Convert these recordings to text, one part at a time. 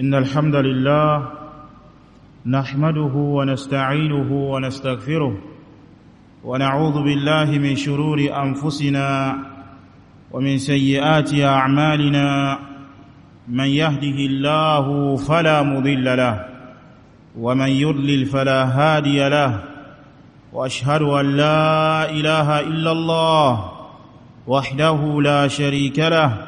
إن الحمد لله نحمده ونستعينه ونستغفره ونعوذ بالله من شرور أنفسنا ومن سيئات أعمالنا من يهده الله فلا مضل له ومن يضلل فلا هادي له واشهد ان لا اله الا الله وحده لا شريك له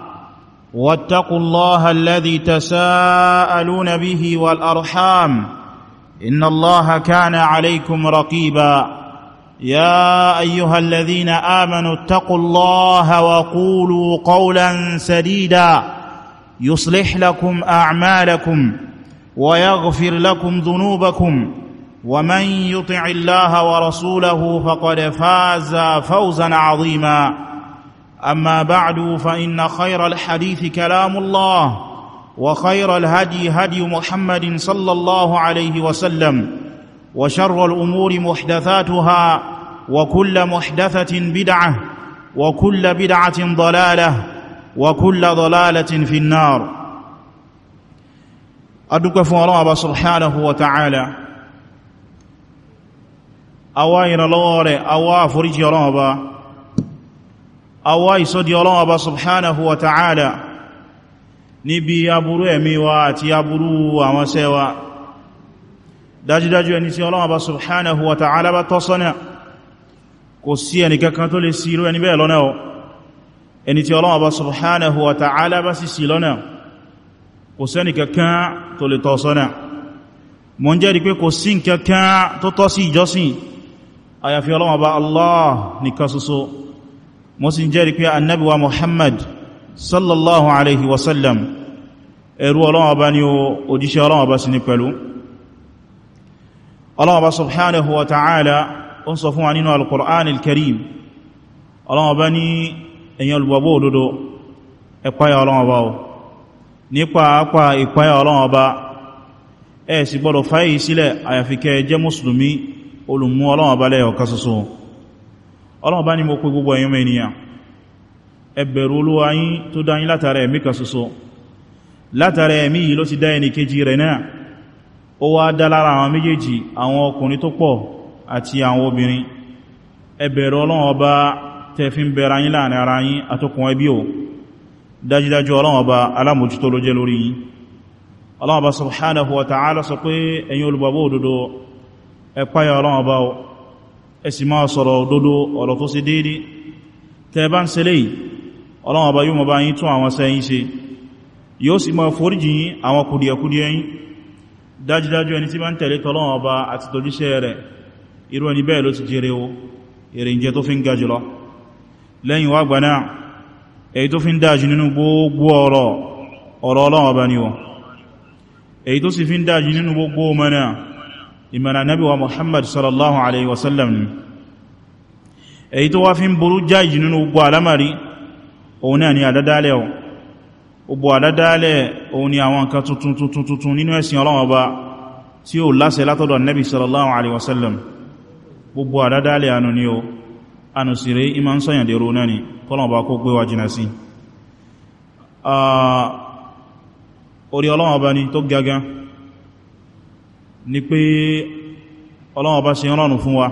واتقوا الله الذي تساءلون به والارحام ان الله كان عليكم رقيبا يا ايها الذين امنوا اتقوا الله وقولوا قولا سديدا يصلح لكم اعمالكم ويغفر لكم ذنوبكم ومن يطع الله ورسوله فقد فاز فوزا عظيما اما بعد فان خير الحديث كلام الله وخير الهدي هدي محمد صلى الله عليه وسلم وشر الامور محدثاتها وكل محدثه بدعه وكل بدعه ضلاله وكل ضلاله في النار ادوكف الله سبحانه وتعالى awa ìrànlọ́wọ́ rẹ̀ awa àforíjì àwa ìsọ́dí Ọlọ́run Ọba subhanahu wa ta'ala níbi aburú ẹ̀mí wa àti aburú àwọn sẹ́wa dájúdájú ẹni tí Ọlọ́run Ọba subhanahu wa ta'ala bá tọ́ sọ́nà kò sí ẹni kankan tó lè síró ẹni bẹ́ẹ̀ lọ́nà ẹni tí Ọlọ́run Ọba subhanahu wa ta'ala bá sì sí lọ́nà kò sẹ́ni kankan tó lè tọ́ sọ́nà mọ́ jẹ́ rí pé kò sí kankan tó tọ́ ìjọsìn àyàfi Ọlọ́run Ọba Allah nìkan ṣoṣo mo sì jẹ́rìí pé annabi wa muhammad sallallahu alaihi wasallam ẹ̀rú ọlọ́wọ́ bá ní òjíṣẹ́ ọlọ́wọ́ bá sí ní pẹ̀lú ọlọ́wọ́ bá subhanahu wa ta'ala ó sọ fún wa nínú al-Qur'an al-Karim ọlọ́wọ́ bá ní ẹ̀yin olùgbàgbọ́ òdodo nípa ọlọ́run bá ní mo pé gbogbo ẹ̀yin mẹ́niyàn ẹ bẹ̀rù olúwa yín tó dá yín látara ẹ̀mí kan ṣoṣo látara ẹ̀mí yìí ló ti dá ẹni kejì rẹ̀ náà ó wá dá lára àwọn méjèèjì àwọn ọkùnrin tó pọ̀ àti àwọn obìnrin ẹ bẹ̀rù ọlọ́run ọba tẹ̀fí ń bẹ̀rẹ̀ yín láàrin ara yín àtọkùn ẹsì máa sọ̀rọ̀ òdodo ọ̀rọ̀ tó ṣe déédé tẹ́ bá ń ṣe léyìí ọlọ́run ọba yóò mọ̀ bá yín tún àwọn sẹ́yìn ṣe yóò sì máa foríjì yín àwọn kùdìẹ̀kùdìẹ̀ yín dájúdájú ẹni tí bá ń tẹ̀lé tọ́lọ́run ọba àti tòjíṣẹ́ rẹ̀ irú ẹni bẹ́ẹ̀ ló ti jèrè o èrè ìmọ̀nà nabi wa muhammad sallallahu alaihi wasallam ni èyí tó wá fi ń burú jáyì nínú gbogbo alamari òun náà ni àdádálẹ̀ gbogbo àdádálẹ̀ òun ni àwọn nǹkan tuntun tuntun tuntun nínú ẹ̀sìn Ọlọ́run Ọba tí ó láṣẹ látọ̀dọ̀ nabi sallallahu alaihi wasallam ni pé ọlọ́wọ́n bá ṣe rọrùn fún wa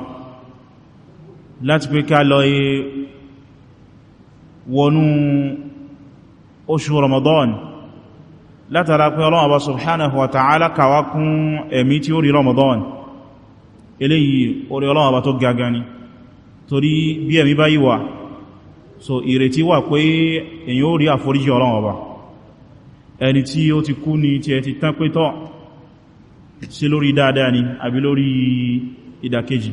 láti pé ká lọ e wọnú oṣù Ramadan látara pé ọlọ́wọ́n bá subhanahu wa ta'ala kàwá kún ẹ̀mí tí ó rí Ramadan eléyìí orí ọlọ́wọ́n bá tó gaga ni torí bí ẹ̀mí bá yíwa so ìrètí wà pé èyàn ó rí àforíjì ọlọ́wọ́n bá ẹni tí ó ti kú ni tí ẹ ti tán pé tọ́ sí lórí dáadáa ni àbí lórí ìdàkejì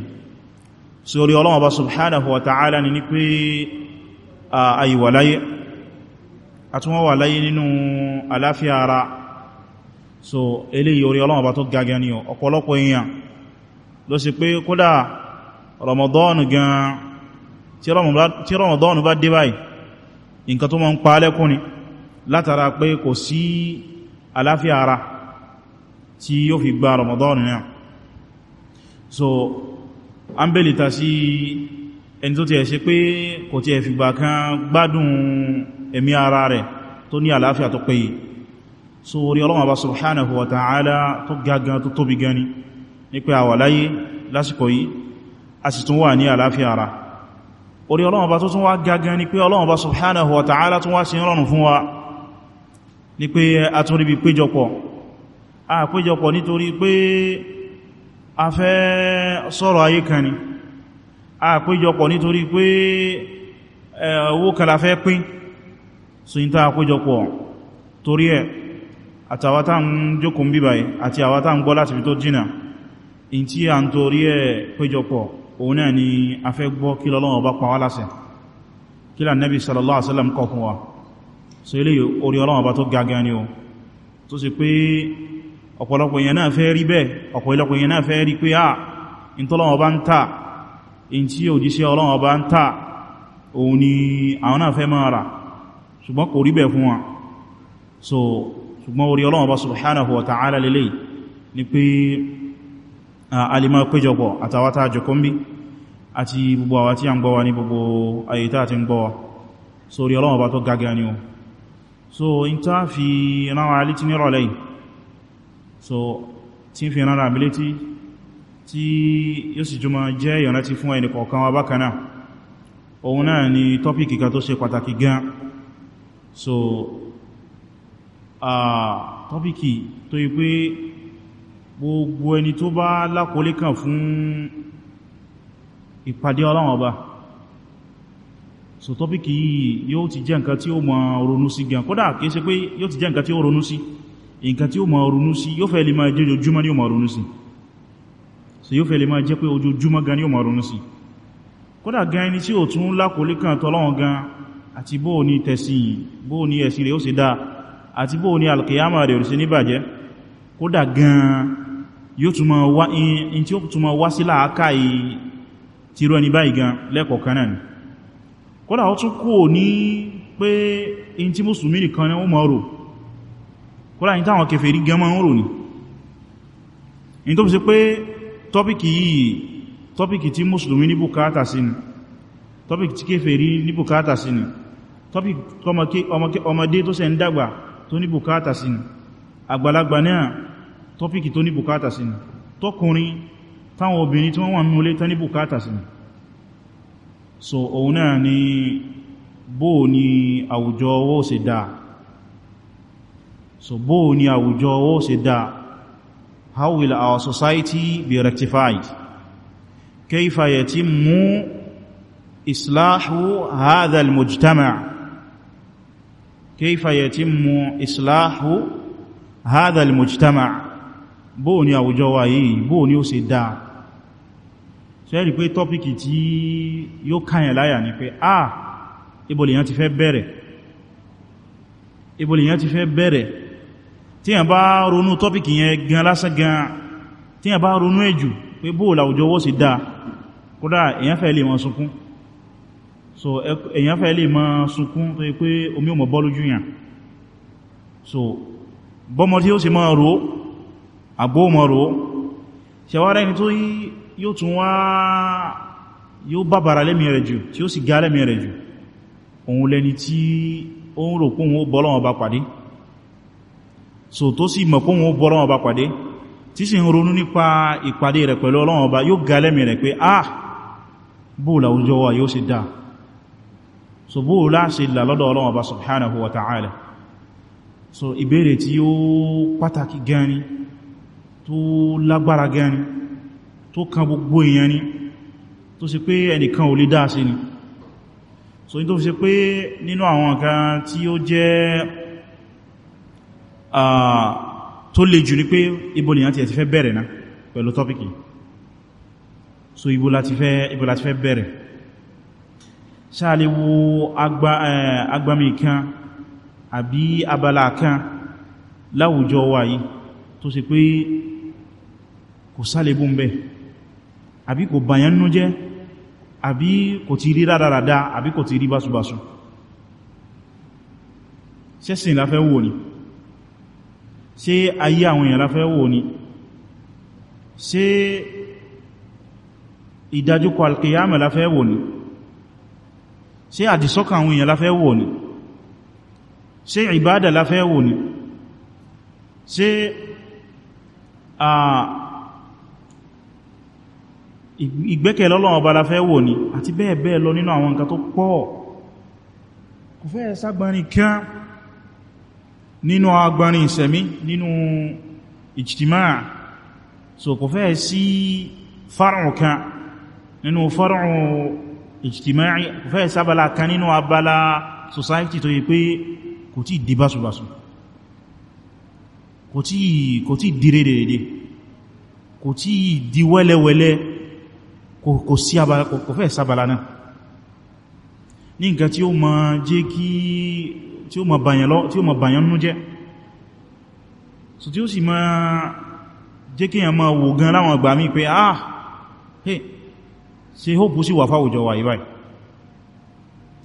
sórí Ọlọ́hun Ọba subhanahu wa ta'ala ni ní pé àyíwà láyé àtúnwọ́ wà láyé nínú àláfíà ara so eléyìí orí Ọlọ́hun Ọba tó gaga ni ọ̀pọ̀lọpọ̀ èèyàn ló sì pé kódà Ramadan gan tí Ramadan bá dé báyìí nǹkan tó máa ń pa lẹ́kún ni tí yóò fi gba Ramadan náà so an bẹ̀lẹ̀ ta sí ẹni tó ti ẹ̀ ṣe pé kò ti ẹ̀ fi gbà kan gbádùn ẹ̀mí ara rẹ̀ tó ní àlàáfíà tó péye so orí Ọlọ́run bá subhanahu wa ta'ala tó gagan tó tóbi gani ní pé àwa láyé lásìkò yìí a sì tún wà ní àlàáfíà ara orí Ọlọ́run bá tó tún wá gagan ní pé Ọlọ́run subhanahu wa ta'ala tún wá sí rọrùn fún wa ní pé a tún ríbi péjọpọ̀ àpéjọpọ̀ nítorí pé a fẹ́ sọ̀rọ̀ ayé kan ni àpéjọpọ̀ nítorí pé owó kan la fẹ́ pín so yínta àpéjọpọ̀ torí ẹ̀ àtàwátà ń jókòó ń bíbáyé àti àwátà ń gbọ́ láti fi tó jìnà in tí a ń torí ẹ̀ péjọpọ̀ òun náà ni a fẹ́ gbọ́ kí lọ́lọ́wọ́ bá pa wá láṣẹ kí lá nẹ́bí sallallahu alaihi wasallam kọ̀ fún wa so ilé orí ọlọ́wọ́ bá tó gagan ni o tó sì pé ọ̀pọ̀lọpọ̀ èèyàn náà fẹ́ rí bẹ́ẹ̀ ọ̀pọ̀lọpọ̀ èèyàn náà fẹ́ rí pé à ah, in tọ́lọ́wọ́ bá ń tà in tí òjíṣẹ́ ọlọ́wọ́ bá ń tà òun ni àwọn náà fẹ́ máa rà ṣùgbọ́n kò rí bẹ́ẹ̀ fún wa so ṣùgbọ́n orí ọlọ́wọ́ bá subhanahu wa ta'ala lele ni pé a lè máa péjọpọ̀ àtàwátá jọkọ́mbí àti gbogbo àwa tí so orí ọlọ́wọ́ bá tó so in ta fi ránwà alítí nírọ̀lẹ́yìn so tí fi rán àmì létí tí yóò sì jùmọ̀ jẹ́ ìyànlá ti fún ẹni kọ̀ọ̀kan wa bákanáà òun náà ni tọ́pìkì kan tó ṣe pàtàkì gan so tọ́pìkì tó yí pé gbogbo ẹni tó bá lákòólé kan fún ìpàdé Ọlọ́run Ọba so tọ́pìkì yìí yóò ti jẹ́ nǹkan tí ó mọ̀ ronú sí gan kódà kìí nǹkan tí ó ma ronú sí yóò fẹ́ lè máa jẹ́ ojoojúmọ́ ní ó ma ronú sí so yóò fẹ́ lè máa jẹ́ pé ojoojúmọ́ gan ní ó ma ronú sí kódà gan ẹni tí ó tún lákòólé tọ́lọ́wọ́n gan àti bóò ní tẹ̀sí bóò ní ẹ̀sí alkiyama rẹ̀ òrìsí ní bàjẹ́ kódà gan ma wá in tí ma wá sí láàká ti rọ ní báyìí gan lẹ́kọ̀ọ́ kan náà kódà ó tún kúò ní pé nìkan náà ó ma rò kọ́lá ní táwọn kèfèrí gẹmọ́ ń rò ní in tó fi sí pé tọ́pìkì yìí tọ́pìkì tí mùsùlùmí ní bùkátà sí ni tọ́pìkì tí kèfèrí ní bùkátà sí ni tọ́pìkì ọmọdé tó ṣẹ̀ ń dàgbà tó ní bùkátà sí ni àgbàlagbà náà tọ́pìkì tó ní bùkátà sí ni tọ́kùnrin táwọn obìnrin tí wọ́n wà ní bùkátà sí ni so òun náà ni bóò ni àwùjọ owó ṣe dáa so bo ni àwùjọ ó ṣe da. how will our society be rectified كيف يتم إصلاح هذا المجتمع كيف يتم إصلاح هذا المجتمع bó ní àwùjọ wa yìí bó ní ó ṣe dá ṣe rí pé tọ́pìkì tí yóò káyẹ̀ láyà ní pé ah ibòlìyàn ti fẹ́ bẹ̀rẹ̀ ibòlìyàn ti fẹ́ bẹ̀rẹ̀ tí yàn bá ronú tọ́pìkì yẹn gan lásán gan tí yàn bá ronú ẹ̀jù pé bóòlà òjò wọ́ sí dáa kódà èyàn fẹ́ lè máa sunkún so èyàn fẹ́ lè máa sunkún tó yí pé omi ò mọ̀ bọ́ lójú yàn so bọ́mọ tí ó sì máa ro àbó mọ̀ ro ṣẹwàrá ẹni tó yóò tún wá yóò bàbàrà lẹ́mí rẹ̀ jù tí ó sì ga lẹ́mí rẹ̀ jù òun lẹni tí ó ń rò pé ó bọ́lọ́wọ́ bá pàdé so tó sì mọ̀ kóhun ó bọ́ Ọlọ́run Ọba pàdé tí sì ń ronú nípa ìpàdé rẹ̀ pẹ̀lú Ọlọ́run Ọba yóò ga lẹ́mì rẹ̀ pé ah bóòlà òjò wa yóò sì dáa so bóòlà sì là lọ́dọ̀ Ọlọ́run Ọba subhanahu so ìbéèrè tí gani tó lágbára gani tó kan gbogbo èèyàn ni tó sì pé ẹnìkan ò ni so ní tó fi ṣe pé nínú àwọn nǹkan tí ó jẹ́ tó le jù ní pé ibo lèyàn ti ẹ̀ ti fẹ́ bẹ̀rẹ̀ náà pẹ̀lú tọ́pìkì so ibo láti fẹ́ ibo láti fẹ́ bẹ̀rẹ̀ sáàlè wo agbami kan àbí abala kan láwùjọ wa yìí tó ṣe pé kò sálébù ń bẹ àbí kò bàyánú jẹ́ àbí kò ti rí rádaràdá àbí kò ti rí básubásu sẹ́sìn láfẹ́ wò ni. Basu ṣé ayé àwọn èèyàn láfẹ́ wò ní ṣé ìdájúkọ alkiyama láfẹ́ wò ní ṣé àdìsọ́kà àwọn èèyàn láfẹ́ wò ní ṣé ìbádà láfẹ́ wò ní ṣé à ìgbẹ́kẹ̀ lọ́lọ́wọ́ bá láfẹ́ wò ní àti bẹ́ẹ̀ bẹ́ẹ̀ lọ nínú àwọn nǹkan tó pọ̀ kò fẹ́ sàgbọ́n nìkan nínú agbárin ìsẹ̀mí nínú ìjtìmáà so kò fẹ́ sí far'u kan nínú far'u ìjtìmáà kò fẹ́ sábàlá kan nínú abala society tó yí pé kò tí di báṣubáṣu kò tí kò tí di rédèrèdè kò tí di wẹ́lẹ́wẹ́lẹ́ kò sí abala kò fẹ́ sábàlá náà ní nǹkan tí ó ma jẹ́ kí tí ó ma bàyàn lọ tí ó ma bàyàn nú jẹ́ so tí ó sì ma jẹ́ kí yàn ma wò gan láwọn àgbà mí pé ah hey ṣe hóòpù sí wà fáwùjọ wà ìbáyì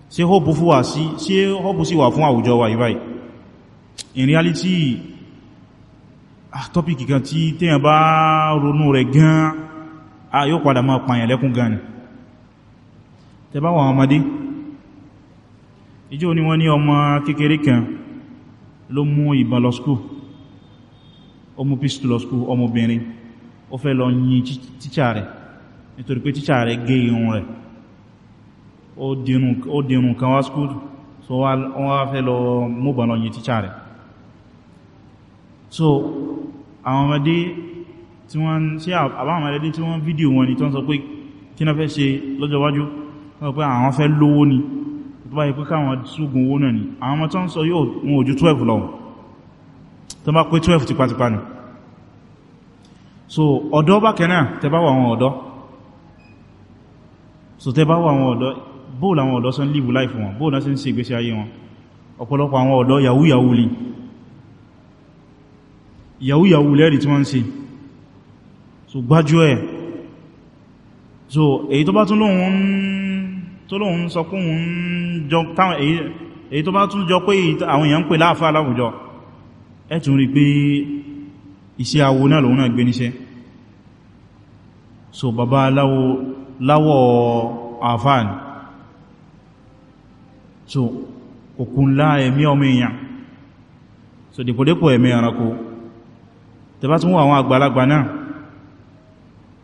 ṣe hóòpù fún wà sí ṣe hóòpù sí wà fún àwùjọ wà ìbáyì in reality ah tọ́pìkì kan tí téèyàn bá ronú rẹ̀ gan ah yóò padà máa pàyàn lẹ́kún gan ni tẹ́ ọmọdé ìjọ́ ni wọ́n ní ọmọ kékeré kan ló mú ìbọn lọ skú ó mú pistol lọ skú ọmọbìnrin ó fẹ́ lọ yìn tíṣà rẹ̀ nítorí pé tíṣà rẹ̀ gé irun rẹ̀ ó dìrùn kan wá skú so wọ́n wá fẹ́ lọ múbọn lọ yìn tíṣà rẹ̀ so àwọn ọmọdé tí wọ́n sí àbáwọn ọmọdé tí wọ́n fídíò wọn ni tó ń sọ pé kí náà fẹ́ ṣe lọ́jọ́ wọ́n pẹ́ àwọn fẹ́ lówó ni bá yí pé káwọn ṣúgun owó náà ni àwọn ọmọ tó ń sọ yóò wọn ò ju 12 lọ tó bá pé 12 tipatipa ni so ọ̀dọ́ bá kẹ́nà tẹbá wà àwọn ọ̀dọ́ so tẹbá wà àwọn ọ̀dọ́ bóòlù àwọn ọ̀dọ́ sọ ń live life wọn bóòlù náà sí ń ṣe ìgbésí ayé wọn ọ̀pọ̀lọpọ̀ àwọn ọ̀dọ́ yahoo yahoo li yahoo yahoo lẹ́rì tí wọ́n so gbájú ẹ̀ so èyí tó bá tó lóhun sọ kóhun èyí tó bá tún jọ pé àwọn èèyàn ń pè láàfá láwùjọ ẹ tún rí pé iṣẹ́ awo náà lòun náà gbé níṣẹ́ so bàbá láwọ̀ àfá ni so òkúnlá ẹ̀mí ọmọ èèyàn so dìpòdépò ẹ̀mí ẹranko tẹbá tún wọ àwọn àgbàlagbà náà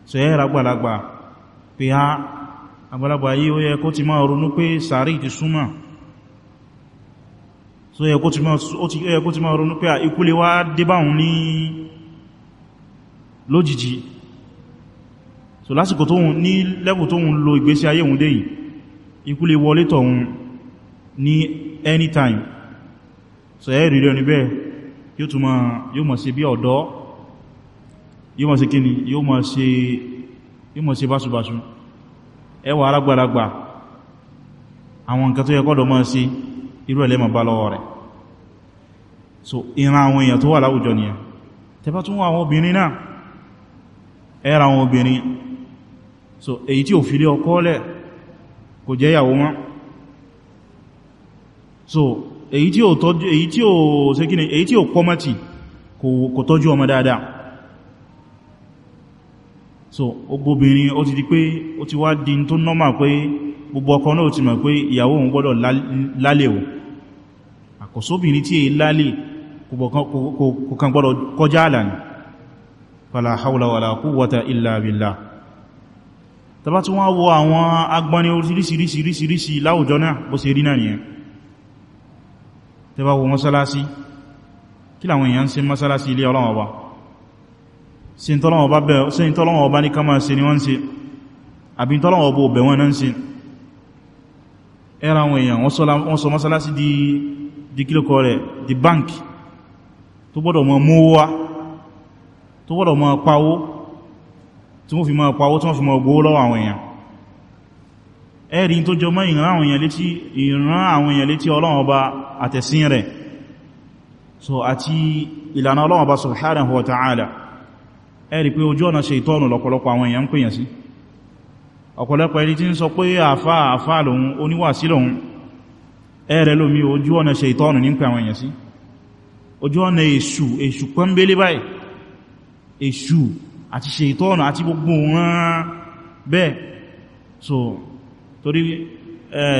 so ẹ́ ràgbàlagbà pé á ah, àgbàlagbà yìí ó yẹ kó ti máa ronú pé sàárì ti súnmà so yẹ kó ti máa ronú pé ikú lè wá débáhùn ní lójijì so lásìkò tóhun ní lẹ́bù tóhun lo ìgbésí ayé òun dé yìí ikú wọlé tọ̀hun ní anytime so ẹ́ rí rẹ̀ níbẹ̀ yóò tún máa yóò máa ṣe bí ọ̀dọ́ yóò máa ṣe kíni yóò máa ṣe báṣubáṣu ẹwà alágbàlagbà àwọn nǹkan tó yẹ kọ́dọ̀ mọ́ sí irú ẹlẹ́mọ̀ bá lọ́wọ́ rẹ̀ so ìran àwọn èèyàn tó wà láwùjọ nìyẹn tẹbá tún àwọn obìnrin náà ẹ̀rà àwọn obìnrin so èyí tí ò fi lé ọkọ lẹ̀ kò jẹ́ ìyàwó wọn so èyí tí ò tọ́jú èyí tí ò ṣe kíni èyí tí ò kọ́mọ́tì kò tọ́jú ọmọ dáadáa so ogbobìnrin ó ti di pé ó ti wá di tó nọ́mà pé gbogbo ọkọ náà ti mọ̀ pé ìyàwó òun gbọ́dọ̀ lálẹ̀ àkọsóbìnrin tí èyí lálẹ̀ kò kàn gbọ́dọ̀ kọjá àlà ní fala hawla wala quwwata illa billah tàbá tí wọ́n wọ àwọn agbọ́ni orísìírísìírísìírísì láwùjọ náà bó ṣe rí náà nìyẹn tẹ́bá wọ mọ́sálásí kí làwọn èèyàn ń ṣe mọ́sálásí ilé sí tọ́lọ́wọ́ ọba ní kama sí ni wọ́n sí àbí tọ́lọ́wọ́ ọba òbẹ̀ wọn náà sí ẹra àwọn èèyàn wọ́n sọ mọ́sálásí di kílòkọ rẹ̀ di bank tó gbọ́dọ̀ mọ́ mọ́wá tó gbọ́dọ̀ mọ́ pawó tí wọ́n fi mọ́ pawó tí wọ́n fi mọ́ gbówó lọ́wọ́ àwọn èèyàn ẹ̀rí tó jọ mọ́ ìran so àti ìlànà ọlọ́wọ́ ọba subhanahu ẹ̀rì pé ojú ọ̀nà Ṣàítánù lọ́pọ̀lọpọ̀ àwọn èèyàn ń pèyàn sí ọ̀pọ̀lọpọ̀ ẹni tí ń sọ pé àfá àfá lòun oníwàsí lòun ẹ̀rẹ̀ lómi ojú ọ̀nà Ṣàítánù ní pè àwọn èèyàn sí ojú ọ̀nà èṣù èṣù pọ́nbélé báyìí èṣù àti so torí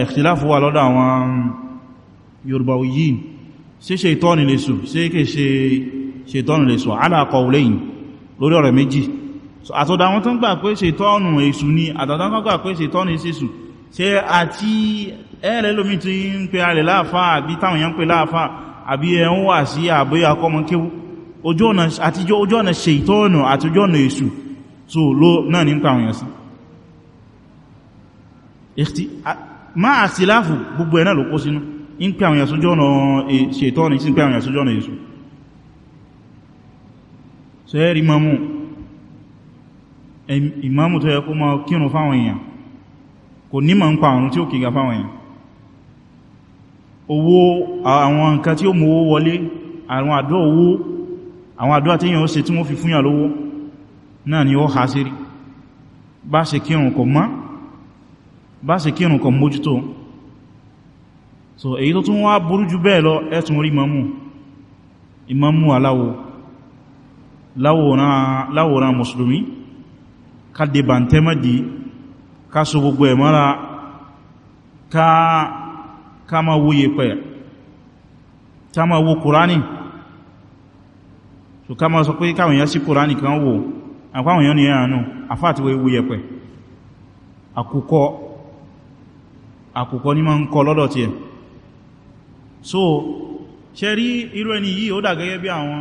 ìkhtiláfù wà lọ́dọ̀ àwọn Yorùbá yìí ṣe Ṣàítánù lè sọ ala qawlayn lórí ọ̀rọ̀ méjì so àtọ̀dọ̀ àwọn tó ń gbà pé ṣètọ́nù èṣù ni àtọ̀dọ̀ àwọn tó ń gbà pé ṣètọ́nù ìṣẹ́sù ṣe àti ẹ̀rẹ́ lómi tí ń pe alẹ̀ láàfá àbí táwọn èèyàn ń pe láàfá àbí ẹ̀hún wà sí àbóyá akọ́mọ kéwú ojú ọ̀nà ṣètọ́nù àti ojú ọ̀nà èṣù so ló náà ní táwọn èèyàn sí máa àtìláfù gbogbo ẹ̀ náà ló kó sínú ń pe àwọn èèyàn sójú ọ̀nà e, ṣètọ́nù sí ń pe àwọn èèyàn sójú ọ̀nà èṣù so ẹ mamu imamu tó yẹ kó máa kírun fáwọn èèyàn kò ní ma ń pa àrùn tí ó kìga fáwọn èèyàn owó àwọn nǹkan tí ó mú owó wọlé àwọn àdó owó àwọn àdó àti ó ṣe tí wọ́n fi fúnyà lówó náà ni ó ha sí rí bá ṣe kírun kò mọ́ bá ṣe kírun kò mójútó so èyí tó tún wá burú jù bẹ́ẹ̀ lọ ẹ̀tún rí mamu imamu aláwo láwòrán mùsùlùmí ká dìbà tẹ́mọ̀dì ká so gbogbo ẹ̀ mọ́ra ká ma wó yẹpẹ̀ ká ma wó kùránì so ká ma sọ pé káwọn èèyàn sí kùránì kan wò àpáwọn èèyàn ni ẹ̀rànú àfáàtí wó yẹpẹ̀ àkùkọ àkùkọ ní ma ń kọ lọ́dọ̀ tí ẹ̀ so ṣe rí irú ẹni yìí ó dà gẹ́gẹ́ bí àwọn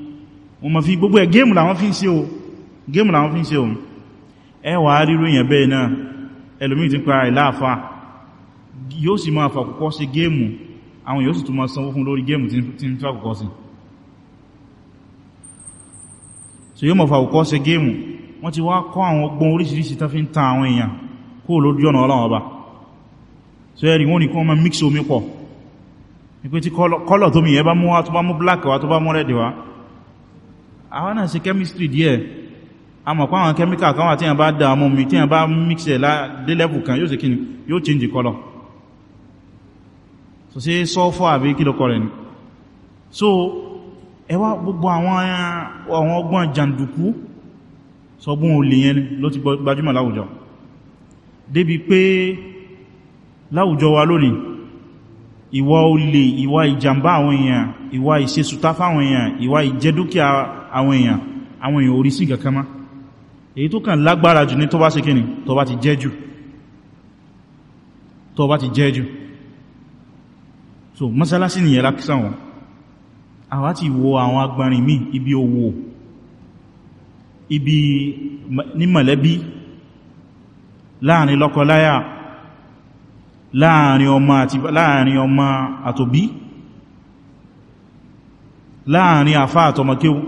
wọ́n ma fi gbogbo ẹ̀ géèmù làwọn fi ń ṣe o géèmù làwọn fi ń ṣe o ẹ wà á ríro èyàn bẹ́ẹ̀ náà ẹlòmí ti ń pa ìláàfà yóò sì máa fàkùkọ́ sí géèmù àwọn yóò sì tún máa sanwó fún lórí géèmù tí ń fàkùkọ́ sí so yóò máa fàkùkọ́ sí géèmù wọ́n ti wá kọ́ àwọn ọgbọ́n oríṣiríṣi tán fi ń tan àwọn èèyàn kó lójú ọ̀nà ọlọ́wọ́ ọba so ẹ̀rì wọ́n ni kí wọ́n máa mix omi pọ̀ ní pé tí kọ́lọ̀ tó mi yẹ bá mú wá tó bá mú black wá tó bá mú rẹ̀dì wá àwọn náà ṣe chemistry díẹ̀ a mọ̀ pàwọn chemical kan wà tí a bá dá mú mi tí a bá mix ẹ̀ dé level kan yóò ṣe kí ni yóò change color so ṣe sulfur àbí kílọ̀kọ̀ rẹ̀ ni so ẹwà gbogbo àwọn ọgbọ́n jàndùkú sọgbọ́n olè yẹn ló ti gbajúmọ̀ láwùjọ débi pé láwùjọ wa lónìí ìwà olè ìwà ìjàmbá àwọn èèyàn ìwà ìṣesùtá fáwọn èèyàn ìwà ìjẹdúkìá àwọn èèyàn àwọn èèyàn orí sí gàkánmá èyí tó kàn lágbára jù ní tó bá kíni tó ti jẹ́ jù ti jẹ́ so mọ́sálásí nìyẹn lákísà wọn àwa ti wo àwọn agbárin míì ibi owó ibi ní mọ̀lẹ́bí láàrin lọ́kọláya láàrin ọmọ àti láàrin ọmọ àtòbí láàrin àfá àtọmọkéwò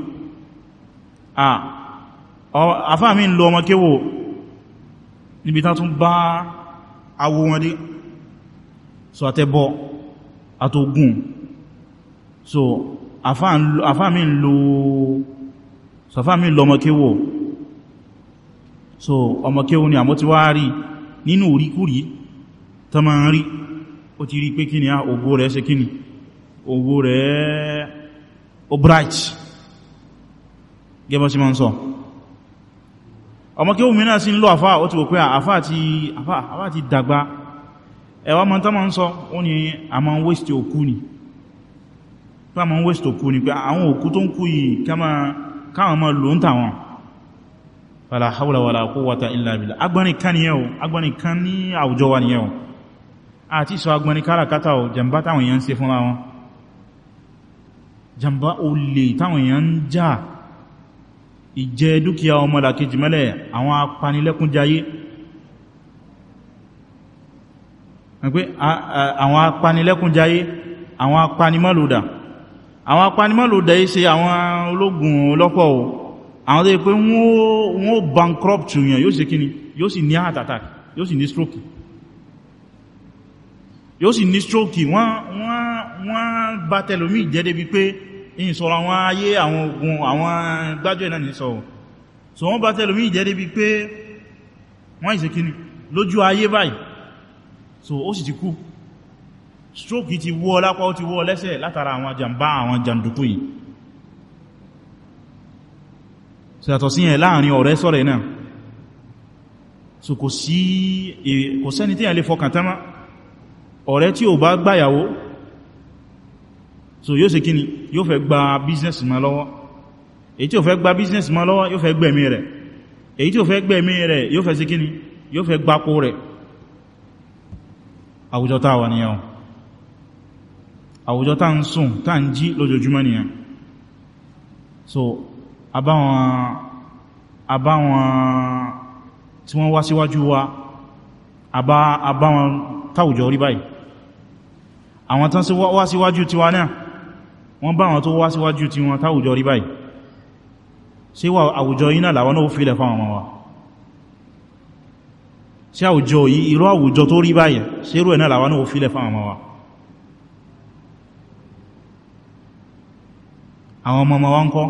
àfá mi ń lọ ọmọkéwò níbi tán tún bá awo wọn dé so àtẹ́bọ́ àtògùn so àfá mi ń so sọfá mi ń lọ ọmọkéwò so ọmọkéwò ni àmọ́ ti wá rí nínú oríkúrí tó máa ń rí ó ti rí pé kí ni a ah, ògbó rẹ̀ ṣe kí ni ògbó rẹ̀ ó bright gẹ́bọ́ sí ma ń sọ ọmọ kí òmìnà náà sí ń lọ àfá ó ti wò pé ah, àfá ti dàgbà ẹwà mọ́ tó máa ń sọ ó ní a máa ń waste òkú ni pé a máa ń waste òkú ni pé àwọn òkú tó ń kú yìí káwọn máa lò ń tàwọn fala hawla wala quwwata illa billah agbọ́nìkan ni yẹ́ o agbọ́nìkan ní àwùjọ wa ni yẹ́ o àti sọ agbọ́ni káràkátà ò jàmbá táwọn èèyàn ń ṣe fúnra wọn jàmbá olè táwọn èèyàn ń jà ìjẹ dúkìá ọmọlàkejì mẹ́lẹ̀ àwọn apanilẹ́kúnjayé àwọn apanilẹ́kúnjayé àwọn apanimọ́lòdà àwọn apanimọ́lòdà yìí ṣe àwọn ológun ọlọ́pọ̀ o àwọn tó yẹ pé wọ́n bankrupt yàn yóò ṣe kíni yóò sì ní heart yóò sì ní stroke yóò sì ní stroke wọ́n bá tẹlòmí jẹ́dẹ́ bí pé in sọ̀rọ̀ àwọn ayé àwọn ogun àwọn gbájọ́ ìnáni sọ̀rọ̀ so wọ́n bá tẹlòmí jẹ́dẹ́ bí pé wọ́n ìsẹ̀kíní lójú ayé báyìí so ó sì ti kú stroke ti wọ́ lápá ó ti wọ́ lẹ́sẹ̀ látara àwọn jàmbá àwọn jàndùkú yìí sẹ́tọ̀ sí ẹ̀ láàrin ọ̀rẹ́ sọ̀rẹ̀ náà so kò sí kò sẹ́ni tí a lè fọkàn tán máa ọ̀rẹ́ tí ò bá gbáyàwó so yóò ṣe ni yóò fẹ́ gba business ma lọ́wọ́ èyí tí ò fẹ́ gba business ma lọ́wọ́ yóò fẹ́ gbẹ̀mí rẹ̀ èyí tí ò fẹ́ gbẹ̀mí rẹ̀ yóò fẹ́ ṣe kíni yóò fẹ́ gbákó rẹ̀ àwùjọ tá wà nìyàn àwùjọ tá ń sùn tá ń jí lójoojúmọ́ nìyàn so abáwọn abáwọn tí wọ́n wá síwájú wa abáwọn táwùjọ rí báyìí àwọn tán sí wá síwájú tiwa náà wọ́n bá àwọn tó wá síwájú tí wọ́n táwùjọ rí báyìí sí àwùjọ yìí làwọn náà fílẹ̀ fáwọn ọmọ wa sí àwùjọ yìí irú àwùjọ tó rí báyìí sí irú ẹ̀ náà làwọn náà fílẹ̀ wa àwọn ọmọ ọmọ wa ń kọ́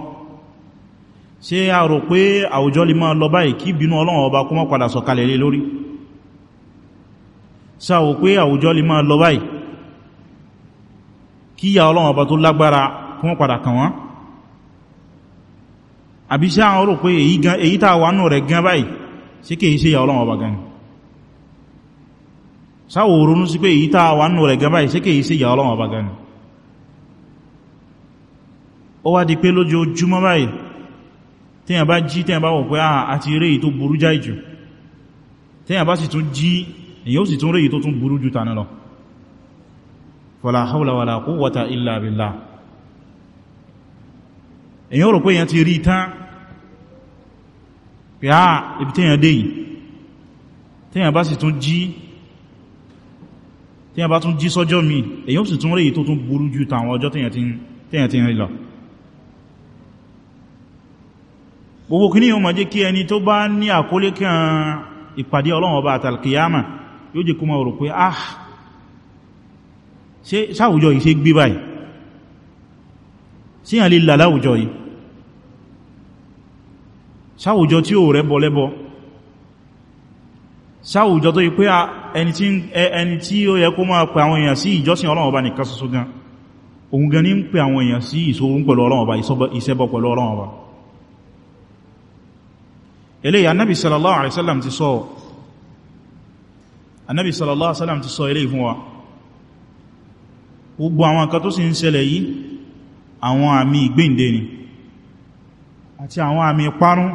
ṣé a rò pé àwùjọ lè máa lọ báyìí kí ìbínú Ọlọ́run kí ìyà ọlọ́run ọba tó lágbára kún wọ́n padà kàn wọ́n àbí ṣe àwọn rò pé èyí tàà wà nù rẹ̀ gan báyìí sí kìí ṣe ìyà ọlọ́run ọba gan sáwò ronú sí pé èyí tàà wà nù rẹ̀ gan báyìí sí kìí ṣe ìyà ọlọ́run ọba gan ó wá di pé lójoojúmọ́ báyìí téèyàn bá jí téèyàn bá wò pé fala hawla wala quwwata illa billah èyàn rò pé èyàn ti rí tán pé á ibi téyàn dé yìí téyàn bá sì tún jí téyàn bá tún jí sọ́jọ́ mi èyàn sì tún rí tó tún burú jù tàwọn ọjọ́ téyàn ti rí lọ gbogbo kí ní yíò jẹ́ kí ẹni tó bá ní àkólé kan ìpàdé Ọlọ́run ọba àtàlkìyàmà yóò jẹ́ kó máa rò pé ah ṣe sáwùjọ yìí ṣe gbé báyìí sí àlè làláwùjọ yìí sáwùjọ tí ó rẹ́bọ lẹ́bọ sáwùjọ tó yí pé ẹni tí ó yẹ kó máa pè àwọn èèyàn sí ìjọsìn Ọlọ́run Ọba nìkan ṣoṣo gan òun gan ní ń pè àwọn èèyàn sí ìṣòrún pẹ̀lú Ọlọ́run Ọba ìṣẹ́bọ pẹ̀lú Ọlọ́run Ọba eléyìí anábì sallallahu alaihi wasallam ti sọ eléyìí fún wa gbogbo àwọn nǹkan tó sì ń ṣẹlẹ̀ yìí àwọn àmì ìgbéǹde ni àti àwọn àmì parun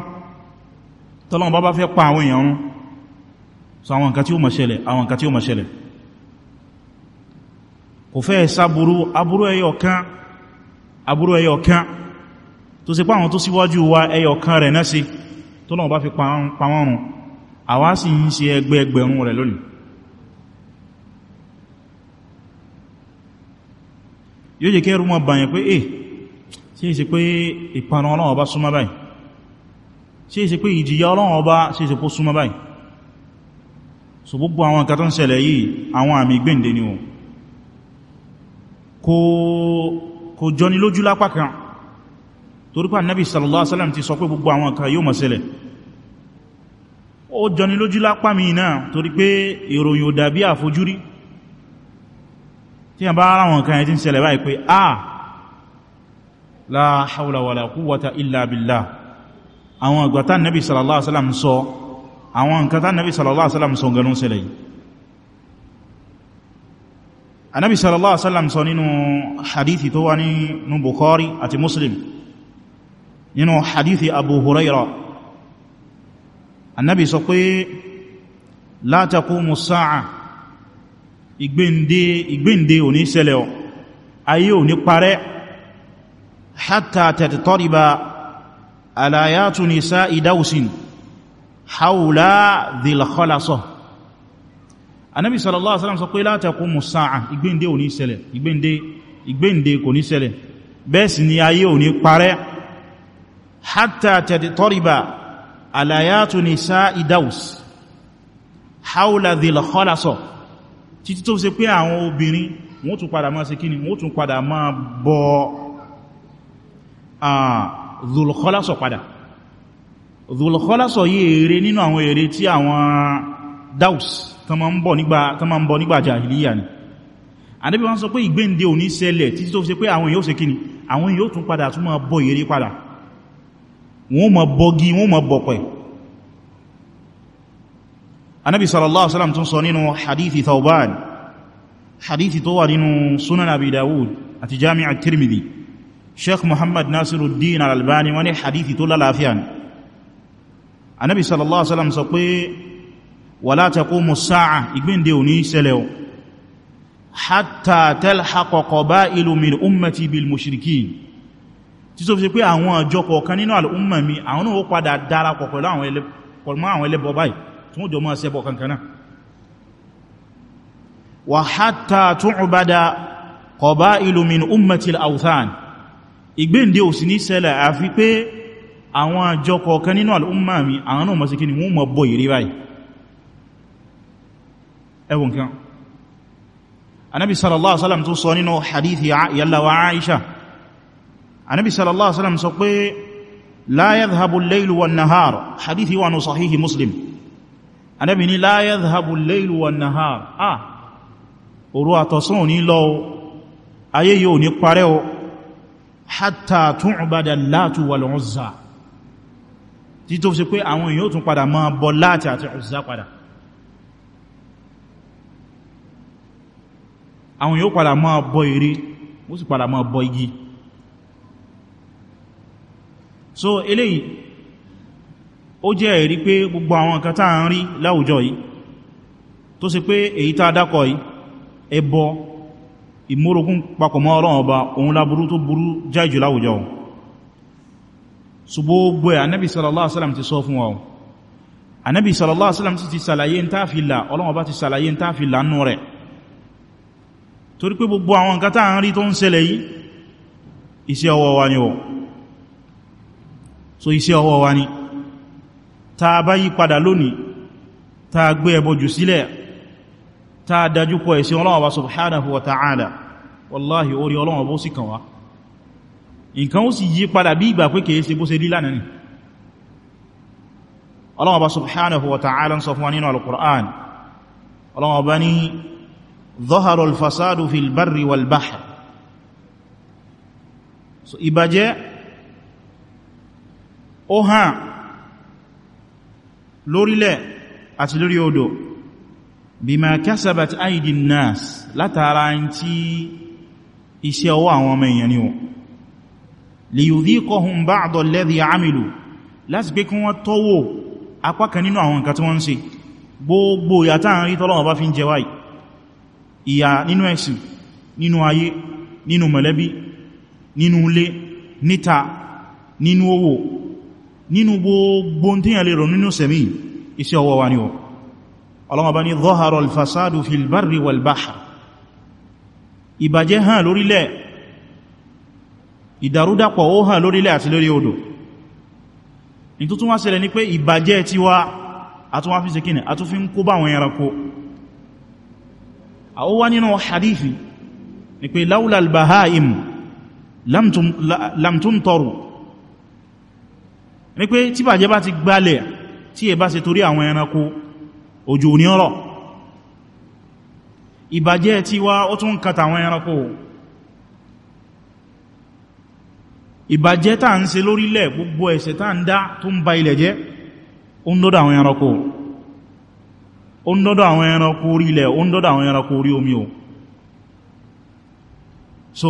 tọ́lọ́run bá bá fẹ́ pa àwọn èèyàn run so àwọn nǹkan tí ó máa ṣẹlẹ̀ àwọn nǹkan tí ó máa ṣẹlẹ̀ kò fẹ́ sáburú aburú ẹyọ kan aburú ẹyọ kan tó ṣe pé àwọn tó síwájú wa ẹyọ kan rẹ̀ náà sí tọ́lọ́run bá fi pa wọ́n run àwa sì ń ṣe ẹgbẹẹgbẹ̀rún rẹ̀ lónìí yóò jẹ́ kẹrù mọ́ bàyàn pé eh ṣe é ṣe pé ìparun Ọlọ́run ọba súnmọ́ báyìí ṣe é ṣe pé ìjìyà Ọlọ́run ọba ṣe é ṣe pó súnmọ́ báyìí so gbogbo àwọn nǹkan tó ń ṣẹlẹ̀ yìí àwọn àmì gbẹ̀ǹdẹ̀ ni wọn kò jọni lójú lápá kan nabi sallallahu alaihi wasallam ti sọ pé gbogbo àwọn nǹkan yóò máa ṣẹlẹ̀ ó jọni lójú lápá mi torí pé ìròyìn ò tí a bá ara wọn kan ẹ̀tí ń ṣẹlẹ̀ báyìí pé a ah, la hawla wala quwwata illa billah àwọn ìgbàtà nabi sallallahu alaihi wasallam sọ àwọn ìgbàtà nabi sallallahu alaihi wasallam sọ ganin ṣẹlẹ̀ yìí anabi sallallahu alaihi wasallam sọ nínú hadithi tó wá nínú bukhari àti muslim nínú ìgbéǹde ìgbéǹde ò ní ṣẹlẹ̀ ọ̀ ayé ò ní parẹ́ hatta tẹ̀tẹ̀tọ́rìbà alayatu nisa idausin haula dhilkhalasa anábi sallallahu alaihi wasallam sọ pé la taqumu sa'a ìgbéǹde ò ní ṣẹlẹ̀ ìgbéǹde ìgbéǹde kò ní ṣẹlẹ̀ bẹ́ẹ̀ sì ni ayé ò ní parẹ́ hatta tẹ̀tẹ̀tọ́rìbà alayatu títí tó ṣe pé àwọn obìnrin wọ́n tún padà máa ṣe kíni wọ́n tún padà máa bọ Dhul-Khalasah padà Dhul-Khalasah yí èrè nínú àwọn èrè tí àwọn Daws tán máa ń bọ nígbà jahiliya ni àdébí wọ́n sọ pé ìgbéǹde ò ní ṣẹlẹ̀ títí tó ṣe pé àwọn èèyàn ṣe kíni àwọn èèyàn tún padà tún máa bọ èrè padà wọ́n máa bọgi wọ́n máa bọ̀pẹ̀ anábi sallallahu alaihi wasallam tún sọ nínú hadithi thauban hadithi tó wà nínú sunan abi dawud àti jami'at tirmidhi sheikh muhammad nasiruddin al-albani wani hadithi tó lálàáfíà ni anábi sallallahu alaihi wasallam sọ pé wala taqumu as-sa'a ìgbéǹde òní ṣẹlẹ̀ o hatta talhaqa qaba'ilu min ummati bil mushrikin tí tó fi ṣe pé àwọn àjọ kọ̀ọ̀kan al-umma mi àwọn náà ó padà darapọ̀ pẹ̀lú àwọn ẹlẹ́bọ báyìí tún jọ máa ṣẹbọ kankana wa hatta tu'bada qaba'ilu min ummati al-awthan ìgbéǹde ò sí ní ṣẹlẹ̀ àfi pé àwọn àjọ kọ̀ọ̀kan nínú al'umma mi àwọn náà masu kíni wọ́n mọ̀ bọ̀ ìrí báyìí ẹwùn kan anábi sallallahu alaihi wasallam tó sọ nínú hadithi yallawa aisha nahar hadithi wa nu muslim Ànábì ní la yadhhabu al-laylu wan-nahar ah òru àtọ̀sán ò ní lọ o ayé yóò ní parẹ́ o hatta tu'bada Lātu wal-Uzzā tí tó fi pé àwọn èèyàn ó tún padà máa bọ Láàtì àti Uzzā padà àwọn èèyàn padà máa bọ ère ó sì padà máa bọ igi so eléyìí ó jẹ́ ẹ̀rí pé gbogbo àwọn nǹkan tá à ń rí láwùjọ yìí tó sì pé èyí tá a dákọ̀ yìí ẹbọ ìmórogún papọ̀ mọ́ ọlọ́run ọba òun láburú tó burú jáìjù láwùjọ ohun ṣùgbọ́n gbogbo ẹ̀ anábì sallallahu alaihi wasallam ti sọ fún wa ohun anábì sallallahu alaihi so iṣẹ́ ọwọ́ wa ta bá yí padà lónìí ta gbé ẹbọjù sílẹ̀ ta dájúkọ ẹ̀sìn Ọlọ́run wa subhanahu wa ta'ala wallahi orí Ọlọ́run bó sì kàn wá nǹkan ó sì yí padà bí ìgbà pé kèése bó ṣe rí lánàá ظهر الفساد في البر والبحر so ìbàjẹ́ ó hàn lórílẹ̀ àti lórí odò bima kasabat aidin nas látara ń tí iṣẹ́ ọwọ́ àwọn ọmọ èèyàn ni wọ́n liyudhiqahum ba'd alladhi amilu láti pé kí wọ́n tọ́wò apá kan nínú àwọn nǹkan tí wọ́n ń ṣe gbogbo ìyà táà nínú gbogbo tíyàn lè rọ̀ nínú sẹ̀mí iṣẹ́ ọwọ́ wa ni ọ ọlọ́mọba ni zahara al-fasadu fil barri wal bahr ìbàjẹ́ hàn lórílẹ̀ ìdàrúdàpọ̀ ó hàn lórílẹ̀ àti lórí odò ní tó tún wá ṣẹlẹ̀ ní pé ìbàjẹ́ ti ní pé tí bàjẹ́ bá ti gbalẹ̀ tí ẹ bá ṣe torí àwọn ẹranko òjò ní ọ̀rọ̀ ìbàjẹ́ tí wá ó tún kàtà àwọn ẹranko ìbàjẹ́ tàà ń lórílẹ̀ gbogbo ẹ̀ṣẹ̀ tàà ń dá tó ń ba ilẹ̀ jẹ́ ó ẹranko ó ẹranko omi o so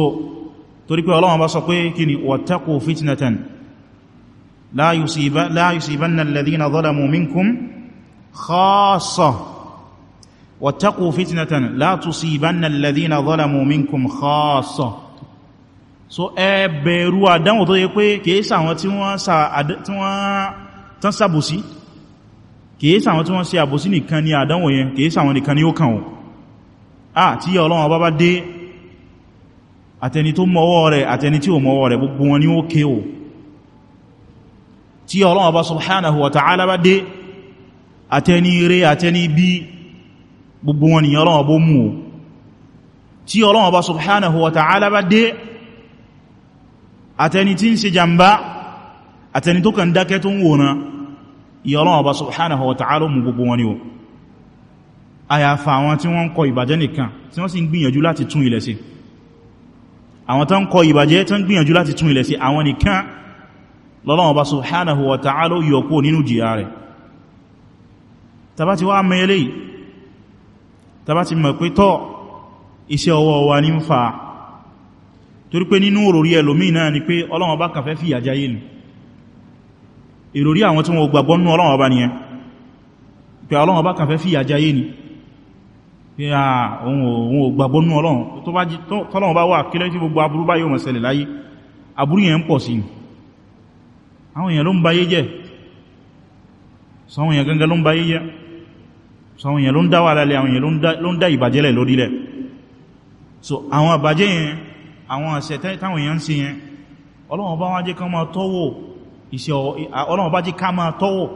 torí pé Ọlọ́run bá sọ pé kí ni wattaqu fitnatan لا, يصيب لا يصيبن الذين ظلموا منكم خاصة واتقوا فتنة لا تصيبن الذين ظلموا منكم خاصة so ẹ bẹ̀rù àdánwò tó yẹ pé kèésà àwọn tí wọ́n tán sàbòsí kèésà àwọn tí wọ́n ṣe àbòsí nìkan ni àdánwò yẹn kèésà àwọn nìkan ni ó kàn wọ́n à Ọlọ́run ọba bá dé àtẹni tó mọ́wọ́ rẹ̀ àtẹni tí ò mọ́wọ́ rẹ̀ gbogbo wọn ni ó kéwò tí ọlọ́wọ́ bá subhanahu wa ta'ala bá dé àtẹni rẹ̀ àtẹni bí gbogbo wọn ni ọlọ́wọ́ bó mú tí ọlọ́wọ́ bá subhanahu wa ta'ala bá dé àtẹni tí ń ṣe jàmbá àtẹni tó kàn dákẹ́ tó ń wòna ìyọ́lọ́wọ́ bá subhanahu wa mú gbogbo wọn ni lọ́lọ́wọ́ bá subhanahu wa ta'ala yọkó nínú jìyà rẹ̀ tàbátí wá mẹ́lẹ̀ tàbátí mọ̀ pé tọ́ iṣẹ́ ọwọ́ wa ní ń fa torí pé nínú òròrí ẹlòmí náà ni pé ọlọ́wọ́ bá kàfẹ́ fi àjáyé lù ìròrí àwọn tí wọ́n gbàgbọ́ nú ọlọ́wọ́ bá nìyẹn pé ọlọ́wọ́ bá kàfẹ́ fi àjáyé ni pé àwọn èèyàn ló ń bayé jẹ́ sọ́wọ́n èèyàn gangan ló ń bayé jẹ́ sọ́wọ́n èèyàn ló ń dá wà lálẹ́ àwọn èèyàn ló ń dá ìbàjẹ́lẹ̀ lórílẹ̀ so àwọn àbàjẹ́ yẹn àwọn àṣẹ táwọn èèyàn ń ṣe yẹn Ọlọ́run bá wá jẹ́ ká máa tọ́wọ́ iṣẹ́ Ọlọ́run bá jẹ́ ká máa tọ́wọ́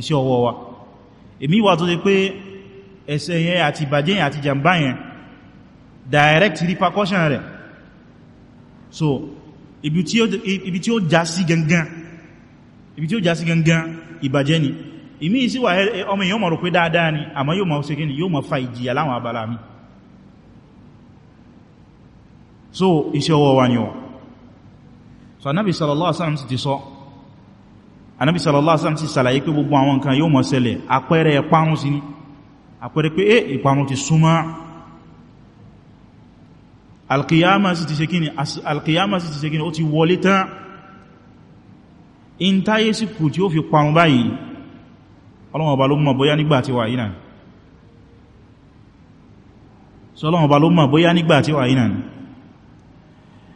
iṣẹ́ ọwọ́ wa èmi wà tó ṣe pé so ibi tí ó já sí gangan ibi tí ó já sí gangan ìbàjẹ́ ni ìmí sí wà ọmọ èèyàn mọ̀rọ̀ pé dáadáa ni àmọ́ yóò máa ṣegíní yóò máa fa ìjìyà láwọn abala mi so iṣẹ́ ọwọ́ wa ni ọ̀ so anábi sallallahu alaihi wasallam ti sọ anábi sallallahu alaihi wasallam ti sàlàyé pé gbogbo àwọn nǹkan yóò máa ṣẹlẹ̀ àpẹẹrẹ ìparun sí ni àpẹẹrẹ pé eh, ìparun ti súnmọ́ alkiyama sì ti ṣe kíni alkiyama ó ti wọlé tán in táyé sí kù tí ó fi parun báyìí ọlọ́wọ̀n ọba ló mọ̀ bóyá nígbà tí wà yínà so ọlọ́wọ̀n ọba ló mọ̀ bóyá nígbà tí wà yínà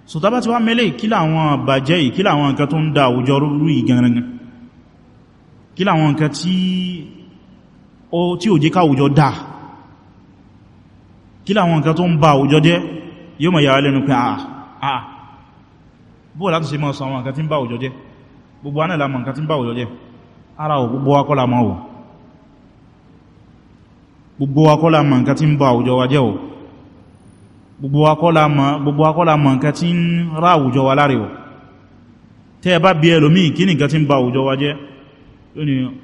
so tàbá ti wá mẹ́lẹ̀ kí láwọn bàjẹ́ kí láwọn nǹkan tó ń da àwùjọ rúrú ìganrangan kí láwọn nǹkan tí ò jẹ́ káwùjọ ba àwùjọ jẹ́ yóò mọ̀ yàrá lẹ́nu pé àà ah, ah. bóò láti ba àwùjọ gbogbo aná ìlàmọ̀ nǹkan tí ń bá òjò jẹ́ ara ò gbogbo akọ́lá ma wò gbogbo akọ́lá ma nǹkan tí ń bá òjò wa jẹ́ ò gbogbo akọ́lá ma nǹkan tí ń rá òjò wa láre ò tẹ́ bá bí ẹlòmíì kí nǹkan tí ń bá òjò wa jẹ́ lónìí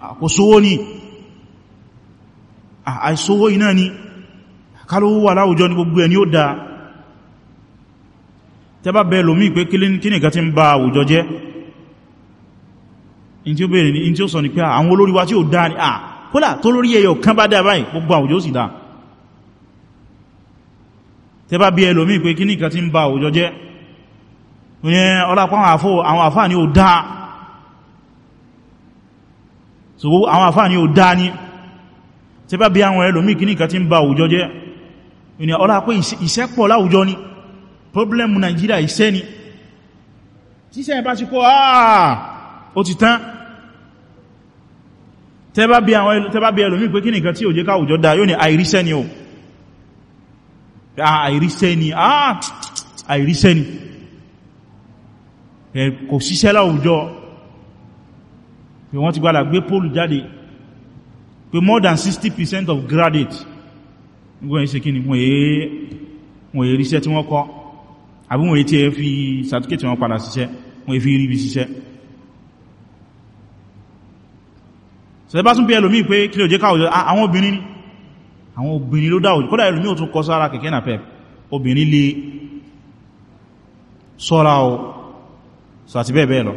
bẹ́ẹ̀ lòmíì pé kí nǹkan tí ń bá àwùjọ jẹ́ in tí ó bèèrè ní in tí ó sọ ní pé ah, àwọn olórí wa tí ó dáa ní à ah, kólà tó lórí ẹyọ kan bá dáa báyìí gbogbo àwùjọ sì dáa tẹ bá bí ẹlòmí pé kí nìkan tí ń ba àwùjọ jẹ́ oye ọlápá àwọn bá àwùjọ jẹ́ oye ọlápá ìṣẹ́pọ̀ láwùjọ ni problem Nàìjíríà ìṣẹ́ ni tíṣẹ́ ìbá ti kó àà ah, ó ti tán tẹ́bá bí àwọn tẹ́bá bí ẹlòmí pé kí nìkan tí ò jẹ́ káwùjọ dáa yóò ní àìríṣẹ́ ni o ah, àìríṣẹ́ ni ah àìríṣẹ́ ni kò síṣẹ́ láwùjọ pé wọ́n ti gbádà gbé pólù jáde pé more than 60% of graduates, wọ́n ṣe kí ni wọ́n èé ríṣẹ́ tí wọ́n kọ́ àbí wọ́n èé tí ẹ fi certificate wọn padà síṣẹ́ wọ́n èé fi rí síṣẹ́ so ẹ bá tún bí ẹlòmí pé kí ló jẹ́ káwọ̀ ah, àwọn obìnrin ni àwọn obìnrin ló dáwọ̀ kódà ẹlòmí ò tún kọ sára kẹ̀kẹ́ náà pẹ̀ obìnrin lè sọ́ra o so àti bẹ́ẹ̀ bẹ́ẹ̀ lọ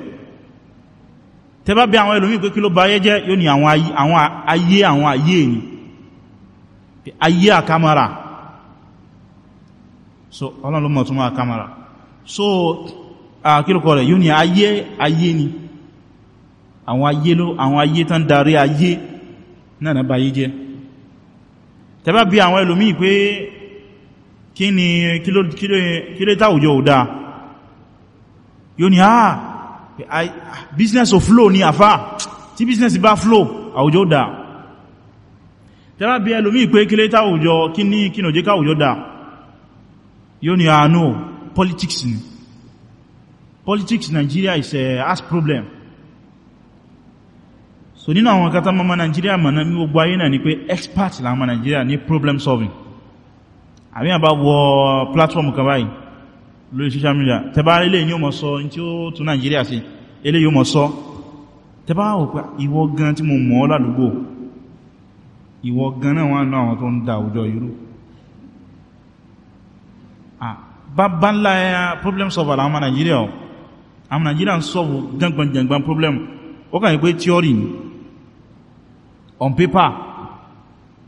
tẹ bá bí àwọn ẹlòmí pé kí ló bá ayé jẹ́ yóò ní àwọn ayé àwọn ayé ni ayé àkámara so ọlọ́run ló mọ̀ tún mọ́ àkámara so àkílùkọ rẹ̀ yóò ní ayé ayé ni àwọn ayé ló àwọn ayé tán darí ayé náà náà báyé jẹ́ tẹ́bá bí àwọn ẹlòmí pé kí ni kílé táwùjọ ò dáa yóò ní àà ah, business of flow ni àfá tí business bá flow àwùjọ ò dáa tẹ́bá bí ẹlòmí pé kílé táwùjọ kí ní kí ní òjé káwùjọ dáa yóò ní àánú ah, politics ni politics Nigeria is a eh, ass problem so nínú àwọn kata mọ́mọ́ Nigeria mọ̀ náà gbogbo ayé náà ni pé expert la mọ́ Nigeria ní problem solving àbí àbá wọ platform kan báyìí lórí social media tẹbá ilé yíò mọ̀ sọ tí ó tún Nigeria sí ilé yíò mọ̀ sọ tẹbá wọ pé ìwọ gan tí mo mọ̀ ládùúgbò ìwọ gan náà wọ́n àwọn tó ń da àwùjọ irú bàbá ya problem solver la mọ́ Nigeria àwọn Nigeria ń solve gangan gangan problem ó kàn yí pé theory ni on paper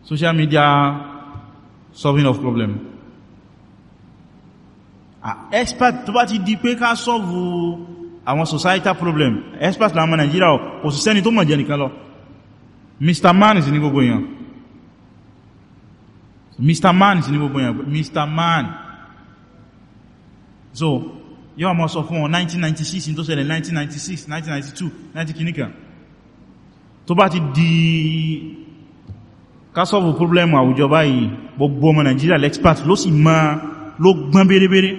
social media solving of problem expert tó bá ti di pé ká solve àwọn societal problem expert la láwọn Nigeria kò sí sẹ́ni tó mọ̀ jẹ́ nìkan lọ Mr. Man sí ní gbogbo èèyàn Mr. Man sí ní gbogbo èèyàn Mr. Man so yíò mọ́ sọ fún wọn 1996 tó ṣẹlẹ̀ 1996 1992 90 kìníkan 19 tó bá ti di kásọ̀fù problem àwùjọ báyìí gbogbo ọmọ Nàìjíríà l'expert ló sì máa ló gbọ́n bérebére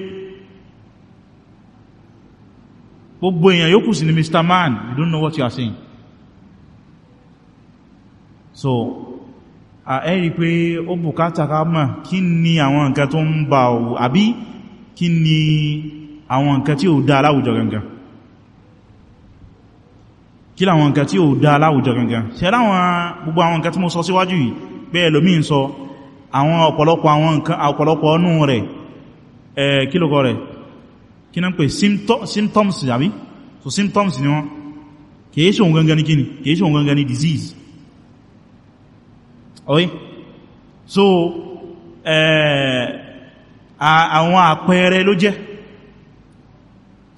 gbogbo èèyàn yóò kù sí ni Mr. Man you don't know what you are saying so ẹ̀rí pé ó bùkátà ká mọ̀ kí ni àwọn nǹkan tó ń bá àbí kí ni àwọn nǹkan tí ó dá aláwùjọ gangan kí láwọn nǹkan tí ó dá aláwùjọ gangan ṣe láwọn gbogbo àwọn nǹkan tí mo sọ síwájú yìí pé ẹlòmí ń sọ àwọn ọ̀pọ̀lọpọ̀ àwọn nǹkan ọ̀pọ̀lọpọ̀ ọnú rẹ̀ ẹ̀ kílòkọ rẹ̀ kí náà pè symptoms àbí so symptoms ni wọ́n kìí ṣe òun gangan ni kíni kìí ṣe òun gangan ni disease ọ̀yí so àwọn àpẹẹrẹ ló jẹ́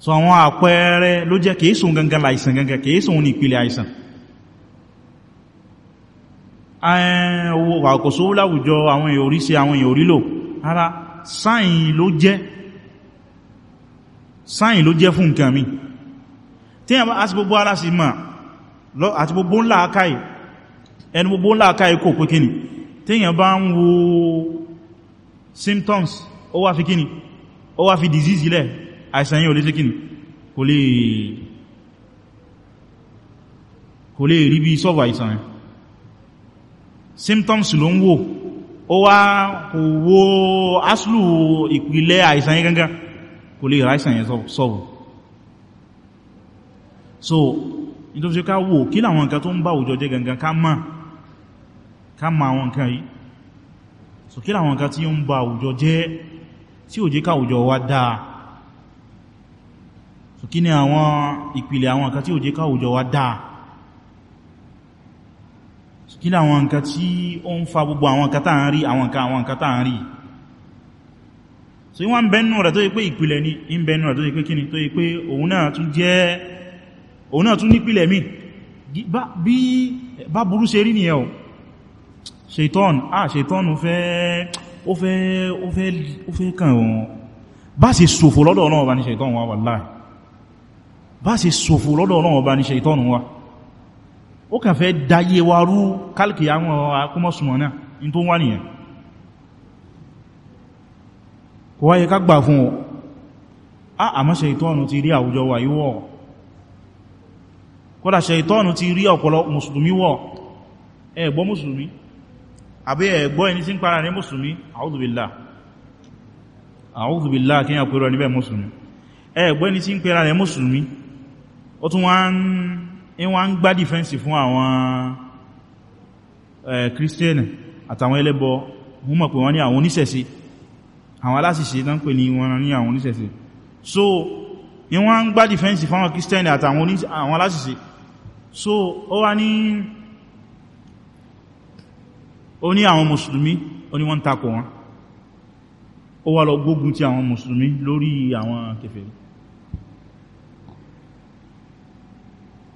so àwọn àpẹẹrẹ ló jẹ́ kìí sùn gangan láìsàn gangan kìí sùn ní ìpìlẹ̀ àìsàn àkòsó láwùjọ àwọn èèyàn orí sí àwọn èèyàn orí lò ara sáìn ló jẹ́ sáìn ló jẹ́ fún nǹkan mi tí a bá sí gbogbo ara sí ma àti gbogbo ńlá akáì ẹni gbogbo ńlá akáì kò pé kíni tí èèyàn bá ń wo symptoms ó wá fi kíni ó wá fi disease lẹ́ẹ̀ àìsàn yíò lè sí kíni kò lè rí bí sọ́fà àìsàn yẹn symptoms ló ń wò ó wá kò wó aṣlù ìpìlẹ̀ àìsàn yẹn gangan kò lè rí yẹn sọ́fà so ní tó fi ká wò kí láwọn nǹkan tó ń bá òjò jẹ́ gangan ká máa ká ma àwọn nǹkan yìí so kí láwọn nǹkan tí ó ń ba àwùjọ jẹ́ tí ò jẹ́ káwùjọ wá dáa so kí ni àwọn ìpìlẹ̀ àwọn nǹkan tí ó jẹ́ káwùjọ wa dáa so kí ni àwọn nǹkan tí ó ń fa gbogbo àwọn nǹkan tàà ń rí àwọn nǹkan àwọn nǹkan tàà ń rí so wọ́n bẹ̀nù rẹ̀ tó yí pé ìpìlẹ̀ ní in bẹ̀nù rẹ̀ tó yí pé kíni tó yí pé òun náà tún nípìlẹ̀ mí bí bá burú ṣe rí nìyẹn o ṣetán ah ṣetán ó fẹ́ ó fẹ́ ó fẹ́ kàn wọ́n bá ṣe ṣòfò lọ́dọ̀ náà bá ní ṣetán wà wà láì bá ṣe sòfò lọ́dọ̀ ọlọ́run ọba ní ṣe ìtọ́nù wa ó kàn fẹ́ dáyé wa rú kálkì àwọn akúmọ̀sùmọ̀ náà in tó wá nìyàn kò wáyé ká gbà fún ọ á àmọ́ ṣe ìtọ́nù ti rí àwùjọ wa yíwọ̀ kódà ṣe ti rí ọ̀pọ̀lọ mùsùlùmí ẹni tí ń para billah a'udhu billah kí ẹ̀gbọ́ ẹni tí ń pera rẹ̀ mùsùlùmí ó tún wá ń gbá dìfẹ́ǹsì fún àwọn kírísítíẹ̀nì eh, àtàwọn ẹlẹ́bọ mú mọ̀ pé wọ́n ní àwọn oníṣẹ̀ṣe àwọn aláṣìṣe tán pè ní wọ́n ní àwọn oníṣẹ̀ṣe so ni wọ́n ń gbá dìfẹ́ǹsì fún àwọn kírísítíẹ̀nì àtàwọn aláṣìṣe so ó wá ní ó ní àwọn mùsùlùmí ó ní wọ́n ń takò wọn ó wá lọ gbógun ti àwọn mùsùlùmí lórí àwọn kèfèrí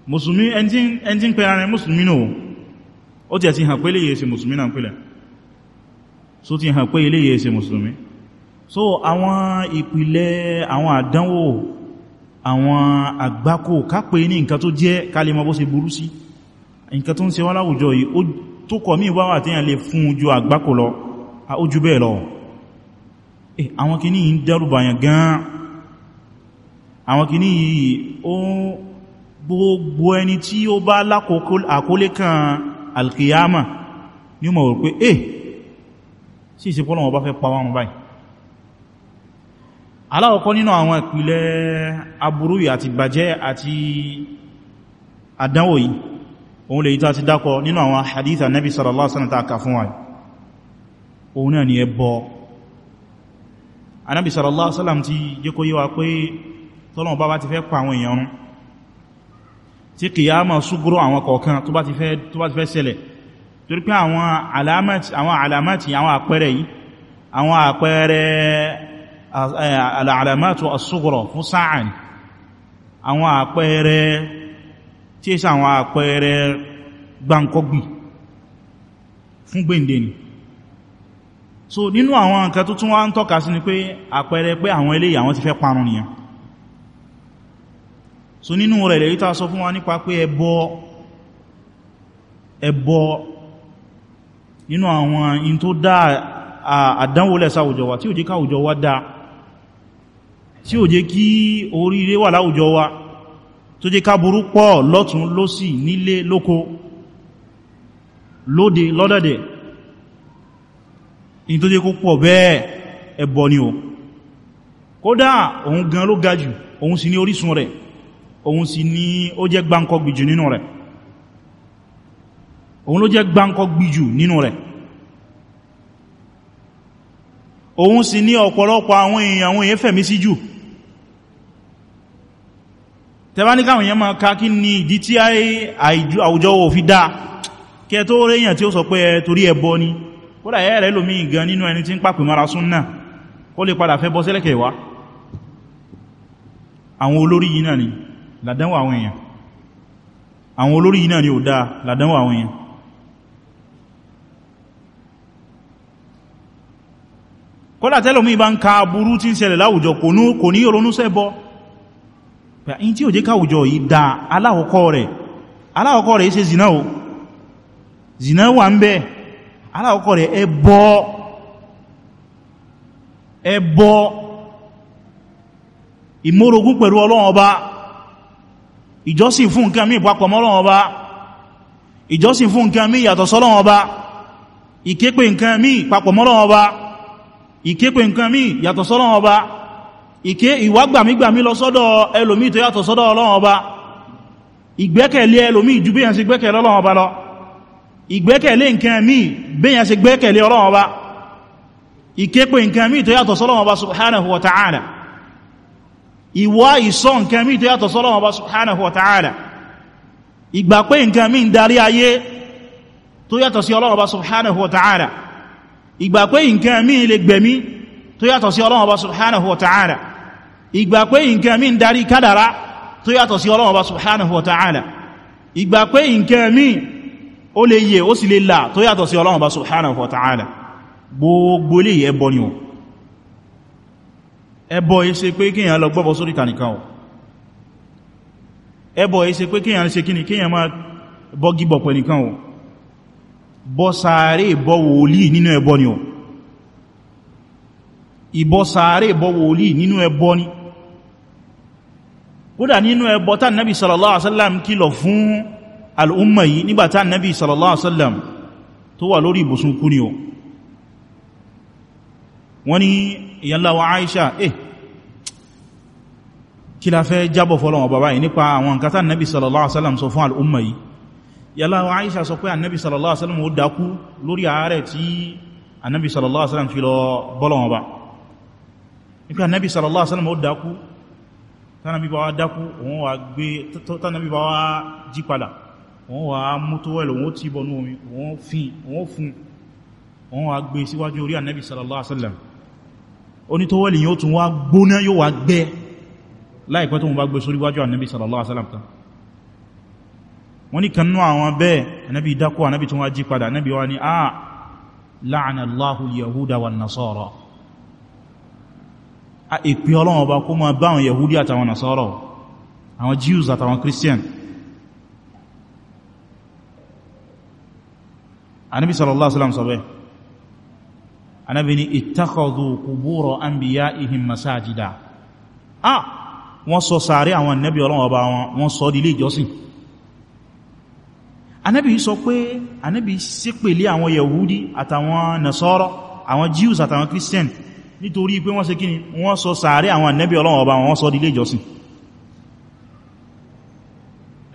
musulmi ẹn tí ń pẹ ara musulmi náà ó ti ẹ̀sìn hàn pé iléyẹ̀ ṣe musulmi náà pẹ̀lẹ̀ so ti hàn pé iléyẹ̀ ṣe musulmi so àwọn ìpìlẹ̀ àwọn àdánwò àwọn àgbákò kápẹ́ ní nǹkan tó jẹ́ kalima bó ṣe burú sí nǹkan tó ń ṣe wá láwùjọ yìí tó kọ̀ mí wá wà tí yàn lè fún ju àgbákò lọ ó bẹ́ẹ̀ lọ eh, àwọn kìíní yìí ń dẹ́rùbàyàn gan àwọn kìíní yìí gbogbo ẹni tí ó bá lákòókò àkólé kan alkiyama ni ó mọ̀ wípé eh sí ìsìnkú ọba fẹ́ pa wọn báyìí aláwọ̀kọ́ nínú àwọn ìpìlẹ̀ aburú àti bàjẹ́ àti àdánwò yìí òun lè yí ta dákọ nínú àwọn haditha nabi sallallahu alaihi ta kà fún ni ẹbọ anábi sallallahu alaihi wasallam ti jẹ́ kó yíwa pé tí kìyàmà ṣúgbúrò àwọn kọ̀ọ̀kan tó bá ti fẹ́ ṣẹlẹ̀ torí pé àwọn alamati àwọn alamati àwọn àpẹẹrẹ yìí àwọn àpẹẹrẹ alamatu asúgbúrò fún sáàni àwọn àpẹẹrẹ tí é sàwọn àpẹẹrẹ gbàǹkọ́gbì fún gbèǹdè ni so nínú àwọn nǹkan tó tún wá ń tọ́ka sí ni pé àpẹẹrẹ pé àwọn eléyìí àwọn ti fẹ́ parun nìyàn so nínú rẹ̀ lè yíta sọ fún wa nípa pé ẹbọ ẹbọ nínú àwọn in tó dá àdánwòlẹ̀ sáwùjọ wa tí ò jẹ́ káwùjọ wa dá tí ò jẹ́ kí oríire wà láwùjọ wa tó jẹ́ ká burú pọ̀ lọ́tún lọ́sì nílé lóko lóde lọ́dẹ̀dẹ̀ in tó jẹ́ kó pọ̀ bẹ́ẹ̀ ẹbọ ni o kódà òun gan ló gajù òun sì ní orísun rẹ̀ òun sì ní ó jẹ́ gbáǹkọ́ gbìjù nínú rẹ̀ òun ló jẹ́ gbáǹkọ́ gbìjù nínú rẹ̀ òun sì ní ọ̀pọ̀lọpọ̀ àwọn èèyàn àwọn èèyàn fẹ̀mí sí jù tẹbáníkàwọn èèyàn máa ká kí ní ìdí tí àwùjọ wò fi dáa kí ẹ tó réyàn tí ó sọ pé ẹ torí ẹbọ ni kódà ẹ rẹ̀ lómi ìgan nínú ẹni tí ń pàpè mara súnnà kó lè padà fẹ́ bọ́ sẹ́lẹ̀kẹ̀ wá àwọn olórí yìí náà ni làdánwò àwọn èèyàn àwọn olórí yìí náà ni ò dáa làdánwò àwọn èèyàn kọ́lá tẹ́lọ̀mí bá ń ka burú tí ń ṣẹlẹ̀ láwùjọ kò ní ronú sẹ́bọ́ pẹ̀ in tí ò jẹ́ káwùjọ yìí da aláwọ̀kọ́ rẹ̀ aláwọ̀kọ́ rẹ̀ ṣe zina o zina wà ń bẹ aláwọ̀kọ́ rẹ̀ ẹbọ ẹbọ ìmórogún pẹ̀lú Ọlọ́run Ọba ìjọsìn fún nǹkan mí ìpapọ̀ mọ́lọ́wọ́ ọba ìjọsìn fún nǹkan mí yàtọ̀ sọ́lọ́wọ́ ọba ìképe nǹkan mí ìpapọ̀ mọ́lọ́wọ́ ọba ìképe nǹkan mí yàtọ̀ sọ́lọ́wọ́ ọba ìké ìwágbàmígbàmí lọ sọ́dọ̀ ẹlòmí tó yàtọ̀ sọ́dọ̀ ọlọ́wọ́ ọba ìgbẹ́kẹ̀lé ẹlòmí ju bíyàn sí gbẹ́kẹ̀lé ọlọ́wọ́ ọba lọ ìgbẹ́kẹ̀lé nǹkan mí bíyàn sí gbẹ́kẹ̀lé ọlọ́wọ́ ọba ìképe nǹkan mí tó yàtọ̀ sọ́lọ́wọ́ ọba subhanahu wa ta'ala ìwá ìsọ́ nǹkan mí tó yàtọ̀ sọ́lọ́wọ́ bá subhanahu wa ta'ala ìgbà pé nǹkan mí ń darí ayé tó yàtọ̀ sí Ọlọ́run bá subhanahu wa ta'ala ìgbà pé nǹkan mí lè gbẹ̀mí tó yàtọ̀ sí Ọlọ́run bá subhanahu wa ta'ala ìgbà pé nǹkan mí ń darí kádàrá tó yàtọ̀ sí Ọlọ́run bá subhanahu wa ta'ala ìgbà pé nǹkan mí ó lè yẹ ó sì lè là tó yàtọ̀ sí Ọlọ́run bá subhanahu wa ta'ala gbogbo lè yẹ bọ́ ni o ẹbọ ìṣe pé kíyàn lọ gbọ́bọ̀ sórí tànìkan ọ̀ ẹbọ ìṣe pé kíyàn ṣe kíni kíyàn máa bọ́gíbọ̀ pẹ̀nìkan ọ̀ bọ́ sàárè bọ́ wòlíì nínú ẹbọ ni ọ̀ ìbọ́ sàárè bọ́ wòlíì nínú ẹbọ ni kódà nínú ẹbọ tá nàbí sallallahu alaihi wasallam kìlọ̀ fún al'umma yìí nígbàtá wọ́n ni ìyànláwà Aisha eh kí la fẹ́ jábọ̀ fọ́lọ́wọ́ bàbá yìí nípa àwọn nǹkan tán nabi sallallahu alaihi wasallam sọ fún al'umma yìí yàláwà aisha sọ pé annabi sallallahu alaihi wasallam ó dákú lórí ààrẹ tí annabi sallallahu alaihi wasallam fi lọ bọ́lọ́wọ́ bá nípa annabi sallallahu wà gbé mú tó wẹ́lẹ̀ òun ti bọnú omi òun fín òun fún òun wà gbé síwájú orí annabi sallallahu alaihi wasallam onítọ́wẹ́lì yóò tún wá gbóná yóò wá gbẹ́ láìpẹ́ tó mú bá gbé sórí wájú ànábì sallallahu alaihi wasallam tán wọ́n ní kannú àwọn bẹ́ẹ̀ ànábì dákú ànábì tó wá jí padà ànábì wá ní àà ah, la'ana Allahu yahuda wa nasara a ìpí ọlọ́wọ́ bá kó máa bá jews àtàwọn christian ànábì sallallahu alaihi wasallam sọ bẹ́ẹ̀ ànábì ní ittakhadhu qubura anbiya'ihim masajida ah wọ́n sọ sàárè àwọn ànábì ọlọ́wọ́ bá wọn wọ́n sọ di ilé ìjọsìn ànábì sọ pé ànábì ṣépèlé àwọn yahudi àtàwọn nasọ́rọ̀ àwọn jews àtàwọn christian nítorí pé wọ́n ṣe ni wọ́n sọ sàárè àwọn ànábì ọlọ́wọ́ bá wọn wọ́n sọ di ilé ìjọsìn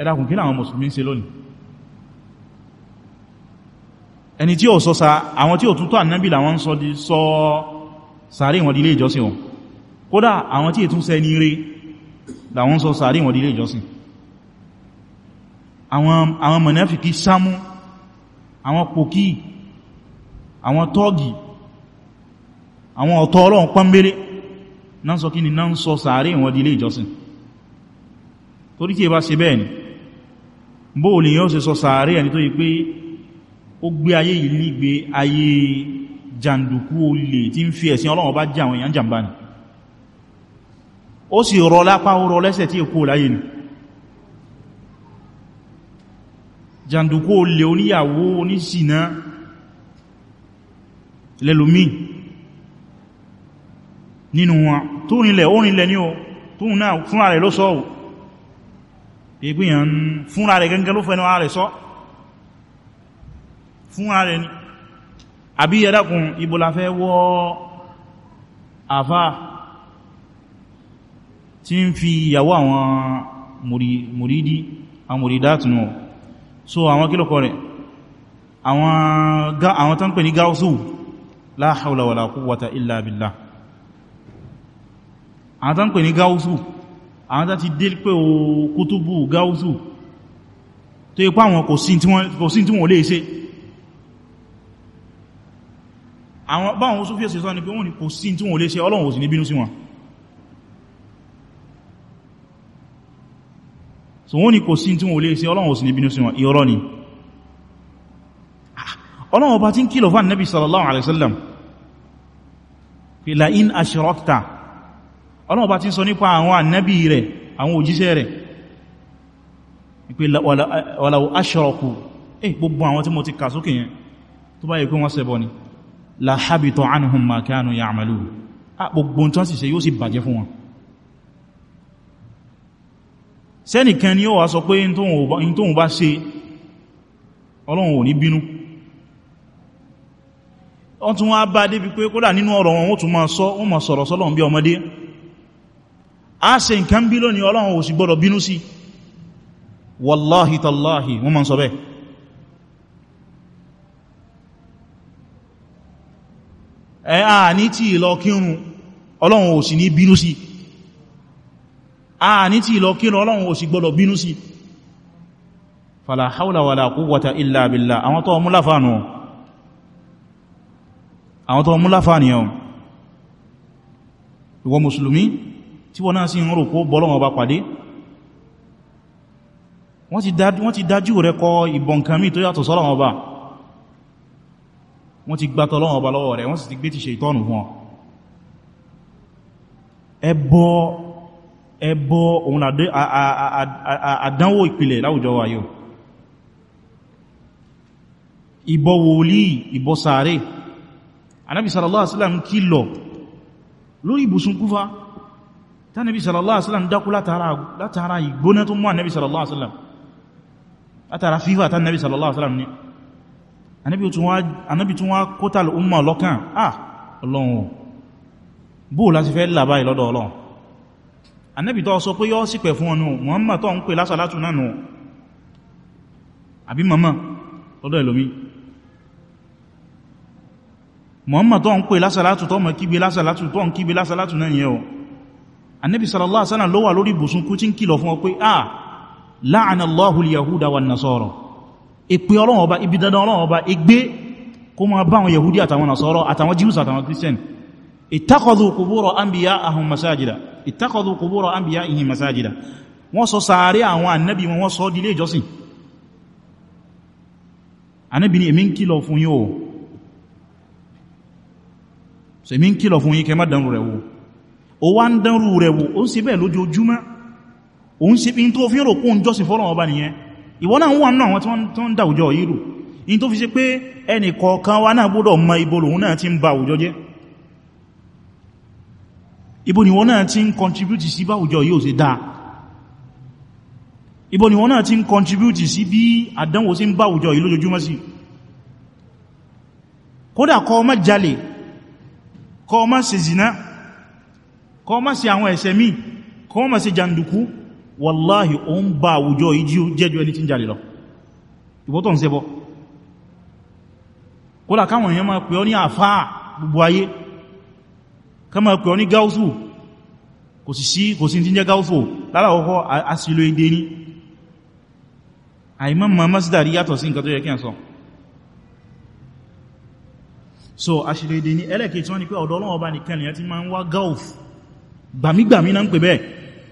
ẹ dákun kí làwọn mùsùlùmí ń ṣe lónìí ẹni tí ó sọ sa àwọn tí ó tútọ́ ànábì ní rí làwọn sọ sàárì wọn dílé ìjọsìn àwọn mọ̀nẹ́fìkì sámú àwọn pòkí àwọn tọ́gì àwọn ọ̀tọ́ ọlọ́run pọ́nbélé náà sọ kí ni náà sọ sàárì wọn dílé ìjọsìn torí tí ẹ bá ṣe bẹ́ẹ̀ ni bóò lè yọ́ ṣe sọ sàárì ẹni tó yí pé ó gbé ayé yìí nígbé ayé jàǹdùkú olè tí ń fi ẹ̀sìn ọlọ́run bá jẹ́ àwọn èèyàn jàǹbá ni ó sì rọ lápá ó rọ lẹ́sẹ̀ tí èkó láyé ni jàndùkú olè oníyàwó oníṣìná lẹ́lòmí nínú wọn tó rinlẹ̀ ó rinlẹ̀ ní o tó náà fúnra rẹ̀ ló sọ́ọ̀ ìgbìyàn fúnra rẹ̀ gẹ́gẹ́ ló fẹ́nu ara rẹ̀ sọ́ fúnra rẹ̀ ni àbí ẹ̀dàkùn ìbòlàfẹ́ wọ́ àfáà tí ń fi ìyàwó àwọn mùrídí àwọn mùrídátùnù so àwọn kílọ̀kọ́ rẹ̀ àwọn tán pè ní gáúsù la hawla wala quwwata illa billah àwọn tán pè ní gáúsù àwọn tán ti dé pé o kútùbù gáúsù tó ipá àwọn kò sí tí wọ́n lè ṣe àwọn báwọn sófíẹ̀sì sọ ni pé so wọ́n ni kò sí tí wọ́n lè ṣe ọlọ́run òsìn ìbínú sí wọn irọ́ ni ọlọ́run ọba tí ń kìlọ̀ fún Ànábì sallallahu alaihi wasallam la in ashrakta ọlọ́run ọba tí ń sọ nípa àwọn Ànábì rẹ̀ àwọn òjíṣẹ́ rẹ̀ pé walau sẹ́nìkan ni ó wá sọ pé in tóhun bá ṣe ọlọ́run ò ní bínú wọ́n tún wá bá débi pé kódà nínú ọ̀rọ̀ wọn ó tún máa sọ ó máa sọ̀rọ̀ sọ́lọ́run bí ọmọdé a ṣe nǹkan bí lónìí ọlọ́run ò sì gbọ́dọ̀ bínú sí wàláhì tàláhì wọ́n máa sọ bẹ́ẹ̀ ẹ̀ a tí ìlọ kírun ọlọ́run ò sì ní bínú sí a ní tí lọ kírun ọlọ́run ò sì gbọ́dọ̀ bínú sí fala hawla wala quwwata illa billah àwọn tó mú láfàánù àwọn tó mú láfàánìyàn ìwọ mùsùlùmí tí wọ́n náà sí ń ròkó bọ́lọ́wọ́ ẹbọ òun àdánwò ìpìlẹ̀ láwùjọ wa yóò ìbọ wòlí ìbọ sàárè anábi sallallahu alaihi wasallam kí lọ lórí ìbùsùn kúfà tánàbí sallallahu alaihi wasallam dákú látara ìgbóná tó mú anábi sallallahu alaihi wasallam látara fífà tánàbí sallallahu alaihi wasallam ní anábi tún wá kótàlù umma lọ́kàn ah ọlọ́run bóò láti fẹ́ làbáyì lọ́dọ̀ ọlọ́run annabi tó sọ pé yọ́ sí pẹ̀ fún ọnù Muhammad tó ń pè lásàlátù náà nù àbí mama lọ́dọ̀ ẹlòmí Muhammad tó ń pè lásàlátù tó mọ̀ kígbe lásàlátù tó ń kígbe lásàlátù náà yẹ o annabi sallallahu alaihi wasallam ló wà lórí ibùsùn kú tí ń kìlọ̀ fún ọ pé ah la'ana Allahu al-yahuda wan اتخذوا قبور انبياءهم مساجدا اتخذوا قبور انبيائهم مساجدا sọ sàárè àwọn ànábì wọn sọ dílé ìjọsìn ànábì ni èmi ń kìlọ̀ fún o so èmi o n ń o bẹ́ẹ̀ o ń ṣe tó fi rò kún jọsìn fọ́lọ̀ ọba nìyẹn ìwọ náà náà tí wọ́n ń yìí in tó fi pé ẹnì kọ̀ọ̀kan wa náà ti ń ba ibo ni wọ́n náà ti ń contribute sí báwùjọ yóò ṣe dáa ibo ni wọ́n náà ti ń contribute sí bí àdánwò sí ń báwùjọ yìí lójoojúmọ́ sí kódà kó má jalè kó má ṣe zina kó má ṣe àwọn ẹ̀ṣẹ̀ míì kó má ṣe jàǹdùkú wàláhì ó ń bá àwùjọ yìí jẹ́jọ ẹni tí ń jalè lọ ìwọ ń ṣẹbọ kódà káwọn èèyàn máa pè ọ́ ní àfáà gbogbo ayé kama pẹ̀ oní gáúsù kò sì sí kò sí tí jẹ́ gáúsù lálàwọ́kọ́ asìlò èdè ní àìmọ́ ma masdar yàtọ̀ sí nǹkan tó yẹ kí n sọ so asìlò èdè ní ẹlẹ́kẹ̀ẹ́ tí wọ́n ni pé ọ̀dọ̀ Ọlọ́run Ọba nìkan nìyàn na ń pè bẹ́ẹ̀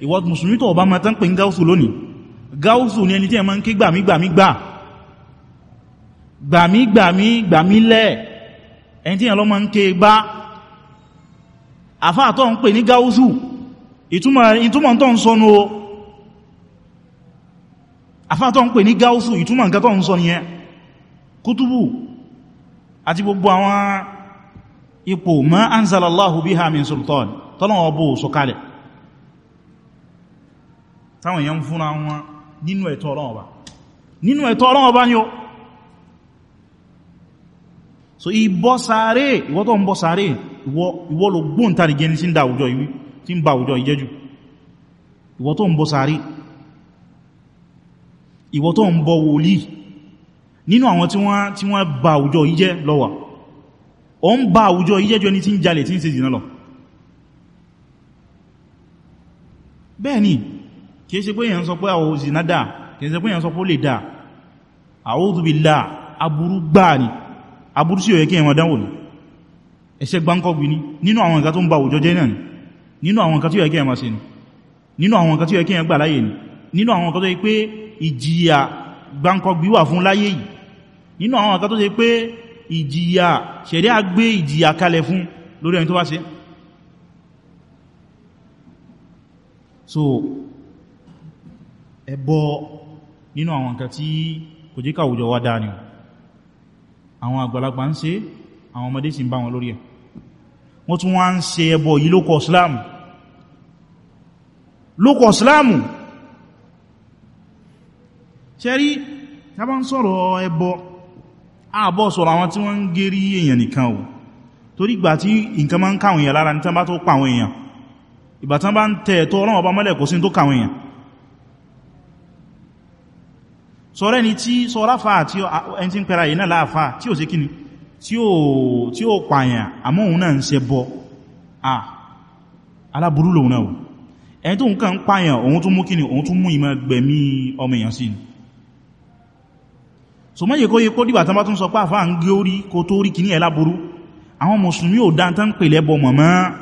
ìwọ́d musulmi tó ọba ma tán pè ń gáúsù lónìí gáúsù ní ẹni tí ẹ ma ń ké gbàmígbàmígbà Afa tó ń pè ní gáúsù ìtumọ̀ tó ń sọ ní o ń pè ní gáúsù ìtumọ̀ nǹkan tó ń sọ nìyẹn kútùbù àti gbogbo àwọn ipò ma anzalallahu biha min sultan tọ́lọ̀wọ̀ bó sọkalẹ̀ Ọba ninu Ọba so ìbọ́sàárè ìwọ́tọ̀ ń ìwọ ló gbóǹtarìgì ẹni tí ń da àwùjọ ìwí tí ń ba àwùjọ ìjẹ́jù ìwọ tó ń bọ sàárì ìwọ tó ń bọ wòlíì nínú àwọn tí wọ́n tí ba àwùjọ ìjẹ́ lọ́wà ó ń ba àwùjọ ìjẹ́ jù ẹni tí ń jalè tí ń ṣe zìnà lọ bẹ́ẹ̀ni kìí ṣe pé èyàn sọ pé àwọn zìnà dà kìí ṣe pé èyàn sọ pé ni ẹ̀ṣẹ̀ gbáǹkọ́gbì ní nínú àwọn nǹkan tó ń ba òjò jẹ́ náà ni nínú àwọn nǹkan tí ó yẹ kí ẹ máa ṣe ni nínú àwọn nǹkan tí ó yẹ kí ẹ gbà láyé ni nínú àwọn nǹkan tó yẹ pé ìjìyà gbáǹkọ́gbì wà fún láyé yìí nínú àwọn nǹkan tó yẹ pé ìjìyà ṣẹ̀dẹ́ á gbé ìjìyà kalẹ̀ fún lórí ẹni tó bá ṣe so ẹbọ nínú àwọn nǹkan tí kò jẹ́ káwùjọ wá dáa ni àwọn àgbàlagbà ń ṣe àwọn ọmọdé sì ń bá wọn lórí ẹ̀ wọ́n tún wá ń ṣe ẹbọ yìí lókọ islamu lókọ islamu ṣẹ́rí tàbá ń sọ̀rọ̀ ẹbọ àbọ̀ sọ̀rọ̀ àwọn tí wọ́n ń gẹ́rí èèyàn nìkan o torí ìgbà tí nǹkan máa ń káwọn èèyàn lára ní tán bá tó pàwọn èèyàn ìgbà tán bá ń tẹ̀ ẹ̀tọ́ ọlọ́wọ́ bá mọ́lẹ̀ kò sí tó kàwọn èèyàn sọ̀rọ̀ ẹni tí sọ́ráfà àti ẹni tí ń pẹ̀ra yìí náà láàfà tí ò sí kíni tí ó pààyàn àmọ́ òun náà ń ṣe bọ́ à aláburú lòun náà ẹni tó ń kàn ń pààyàn òun tún mú kíni òun tún mú ìmọ̀ gbẹ̀mí ọmọ èèyàn sí ni so mẹ́yẹ kó yẹ kó dìbà tán bá tún sọ pé àfáà ń gé orí kó tó rí kíní ẹ̀láburú àwọn mùsùlùmí ò dántán pè lẹ́bọ mọ̀mọ́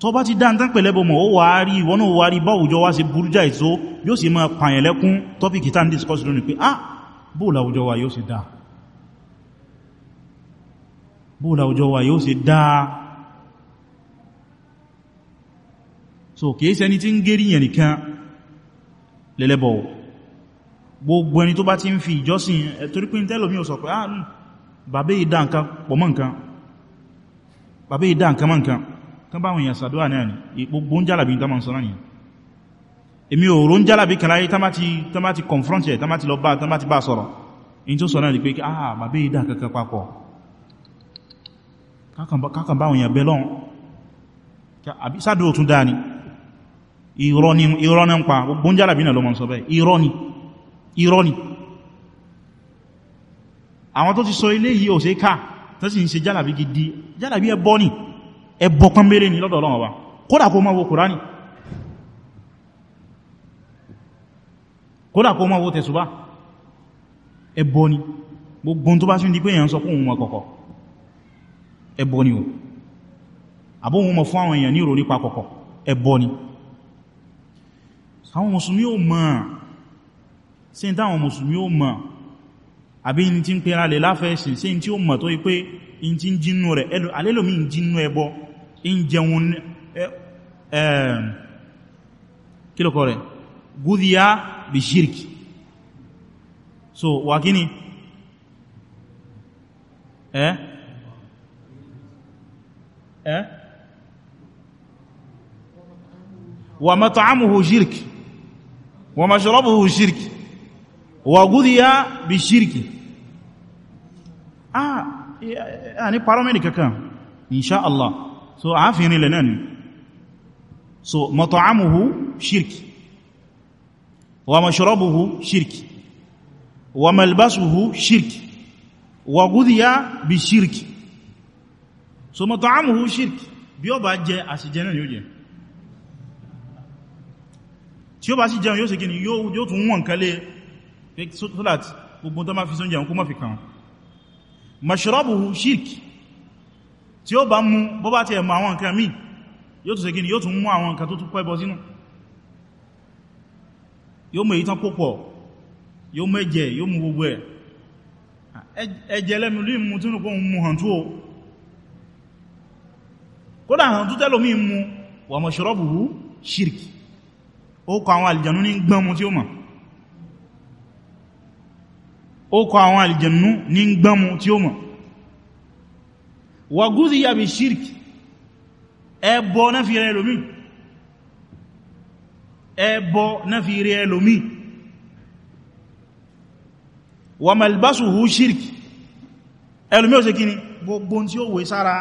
tó bá ti dántán pè lẹ́bọ mọ̀ ó wà á rí ìwọ́n náà wà rí báwùjọ wá sí burújá ìtó yóò sì máa pààyàn lẹ́kún tọ́pìkì tá ń discuss lónìí pé ah bóòlù àwùjọ wa yóò sì dáa bóòlà òjò wà yóò ṣe dáa so kìí ṣẹni tí ń gérí yẹn nìkan lẹ́lẹ́bọ̀ gbogbo ẹni tó bá ti ń fi ìjọsìn torí pé tẹ́lò mí ò sọ pé ah hmm, bàbá ìdá nǹkan pọ̀ mọ́ nǹkan bàbá ìdá nǹkan mọ́ nǹkan kan bá wọn èèyàn sàdúrà náà ni gbogbo ń jálàbí tán máa ń sọ náà ni èmi ò rò ń jálàbí kan láyé tán bá ti confront ẹ̀ tán bá ti lọ bá tán bá ti bá sọ̀rọ̀ kákan báwọn èèyàn bẹ́ lọ́n àbí sádò tún dáa ni irọ́ ni irọ́ ní ń pa gbogbo ń jálàbí náà lọ mọ́ sọ bẹ́ irọ́ ni irọ́ ni àwọn tó ti sọ ilé yìí sí ká tó sì ń ṣe jálàbí gidi jálàbí ẹbọ ni ẹbọ pọ́nbélé ni lọ́dọ̀ Ọlọ́run wa kódà kó máa wo Kùránì kódà kó máa wo tẹ̀sùbá ẹbọ ni ẹbọ ni o àbóhun mọ̀ fún àwọn èèyàn ní ìrò nípa kọ̀kọ̀ ẹbọ ni àwọn mùsùlùmí ò mọ̀ sí ní táwọn mùsùlùmí ò mọ̀ àbí ní tí ń pera lè láfẹ́ẹ̀sìn sí tí ó mọ̀ tó wípé in ti ń jínú rẹ̀ alélòmí ń jínú ẹbọ in jẹun kílòkọ rẹ̀ gúdíyà bí ṣírkì so wà kí ni eh أه؟ ومطعمه شرك ومشربه شرك وغذي بالشرك اه يعني باراميديك كان ان شاء الله سو عافيني لنن سو مطعمه شرك ومشربه شرك وملبسه شرك وغذي بالشرك so mọ̀ tọ́ámùhù shirk bí ó bá jẹ àṣìjẹ náà yóò jẹ tí ó bá sì jẹun yóò sì gini yóò tún wọ́n kan lé solat gbogbo tó má fi sóúnjẹ kó má fi kàn mashrabuhu shirk tí ó bá mú bó bá ti ẹ̀mọ̀ àwọn nǹkan míì yóò tún sì gini yóò tún mú àwọn nǹkan tó tún pẹ́bọ sínú yóò mú èyí tán kópọ̀ yóò mú ẹ̀jẹ̀ yóò mú gbogbo ẹ̀ ẹ̀jẹ̀ lẹ́mìlú ìmú tínú kó mú hàn tó kódà àwọn tó tẹ́lò míì mú wà mọ̀ ṣọ́rọ̀bùhú ṣírkì ó kọ àwọn àlìjànú ní gbọ́nmù tí ó mọ̀ ó kọ àwọn àlìjànú ní gbọ́nmù tí ó mọ̀ wà gúzi yàbí ṣírkì ẹbọ náà fi rẹ ẹlòmí ẹbọ náà fi rẹ ẹlòmí wà malbasuhu ṣírkì ẹlòmí ó ṣe kíni gbogbo tí ó wé sára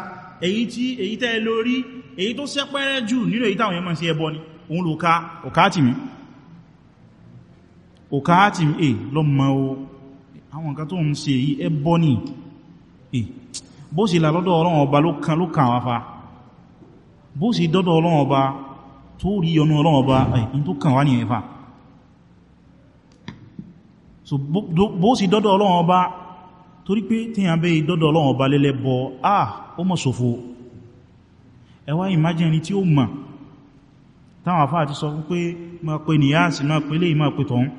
èyí tí èyí tẹ́ lórí èyí tó sẹ́pẹ́rẹ́ jù nínú èyí táwọn yẹmọ̀ sí ẹbọ ni òun ló ká ọ̀kátìmí ọ̀kátìmí è lọ́mọ o àwọn nǹkan tó ń ṣe èyí ẹbọ ni è bó sì lálọ́dọ̀ ọlọ́run ọba ló kàn wá fa bó sì dọ́dọ̀ ọlọ́run ọba so bó sì dọ́dọ̀ ọlọ́run ọba torí pé A. bẹ́ ìdọ́dọ̀ ọlọ́run ọba lẹ́lẹ́bọ ah ó mọ̀ sòfò ẹ wá imagine tí ó mọ̀ táwọn àfáà ti sọ fún pé ma pe níyàásì ma pe léyìí ma pe tọ̀hún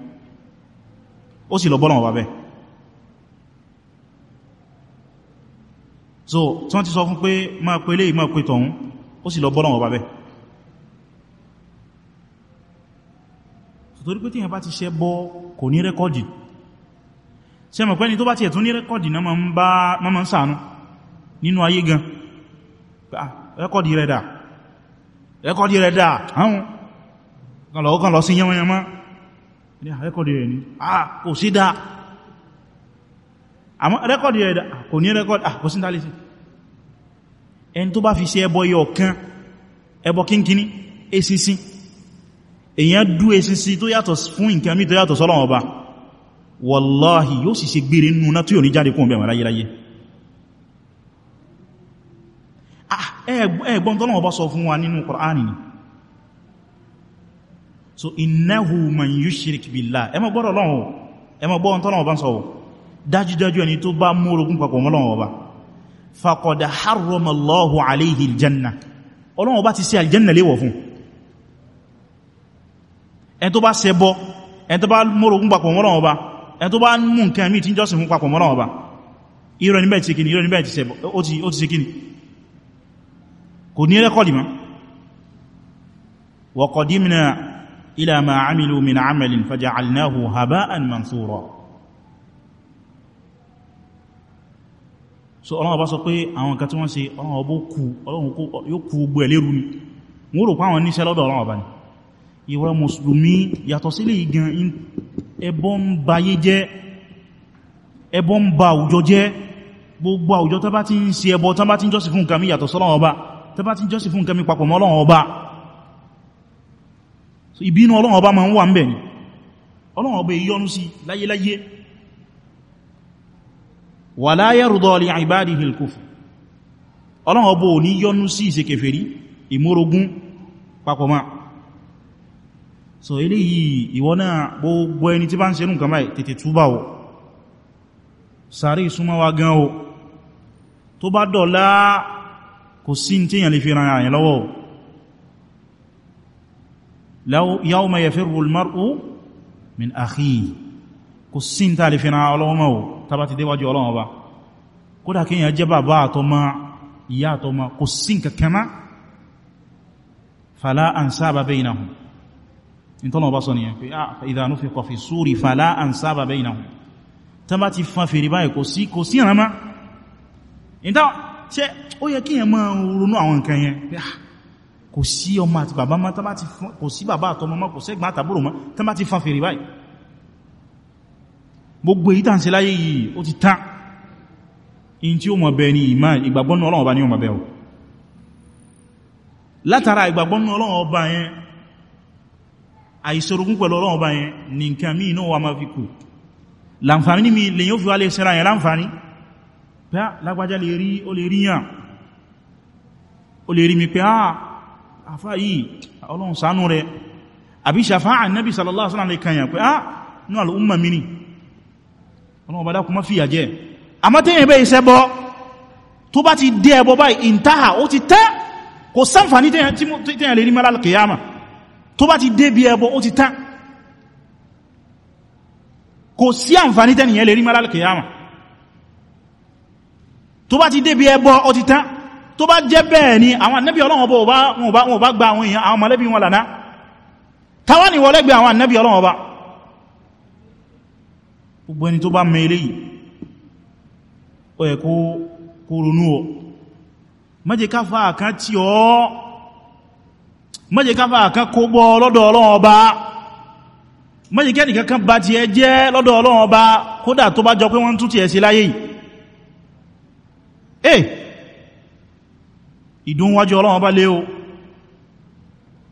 ó sì lọ bọ́lọ̀ wà bẹ́ so tí wọ́n ti sọ fún pé ma pe léyìí ma pe tọ̀hún ó sì lọ bọ́lọ̀ wà bẹ́ torí pé tí yẹn ti ṣẹ́ bọ́ kò ní rẹ́kọ́dì ṣe mọ̀ pẹ́ni tó bá ti ẹ̀tún ní rẹ́kọ́dì náà ma ń ṣàánú nínú ayé gan ah, rẹ́kọ̀dì rẹ̀ dà rẹ́kọ̀dì rẹ̀ dà àwọn ọkàn lọ sí yánwọ́nyánmá ah, rẹ́kọ̀dì rẹ̀ ní ah kò sí dá àmọ́ rẹ́kọ̀dì rẹ̀ dà ah, kò ní rẹ́kọ̀dì ah kò sí dálé sí ẹni tó bá fi ṣe ẹbọ yọ kan ẹbọ kínkíní esisi èyàn dú esisi tó yàtọ̀ fún nǹkan mí tó yàtọ̀ sọ́lọ́wọ́ ọba wallahi yóò sì ṣe gbére nínú náà tí yóò ní jáde kún ọbẹ̀ mọ̀ láyéláyé ẹgbọ́n tọ́nà ọba sọ fún wa nínú Kùránì so innahu man yushrik billah ẹ má gbọ́rọ̀ lọ́wọ́ ẹ má gbọ́rọ̀ tọ́nà ọba sọ dájúdájú ẹni tó bá mórogún papọ̀ mọ́lọ́wọ́ ọba faqad harrama Allahu alayhi aljanna Ọlọ́run ọba ti ṣe aljanna léwọ̀ fún ẹ tó bá ṣẹbọ ẹ tó bá mórogún papọ̀ mọ́lọ́wọ́ ọba ẹ tó bá mú nǹkan mí tí ń jọ́sìn fún papọ̀ mọ́lọ́wọ́ ọba irọ́ níbẹ̀ kò ní rẹ́kọ̀dì mọ́ wa qadimna ila ma amilu min amalin faja'alnahu haba'an mansura so ọlọ́wọ́ bá sọ pé àwọn nǹkan tí wọ́n ṣe ọlọ́wọ́ bó kú ọlọ́wọ́ yóò kú gbọ́ ẹ̀lérú ni gbogbo àwùjọ tó bá ti ń ṣe ẹbọ tó bá ti ń jọ́sìn fún nǹkan mí sọ́lọ́wọ́ bá tẹ́ bá ti jọ́sìn fún nǹkan mi papọ̀ mọ́ Ọlọ́run ọba ìbínú Ọlọ́run ọba máa ń wà ń bẹ̀ ni Ọlọ́run ọba ìyọ́nú sí láyéláyé wala yarda li ibadihi al-kufr Ọlọ́run ọba ò ní yọ́nú sí ìṣekèfèrí ìmórogún papọ̀ máa so eléyìí ìwọ náà gbogbo ẹni tí bá ń o sàárì súnmọ́ wa gan o tó bá dọ̀lá kò sí tí yàn lè fi ran àyàn lọ́wọ́ yawma yafirru al-mar'u min akhihi kò sí tí a lè fi ran ọlọ́wọ́ mọ́ tàbá ti déwájú ọlọ́wọ́ bá kódà kí yàn jẹ́ bàbá àtọ́mà ìyá àtọ́mà kò ah, ti fa fèrè báyìí kò sí ìrànmá ṣe ó yẹ kí yẹn máa ronú àwọn nǹkan yẹn ah, kò sí ọmọ àti bàbá mọ́ tán bá ti fún kò sí bàbá àtọmọ mọ́ kò sẹ́gbọ́n àtàbúrò mọ́ tán bá ti fa fèrè báyìí gbogbo èyí tàn sí láyé yìí ó ti tán in tí ó mọ̀ bẹ ni ìmá ìgbàgbọ́nú Ọlọ́run ọba ní ọmọ bẹ o látara ìgbàgbọ́nú Ọlọ́run ọba yẹn àìsorogún pẹ̀lú Ọlọ́run ọba yẹn nìkan míì náà wà máa fi kù láǹfààní mi lèyàn fi wá lè sẹ́ra yẹn láǹfààní pé á ah, lágbàjá lè rí ó lè ríyàn ó lè rí mi pé á ah, àfá yìí ọlọ́run ṣàánú rẹ̀ àbí ṣàfáà nábì sallallahu alaihi wasallam lè kàyàn pé á ah, ní al'umma mini ọlọ́run bá dákùnmọ́ fìyà jẹ́ àmọ́tẹ́yìn bẹ́ iṣẹ́ bọ́ tó bá ti dé ẹbọ báyìí ìntáhà ó ti tẹ́ kò sáǹfàní tẹ́yàn lè rí mẹ́lá kìyàmà tó bá ti bí ẹbọ ó ti tẹ́ kò sí àǹfàní tẹ́yàn lè rí mẹ́lá kìyàmà tó bá ti débi ẹbọ ó ti tán tó bá jẹ́ bẹ́ẹ̀ ni àwọn ànábì Ọlọ́run ọba wọn ò bá gba àwọn èèyàn àwọn mọ̀lẹ́bí wọn lànà táwa ni wọlé gbé àwọn ànábì Ọlọ́run ọba gbogbo ẹni tó bá mọ eléyìí ó yẹ kó ronú ọ má jẹ́ káfà kan tí ọ má jẹ́ káfà kan kó bọ́ lọ́dọ̀ Ọlọ́run ọba má jẹ́ kan bá ti ẹ jẹ́ lọ́dọ̀ Ọlọ́run ọba kódà tó bá jọ pé wọ́n tún ti ẹ̀ sí láyé yìí eh ìdúnwájú ọlọ́wọ́ bá lé o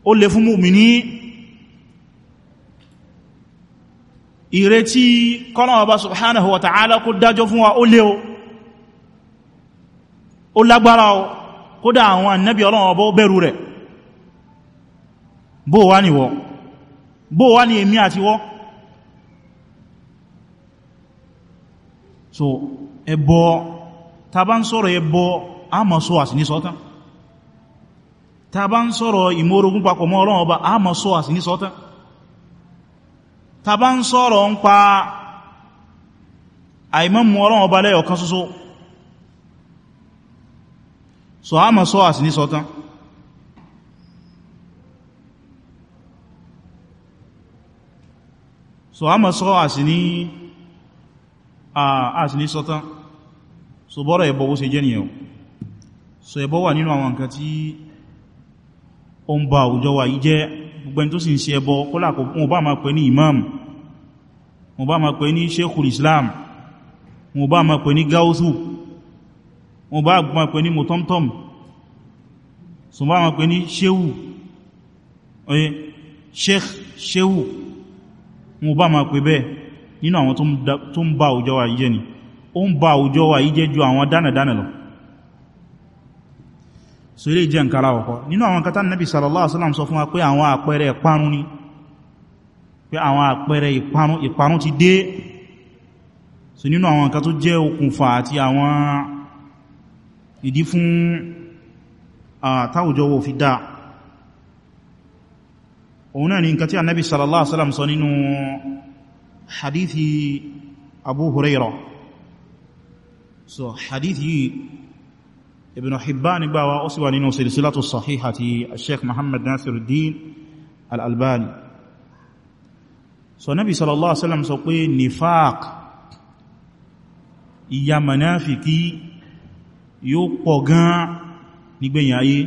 ó lè fún mùmíní ìrètí kọ́lọ̀wọ́ bá subhanahu wa ta'ala kó dájọ́ fún wa ó lé o ó lágbára o kódà àwọn annabi ọlọ́wọ́ bó bẹ̀rù rẹ̀ bó wá ní wọ́ bó wá ní èmi àti wọ́ so ẹbọ́ tàbá ń sọ̀rọ̀ ẹbọ àmọ́ sọ àsìní sọ́tán tàbá ń sọ̀rọ̀ ìmórogún papọ̀ mọ́ Ọlọ́run Ọba àmọ́ sọ àsìní sọ́tán tàbá ń sọ̀rọ̀ ń pa àìmọ́mù Ọlọ́run Ọba lẹ́yọ̀kan ṣoṣo so àmọ́ sọ àsìní sọ́tán so àmọ́ sọ àsìní so bọ́rọ̀ ẹbọ bó ṣe jẹ́ nìyẹn so ẹbọ wà nínú àwọn nǹkan tí ó ń ba àwùjọ wa yìí jẹ́ gbogbo tó sì ń ṣe ẹbọ kọ́lá mo imam mo bá máa pè islam mo bá máa pè ní motomtom so mo shehu oye sheikh shehu mo bá máa pè bẹ́ẹ̀ nínú àwọn tó ń ba àwùjọ wa yìí jẹ́ ni ó ń ba àwùjọ wa yìí jẹ́ ju àwọn dánàdánà lọ so ilé jẹ́ nǹkan aláwọ̀kọ́ nínú àwọn kátà nàbí sallallahu alaihi wasallam sọ fún wa pé àwọn àpẹẹrẹ ìparun ni pé àwọn àpẹẹrẹ ìparun ti dé so nínú àwọn nǹkan tó jẹ́ okùnfà àti àwọn ìdí fún àtàwùjọ fi dáa òun náà ni nǹkan tí annabi sallallahu alaihi wasallam sọ nínú hadithi abu hurairah so hadith yìí ibn hibban gbà wá ó sì wà nínú silsilatu sahiha ti sheikh muhammad nasiruddin al-albani so nabi sallallahu alaihi wasallam sọ pé nifaq ìyà manafiki yóò pọ̀ gan nígbẹ̀yìn ayé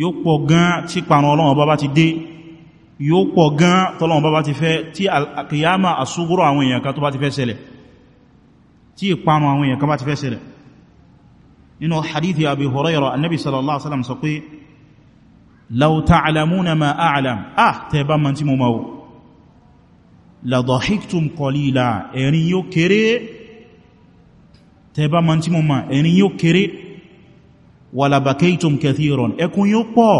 yóò pọ̀ gan tí parun Ọlọ́run bá ti dé yóò pọ̀ gan tọ́lọ́run bá ti fẹ́ tí al-qiyama asúgúrò àwọn èèyàn kan tó bá ti fẹ́ ṣẹlẹ̀ tí ìparun àwọn èèyàn kan bá ti fẹ́ ṣẹlẹ̀ nínú hadithi abi huraira annabi sallallahu alaihi wasallam sọ pé law ta'lamuna ma a'lam ah tẹ́ bá man tí mo máa la dhahiktum qalila ẹ̀rin yóò kéré tẹ́ bá man tí mo máa ẹ̀rin yóò kéré wala bakaytum kathiran ẹkún yóò pọ̀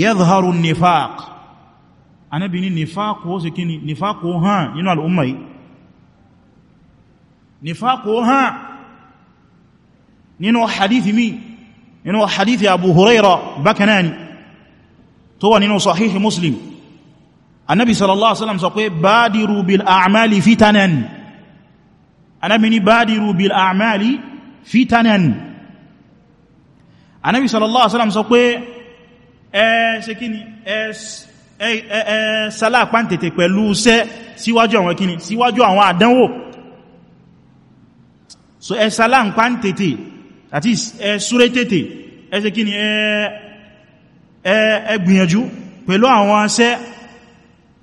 yadhharu nifaq anabi ni nifaq ó ṣe kíni nifaq ó hàn nínú al'umma nífàkó hàn nínú hadithi mi nínú hadithi abu huraira bákanáà ni tó wà nínú sahihi muslim annabi sallallahu alaihi wasallam sọ pé badiru bil a'mali fitanan annabi ni badiru bil a'mali fitanan annabi sallallahu alaihi wasallam sọ pé ẹ ṣe kíni ẹ sálà pàntètè pẹ̀lú sẹ́ síwájú àwọn kíni síwájú àwọn àdánwò so ẹ sálá ń pa ń tètè àti ẹ súré tètè ẹ ṣe kí ni ẹ gbìyànjú pẹ̀lú àwọn aṣẹ́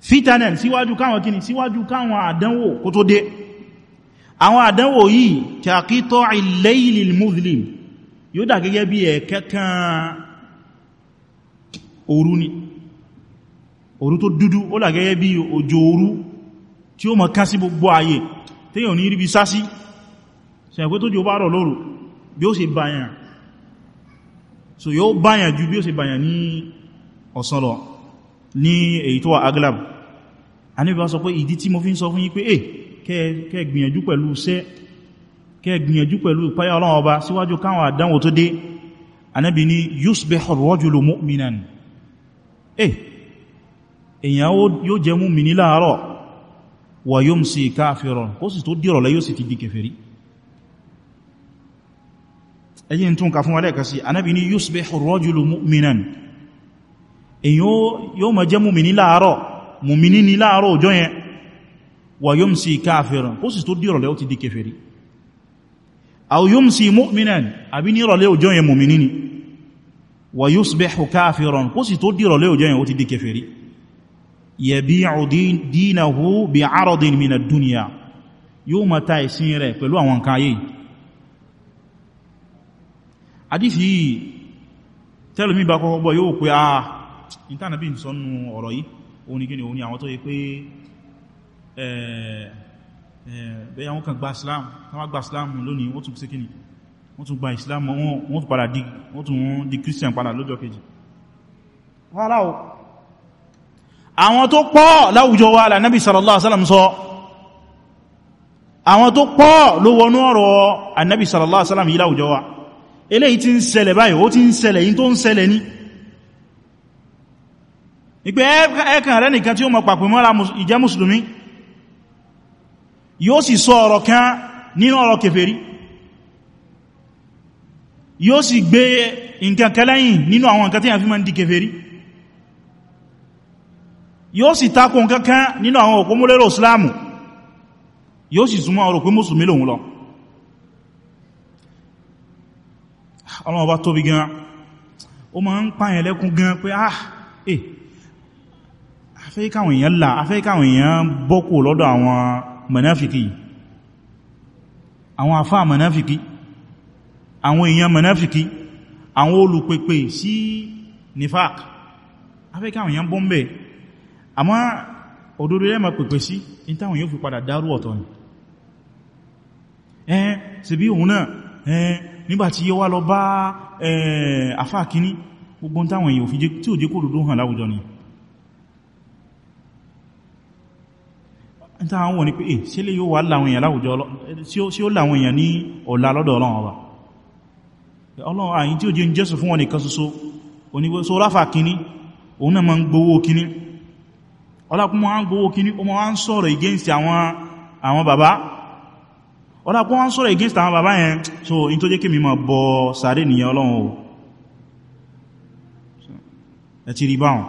fitanen síwájú káwọn kí ni síwájú káwọn àdánwò kó tó dé àwọn àdánwò yìí kàkítọ́ al-laylil muzlim yóò dà gẹ́gẹ́ bí ẹ̀kẹ́kàn òru ni òru tó dúdú ó dà gẹ́gẹ́ bí òjò òru tí ó mọ̀ kásí gbogbo ayé tí yóò ní ríbi sásí sẹ̀gbé tó jù bá rọ̀ lóru bí ó ṣe báyàn so yóò báyàn ju bí ó ṣe báyàn ní ọ̀sán lọ ní èyí tó wà aglab a níbi wá sọ pé ìdí tí mo fi ń sọ fún yín pé eh kẹ́ gbìyànjú pẹ̀lú iṣẹ́ kẹ́ gbìyànjú pẹ̀lú ìpáyà ọlọ́run ọba síwájú káwọn àdánwò tó dé anábi ni yusbihu ar-rajulu mu'minan eh èyàn yóò jẹ́ mu'mini láàárọ̀ wa yumsi kafiran kó sì tó dìrọ̀lẹ́ yóò sì ti di kèfèrí ẹyí tún ka fún alẹ́ẹ̀kà sí anábi ní yusbihu ar-rajulu mu'minan èyí yóò ma jẹ́ mùmìní láàárọ̀ mùmìní ní láàárọ̀ ọjọ́ yẹn wa yumsi kafiran kó sì tó dírọ̀lẹ́ ó ti di kèfèrí aw yumsi mu'minan àbí ní ìrọ̀lẹ́ ọjọ́ yẹn mùmìní ni wa yusbihu kafiran kó sì tó dírọ̀lẹ́ ọjọ́ yẹn ó ti di kèfèrí yóò ma ta ìsìn rẹ̀ pẹ̀lú àwọn kan ayé àdífì yìí tẹ́lùmí bá kọ́kọ́ gbọ́ yóò pé a ah, ìtànàbí sọ́nù ọ̀rọ̀ yìí o ní gíní o ní àwọn tó yí pé bẹ́yà wọ́n gba islam tánwà gba islam lónìí wọ́n tún sí kíní wọ́n tún gba islam wọ́n tún di christian padà lọ́jọ́ kejì àwọn tó pọ̀ láwùjọ wa la nabi sallallahu alaihi wasallam sọ àwọn tó pọ̀ ló wọnú ọ̀rọ̀ annabi sallallahu alaihi wasallam yìí láwùjọ wa eléyìí tí ń ṣẹlẹ̀ báyìí ó ti ń ṣẹlẹ̀ yìí tó ń ṣẹlẹ̀ ní ìpé ẹ̀kàn rẹ̀ nìkan tí ó mọ̀ pàpẹ̀ mọ́ra ìjẹ́ mùsùlùmí yóò sì sọ ọ̀rọ̀ kan nínú ọ̀rọ̀ kèfèrí yóò sì gbé nǹkan kẹlẹ́yìn nínú àwọn nǹkan tí a fi máa ń di kèfèrí yóò sì takò nǹkan kan nínú àwọn òpómúlérò Islam yóò sì súnmọ́ ọ̀rọ̀ pé mùsùlùmí lòun lọ ọlọ́run ọba tóbi gan ó máa ń pààyàn lẹ́kún gan pé ah eh afẹ́kàwọn èèyàn là afẹ́kàwọn èèyàn bọ́kù lọ́dọ̀ àwọn mọ̀náfikì àwọn afá mọ̀náfikì àwọn èèyàn mọ̀náfikì àwọn olùpèpè sí nifak afẹ́kàwọn èèyàn bọ́m̀bẹ̀ àmọ́ òdodo lẹ́mọ̀ pèpè sí in táwọn yóò fi padà dárú ọ̀tọ̀ ni ẹ́ sì bí òun náà ẹ́ nígbàtí yíó wá lọ bá àfáàkíní gbogbo táwọn èèyàn òfíjé tí ò jẹ́ kó dúdú hàn láwùjọ ni táwọn wọ̀ ní pé ṣe lè yóò wà láwọn èèyàn láwùjọ tí ó láwọn èèyàn ní ọ̀la lọ́dọ̀ ọlọ́run ọba ọlọ́run àyín tí ó jẹ́ jésù fún wọn nìkan ṣoṣo onígbésó ráfà kíní òun náà ma ń gbowó against àwọn bàbá ọ̀dá pọ́n wọ́n sọ́rọ̀ against àwọn bàbá yẹn so in tó jẹ́ kí mi ma bọ sàárè nìyàn ọlọ́run o ẹ ti rí báwọn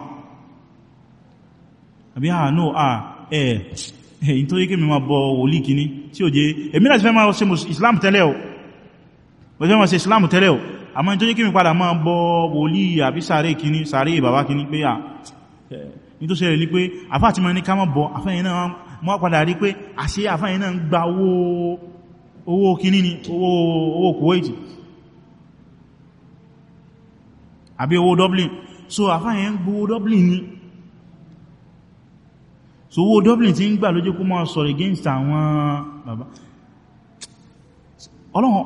àbí à ah, no à ah, ẹ̀ in tó jẹ́ kí mi ma bọ wòlí kìíní tí ó jẹ́ èmi láti fẹ́ máa ṣe islam tẹ́lẹ̀ o mo islam tẹ́lẹ̀ o àmọ́ in tó jẹ́ kí mi padà máa bọ wòlí àbí sàárè kìíní sàárè bàbá kìíní pé à ah, in tó ṣẹlẹ̀ ní pé àfáà ti ma ní ká mọ́ bọ àfáà náà mọ́ padà rí pé àṣẹ àfáà náà ń gba owó owó kìíní ni owó kuwaiti àbí owó dublin so àfáyẹ̀ ń gbówó dublin ni so owó dublin ti ń gbà lójú kó máa sọ̀rọ̀ against àwọn bàbá ọlọ́run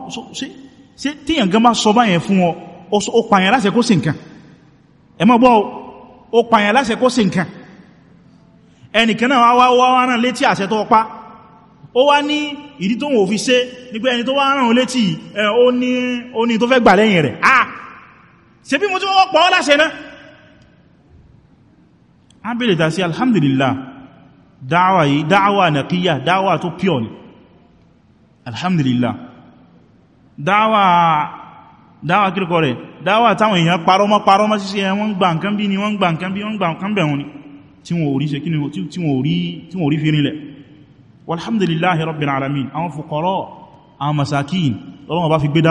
ṣe tíyàn gan bá sọ báyẹn fún ọ ó pààyàn láṣẹ kó sí nǹkan ẹ má gbọ́ ó pààyàn láṣẹ kó sí nǹkan ẹnìkan náà wá wá wá náà létí àṣẹ tó pa ó wá ní ìdí tó wọ́n fi ṣe ní pé ẹni tó wá rán létí ó ní tó fẹ́ gbà lẹ́yìn rẹ̀ ah ṣe bí mo tí wọ́n pọ̀ ọ́ láṣẹ náà a bèèrè tàṣí alhamdulillah dáwà yìí dáwà nàkíyà dáwà tó pure ni alhamdulillah dáwà dáwà kíríkọ rẹ̀ dáwà táwọn èèyàn parọ́mọ́ parọ́mọ́ sí wọ́n gbà nǹkan bí ni wọ́n gbà nǹkan bí wọ́n gbà nǹkan bẹ̀rún ni tí wọ́n ò rí walhamdulillahi rabbil alamin àwọn fuqara àwọn masakin lọ́wọ́n bá fi gbé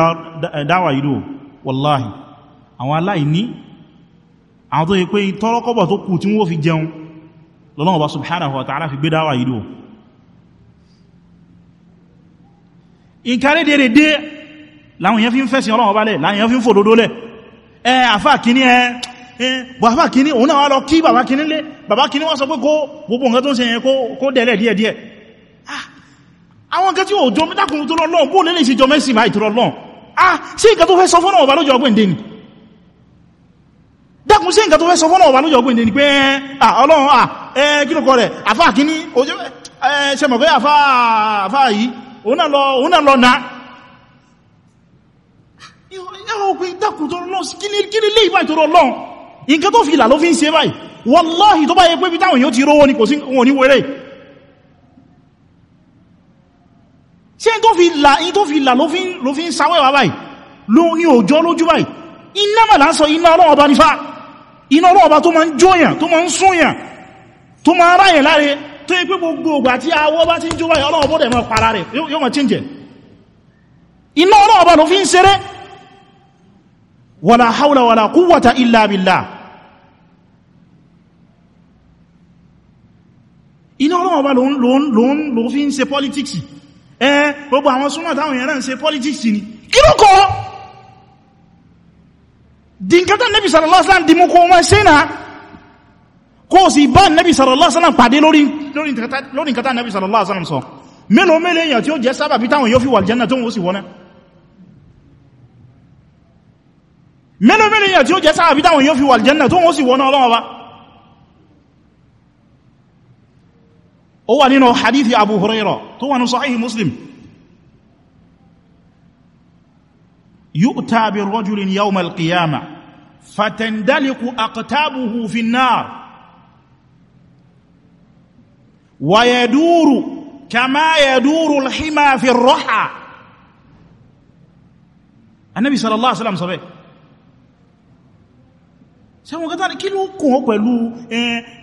dáwà ìlú wallahi àwọn aláìní àwọn tó yẹ pé tọ́rọkọ́bọ̀ tó kù tí wọ́n fi jẹun lọ́wọ́n bá subhanahu wa ta'ala fi gbé dáwà ìlú ìkàrí dèrè dé láwọn èèyàn fi ń fẹ́sìn ọlọ́wọ́ balẹ̀ láwọn èèyàn fi ń fòdòdó lẹ̀ ẹ àfá kìíní bọ̀ àfá kìíní òun náà wá lọ kí bàbá kìíní lé bàbá kìíní wá sọ pé kó gbogbo nǹkan tó ń ṣe yẹn kó dẹ̀lẹ̀ díẹ̀díẹ̀ àwọn nǹkan tí ó jọ mẹ́tàkùn tó lọ́lọ́n bó lélẹ̀ sí jọ mẹ́sì máa ìtòrọ lọ́n ah sí nǹkan tó fẹ́ sọ fọ́nà ọba lọ́jọ́ ọgbẹ̀ndé ni dákùn sí nǹkan tó fẹ́ sọ fọ́nà ọba lọ́jọ́ ọgbẹ̀ndé ni pé ah, ọlọ́run ah kí ló kọ rẹ̀ afá kíní ṣe mọ̀ pé afá yìí òun náà lọ náà dákùn tó lọ́n kí ní lé ìbá ìtòrọ lọ́n nǹkan tó fi ìlà ló fi ń ṣe báyìí wallahi tó bá yẹ pé bí táwọn èèyàn ti rówó ni kò sí wọn ní wẹ́rẹ́ tí ẹni tó fi là ní tó fi là ló fi ń sáwẹ́wà báyìí ló ní òjò lójú báyìí iná màlá sọ iná ọlọ́ọ̀bá nífà iná ọlọ́ọ̀bá tó máa ń jóyàn tó máa ń súnyàn tó máa ń ráyẹ̀ láre tó yẹ pé gbogbo ògbà tí awọ́ bá ti ń jó báyìí ọlọ́ọ̀bọ́ dẹ̀ máa para rẹ̀ yóò máa chíǹjẹ̀ iná ọlọ́ọ̀bá ló fi ń ṣeré wàlá haúlà wàlá kúwàtà illa billah iná ọlọ́ọ̀bá ló fi ń ṣe politics ẹ eh, gbogbo àwọn súnmọ̀ táwọn èèyàn rẹ̀ ń ṣe politics ni kí ló kọ́ dínkátà nẹ́bì sallallahu alaihi wasallam dìmú kó wọ́n ṣe náà kó sì bá nẹ́bì sallallahu alaihi wasallam pàdé lórí nkátà nẹ́bì sallallahu alaihi wasallam sọ mélòó mélòó èèyàn tí ó jẹ́ sábàbí táwọn yóò fi wà jẹ́nà tó wọ́n sì wọ́n mélòó mélòó èèyàn tí ó jẹ́ sábàbí táwọn yóò fi wà jẹ́nà tó wọ́n sì wọ́n ọlọ́wọ́ هو نينو حديث ابو هريره تو انه صحيح مسلم يؤتى برجل يوم القيامه فتندلق اقتابه في النار ويدور كما يدور الحمى في الرحى النبي صلى الله عليه وسلم صبيح sẹ́wọ̀n kẹta ní kí ló kùn ó pẹ̀lú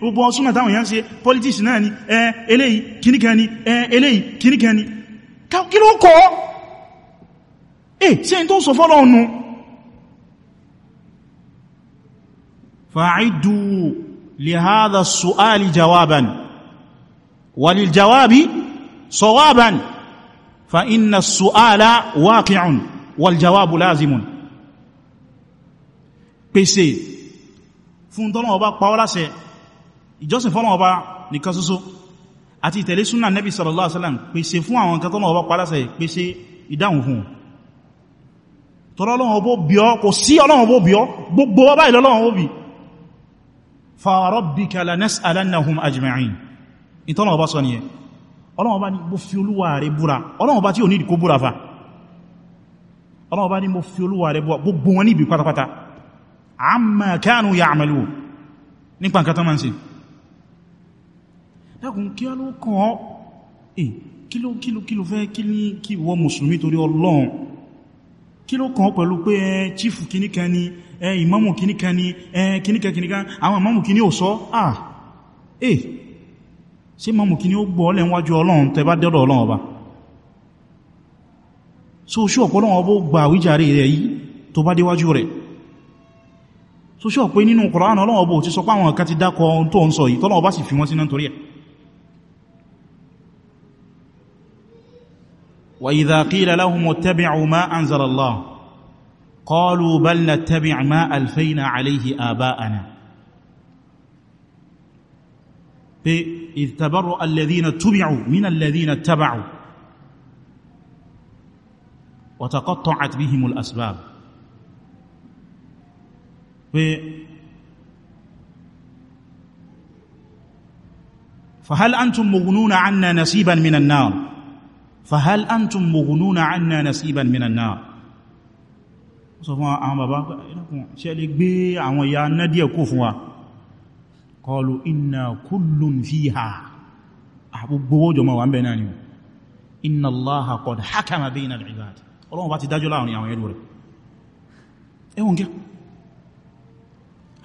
gbogbo ọsún mẹ́ta wọ̀nyá politics náà ni eléyìí kìníkẹ́ ni eléyìí kìníkẹ́ ni kí ló kọ́ eh ṣe n tó sọ fọ́lọ́ ọ̀nà fa'idu li hadha su'ali jawaban walil jawabi sawaban fa inna su'ala waqi'un jawabu lazimun pèsè fún tọ́lọ́wọ́ bá pa ọ́ láṣẹ ìjọsìn fọ́lọ́wọ́ bá nìkan ṣoṣo àti ìtẹ̀lé súnà nẹ́bí sallallahu alaihi wasallam pèsè fún àwọn nǹkan tọ́lọ́wọ́ bá pa láṣẹ pèsè ìdáhùn fún tọ́lọ́wọ́ bó bí ọ́ kò sí ọlọ́wọ́ bó bí ọ́ gbogbo wa báyìí lọ́lọ́wọ́ bó bí fa rabbika lanas'alannahum ajma'in ìtọ́lọ́wọ́ bá sọ nìyẹn ọlọ́wọ́ bá ní mo fi olúwa rẹ̀ búra ọlọ́wọ́ ní ìdíkó pátápátá amma kanu ya'malu nípa nǹkan tó máa ń ṣe dákùn kí a ló kọ́ ẹ̀ kí ló kí ló kí ló fẹ́ kí ní kí wọ́n mùsùlùmí torí ọlọ́run kí ló kọ́ pẹ̀lú pé ẹ chífù kìníkan ni ẹ ìmámù kìníkan ni ẹ kìníkan kìníkan àwọn ìmámù kìní ò sọ ah eh ṣe ìmámù kìní ó gbọ́ lẹ́ so ṣú ọ̀pọ̀lọ́run ọba gba àwíjàre rẹ̀ yìí tó bá déwájú rẹ̀ so ṣe ọ̀pẹ́ nínú qur'an Ọlọ́run bó ti sọ páwọn ọ̀ká ti dákọ ohun tó ń sọ yìí tọ́lọ́wọ́ bá sì fi wọ́n síná torí ẹ̀ wa idha qila lahum ittabi'u ma anzala Allah qalu bal nattabi'u ma alfayna alayhi aba'ana pé idh alladhina ttubi'u min alladhina ttaba'u wa taqatta'at bihimul asbab pé fahal antum mughnuna anna nasiban minan nar fahal antum mughnuna anna nasiban minan nar sọ fún àwọn bàbá ṣe lè gbé àwọn ìyá nádíẹ̀ kó fún wa qalu inna kullun fiha àgbogbo ọjọ́ ma wà ń bẹ̀ náà ni inna allaha qad hakama bayna al-ibad ọlọ́run bá ti dájọ́ láàrin àwọn ẹrù rẹ̀ ẹwọ́n gẹ́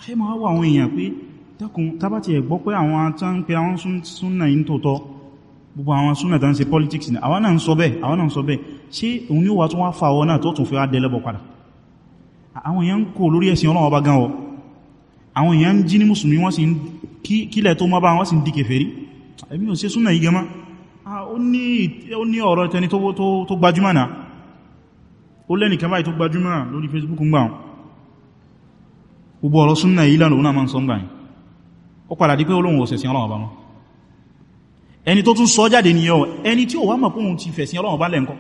ayé ma wà àwọn èèyàn pé dákun tàbá ti ẹ̀gbọ́ pé àwọn tán pé àwọn súnnà yìí tòótọ́ gbogbo àwọn súnnà tán ṣe politics ni àwọn náà ń sọ bẹ́ẹ̀ àwọn náà ń sọ bẹ́ẹ̀ ṣé òun ni ó wà tún wá fà ọ náà tó tún fi wá dẹlẹ́bọ̀ padà àwọn èèyàn ń kó lórí ẹ̀sìn ọlọ́wọ́ bá gan ọ àwọn èèyàn ń jí ní mùsùlùmí wọ́n sì ń Facebook ń gbogbo ọ̀rọ̀ súnnà ìlànà òun náà ma ń sọ ń gbàyìn ó padà di pé olóhun òsẹ̀sìn ọlọ́wọ̀ bá mọ́ ẹni tó tún sọ jáde ní ọ ẹni tí ó wá mọ̀ kóhun ti fẹ̀sìn ọlọ́wọ̀ bá lẹ́ǹkọ́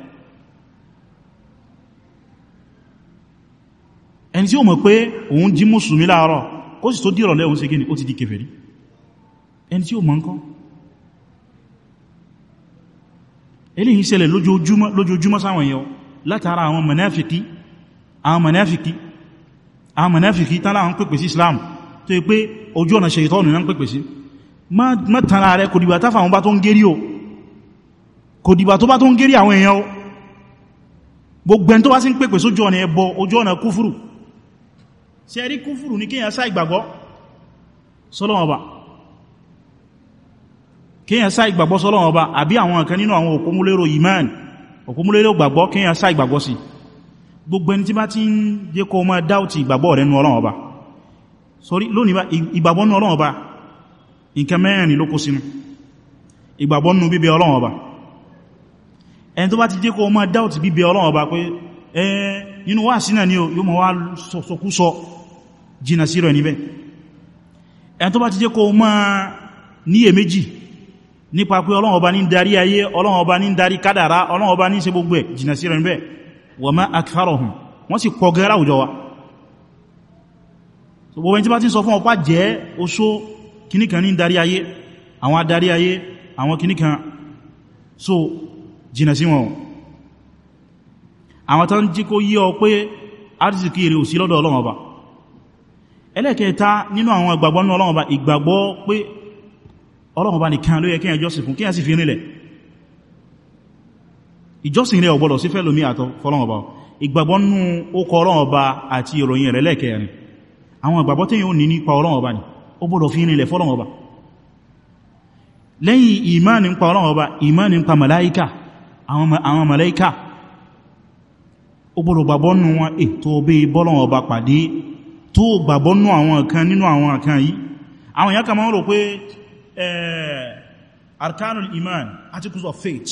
ẹni tí ó mọ̀ pé òun jí mùsùlùmí láàárọ̀ kó sì tó dìrọ̀ lẹ́hun segin ó ti di kèfèrí ẹni àwọn mùnáfìkì tán láwọn pèpè sí islam tó yí pé ojú ọ̀nà ṣètọ́nù náà pèpè sí má tanra rẹ kò dìgbà táfà àwọn bá tó ń gérí o kò dìgbà tó bá tó ń gérí àwọn èèyàn o gbogbo ẹni tó bá sí ń pèpè sójú ọ̀nà ẹbọ ojú ọ̀nà kúfùrù sí ẹ̀rí kúfùrù ní kíyàn sá ìgbàgbọ́ sọ́lọ́wọ́n kíyàn sá ìgbàgbọ́ sọ́lọ́wọ́n àbí àwọn kan nínú àwọn òkúmúlérò ìmán òkúmúlérò gbàgbọ́ kíyàn sá ìgbàgbọ́ sí gbogbo ẹni tí bá ti ń jẹ́ kó máa dáútì ìgbàgbọ́ rẹ̀ nú Ọlọ́run Ọba sorry lónìí bá ìgbàgbọ́ nú Ọlọ́run Ọba nǹkan mẹ́rin ló kó sínú ìgbàgbọ́ nú bíbẹ Ọlọ́run Ọba ẹni tó bá ti jẹ́ kó máa dáútì bíbẹ Ọlọ́run Ọba pé ẹ nínú wá sínà ni yóò mọ̀ wá sọkúsọ jìnà sí rẹ̀ níbẹ̀ ẹni tó bá ti jẹ́ kó máa níyèméjì nípa pé Ọlọ́run Ọba ní darí ayé Ọlọ́run Ọba ní darí kádàrá Ọlọ́run Ọba ní ṣe gbogbo ẹ̀ jìnà sí rẹ̀ níbẹ̀ wa ma aktharuhum wọ́n sì pọ̀ gẹ́rà òjò wa so gbogbo tí bá ti sọ fún ọpá jẹ́ oṣó kìníkan ní darí ayé àwọn adarí ayé àwọn kìníkan so jìnà sí wọn àwọn tán jí kó yí ọ pé arzikí èrè òsí lọ́dọ̀ Ọlọ́run Ọba ẹlẹ́kẹta nínú àwọn ìgbàgbọ́ nínú Ọlọ́run ìgbàgbọ́ pé Ọlọ́run nìkan ló yẹ kí ẹjọ́ sì fún kí ẹ sì fi rinlẹ̀ ìjọsìn rẹ̀ ọ̀gbọ́dọ̀ sí fẹ́lómi àtọ́ fọ́lọ́wọ́ba ìgbàgbọ́ nú okọ̀ ọlọ́wọ́ba àti ìròyìn rẹ̀ lẹ́ẹ̀kẹrin àwọn ìgbàgbọ́ tí yóò ní nípa ọlọ́wọ́ba ni ó gbọ́dọ̀ fi rinlẹ̀ fọ́lọ́wọ́ba lẹ́yìn ìmáni nípa ọlọ́wọ́ba ìmáni nípa màláíkà àwọn màláíkà ó gbọ́dọ̀ gbàgbọ́ nú wọn ètò bí bọ́lọ́wọ́ba pàdé tó gbàgbọ́ nú àwọn kan nínú àwọn kan yìí àwọn ìyá kan máa ń rò pé eh, arkanul faith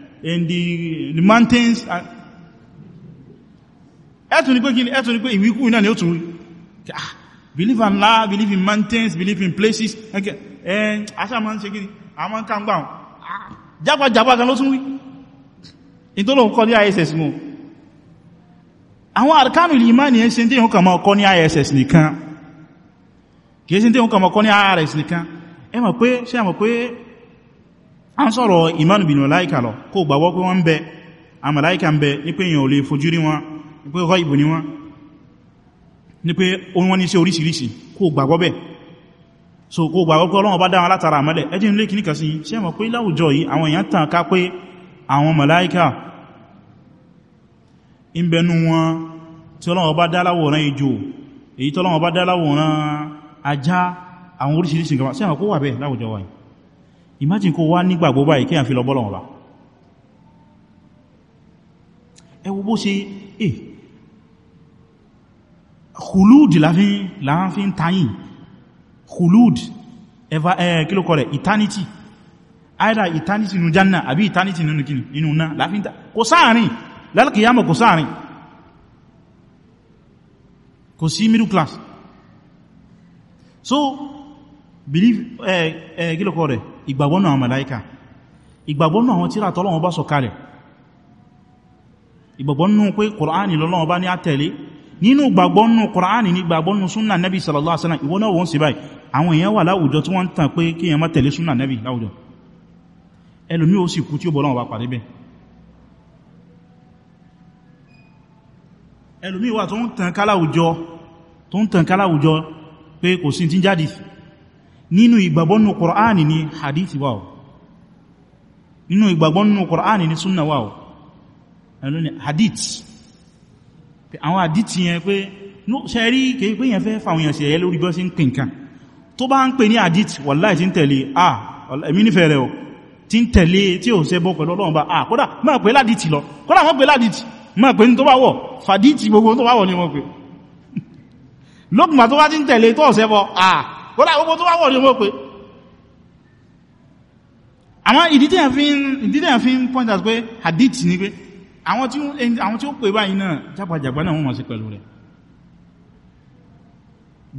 in the, the mountains ẹ̀tùn ní pé kí ni ẹ̀tùn ní pé ìwíkú náà ni ó tún rí ah, believe in Allah believe in mountains believe in places ẹn aṣá ma ń ṣe gírí àwọn kan gbà ah, jápàjápà kan ló tún wí in tó lóun kọ́ ní ISS mú àwọn arkanu ìlìmáni ẹ̀ ṣe tí ìhùn kàn mọ́ kọ́ ní ISS nìkan kìí ṣe tí ìhùn kàn mọ́ kọ́ ní IRS nìkan ẹ mọ̀ pé ṣe mọ̀ pé a ń sọ̀rọ̀ ìmánu bìnú láìka lọ kó gbàgbọ́ pé wọ́n ń bẹ àmàláìka ń bẹ ní pé èèyàn ò lè fojú rí wọn ní pé ọkọ̀ ìbò ní wọn ní pé wọ́n ní iṣẹ́ oríṣiríṣi kó gbàgbọ́ bẹ̀ so kó gbàgbọ́ pé Ọlọ́run bá dá wọn látara àmọ́lẹ̀ ẹ jẹ́ ń lé kìíní kan sí ṣé mọ̀ pé láwùjọ yìí àwọn èèyàn tàn ká pé àwọn màláìka ń bẹnu wọn tí Ọlọ́run bá dá láwòrán ejò èyí tí Ọlọ́run bá dá láwòrán ajá àwọn oríṣiríṣi nǹkan sí àwọn kó wà bẹ́ẹ̀ láwùjọ wa yìí imagine kó wá nígbàgbọ́ báyìí kí a fi lọ bọ́lọ̀ ọ̀bá ẹ wo bó ṣe e khulud láàáfí ń tayìn eh kí ló kọ rẹ̀ eternity either eternity nínú janna àbí eternity nínú kíni nínú náà láàáfí kò sáàrin lálkìyàmọ̀ kò sáàrin kò sí middle class so believe eh eh gílòkọ́ rẹ̀ ìgbàgbọ́ náà màláíkà ìgbàgbọ́ náà wọn tírà tọ́lọ́wọ́ bá sọ kalẹ̀ ìgbàgbọ́ nínú pé ní àtẹ̀lé nínú ìgbàgbọ́ nínú Kùránì ní suna nínú súnnà nẹ́bí sallallahu alaihi wasallam ìwọ náà wọ́n sì báyìí àwọn èèyàn wà láwùjọ tí wọ́n ń tàn kala nínú ìgbàgbọ́nù Kùránì ni hadithi wà nínú ìgbàgbọ́nù Kùránì ni súnnà wà ẹ̀lú ni hadith àwọn hadith yẹn pé ṣẹ́rí kìí pé yẹn fẹ́ fàwọn yẹn ṣẹ̀yẹ lórí bọ́sí ń pè nǹkan tó bá ń pè ní hadith wàláì tí ń tẹ̀lé ah èmi nífẹ̀ẹ́ rẹ̀ tí ń tẹ̀lé tí ò ṣẹ bọ́ pẹ̀lú Ọlọ́run bá ah kódà máa pè ládìtì lọ kódà wọ́n pè lókùnmà tó bá ti ń tẹ̀lé tó ọ̀ṣẹ́ bọ́ ah ó láwọn gbogbo tó wá wọ̀rí owó pé àwọn ìdídẹ̀ fi ń point out pé hadith ni pé àwọn tí ó pè báyìí náà jápàjàgbà náà wọ́n ma ṣe pẹ̀lú rẹ̀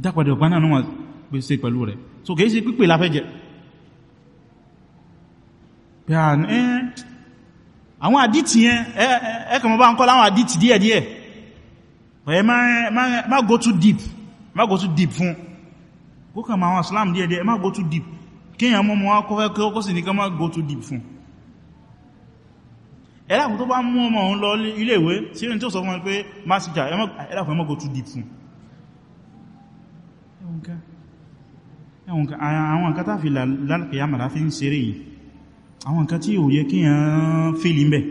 jápàjàgbà náà wọ́n ma ṣe pẹ̀lú rẹ̀ so kìí sí pípè láfẹ́jẹ̀ àwọn àdìtì yẹn ẹ́kọ̀mọ́ bá ń kọ́ láwọn àdìtì díẹ̀díẹ̀ ma go too deep ma go too deep fún kókàn ma àwọn islam díẹ̀díẹ̀ ẹ má go too deep kíyàn mọ́ mọ́ akọ́fẹ́ kí ó sì ní ká má go too deep fún ẹlàkùn tó bá mú ọmọ òun lọ ilé ìwé sí ẹni tí ó sọ fún ẹ pé masija ẹlàkùn ẹ má go too deep fún àwọn nǹkan tá fi lálàkìyà màdá fi ń ṣeré yìí àwọn nǹkan tí ò yẹ kíyàn fèlì mẹ́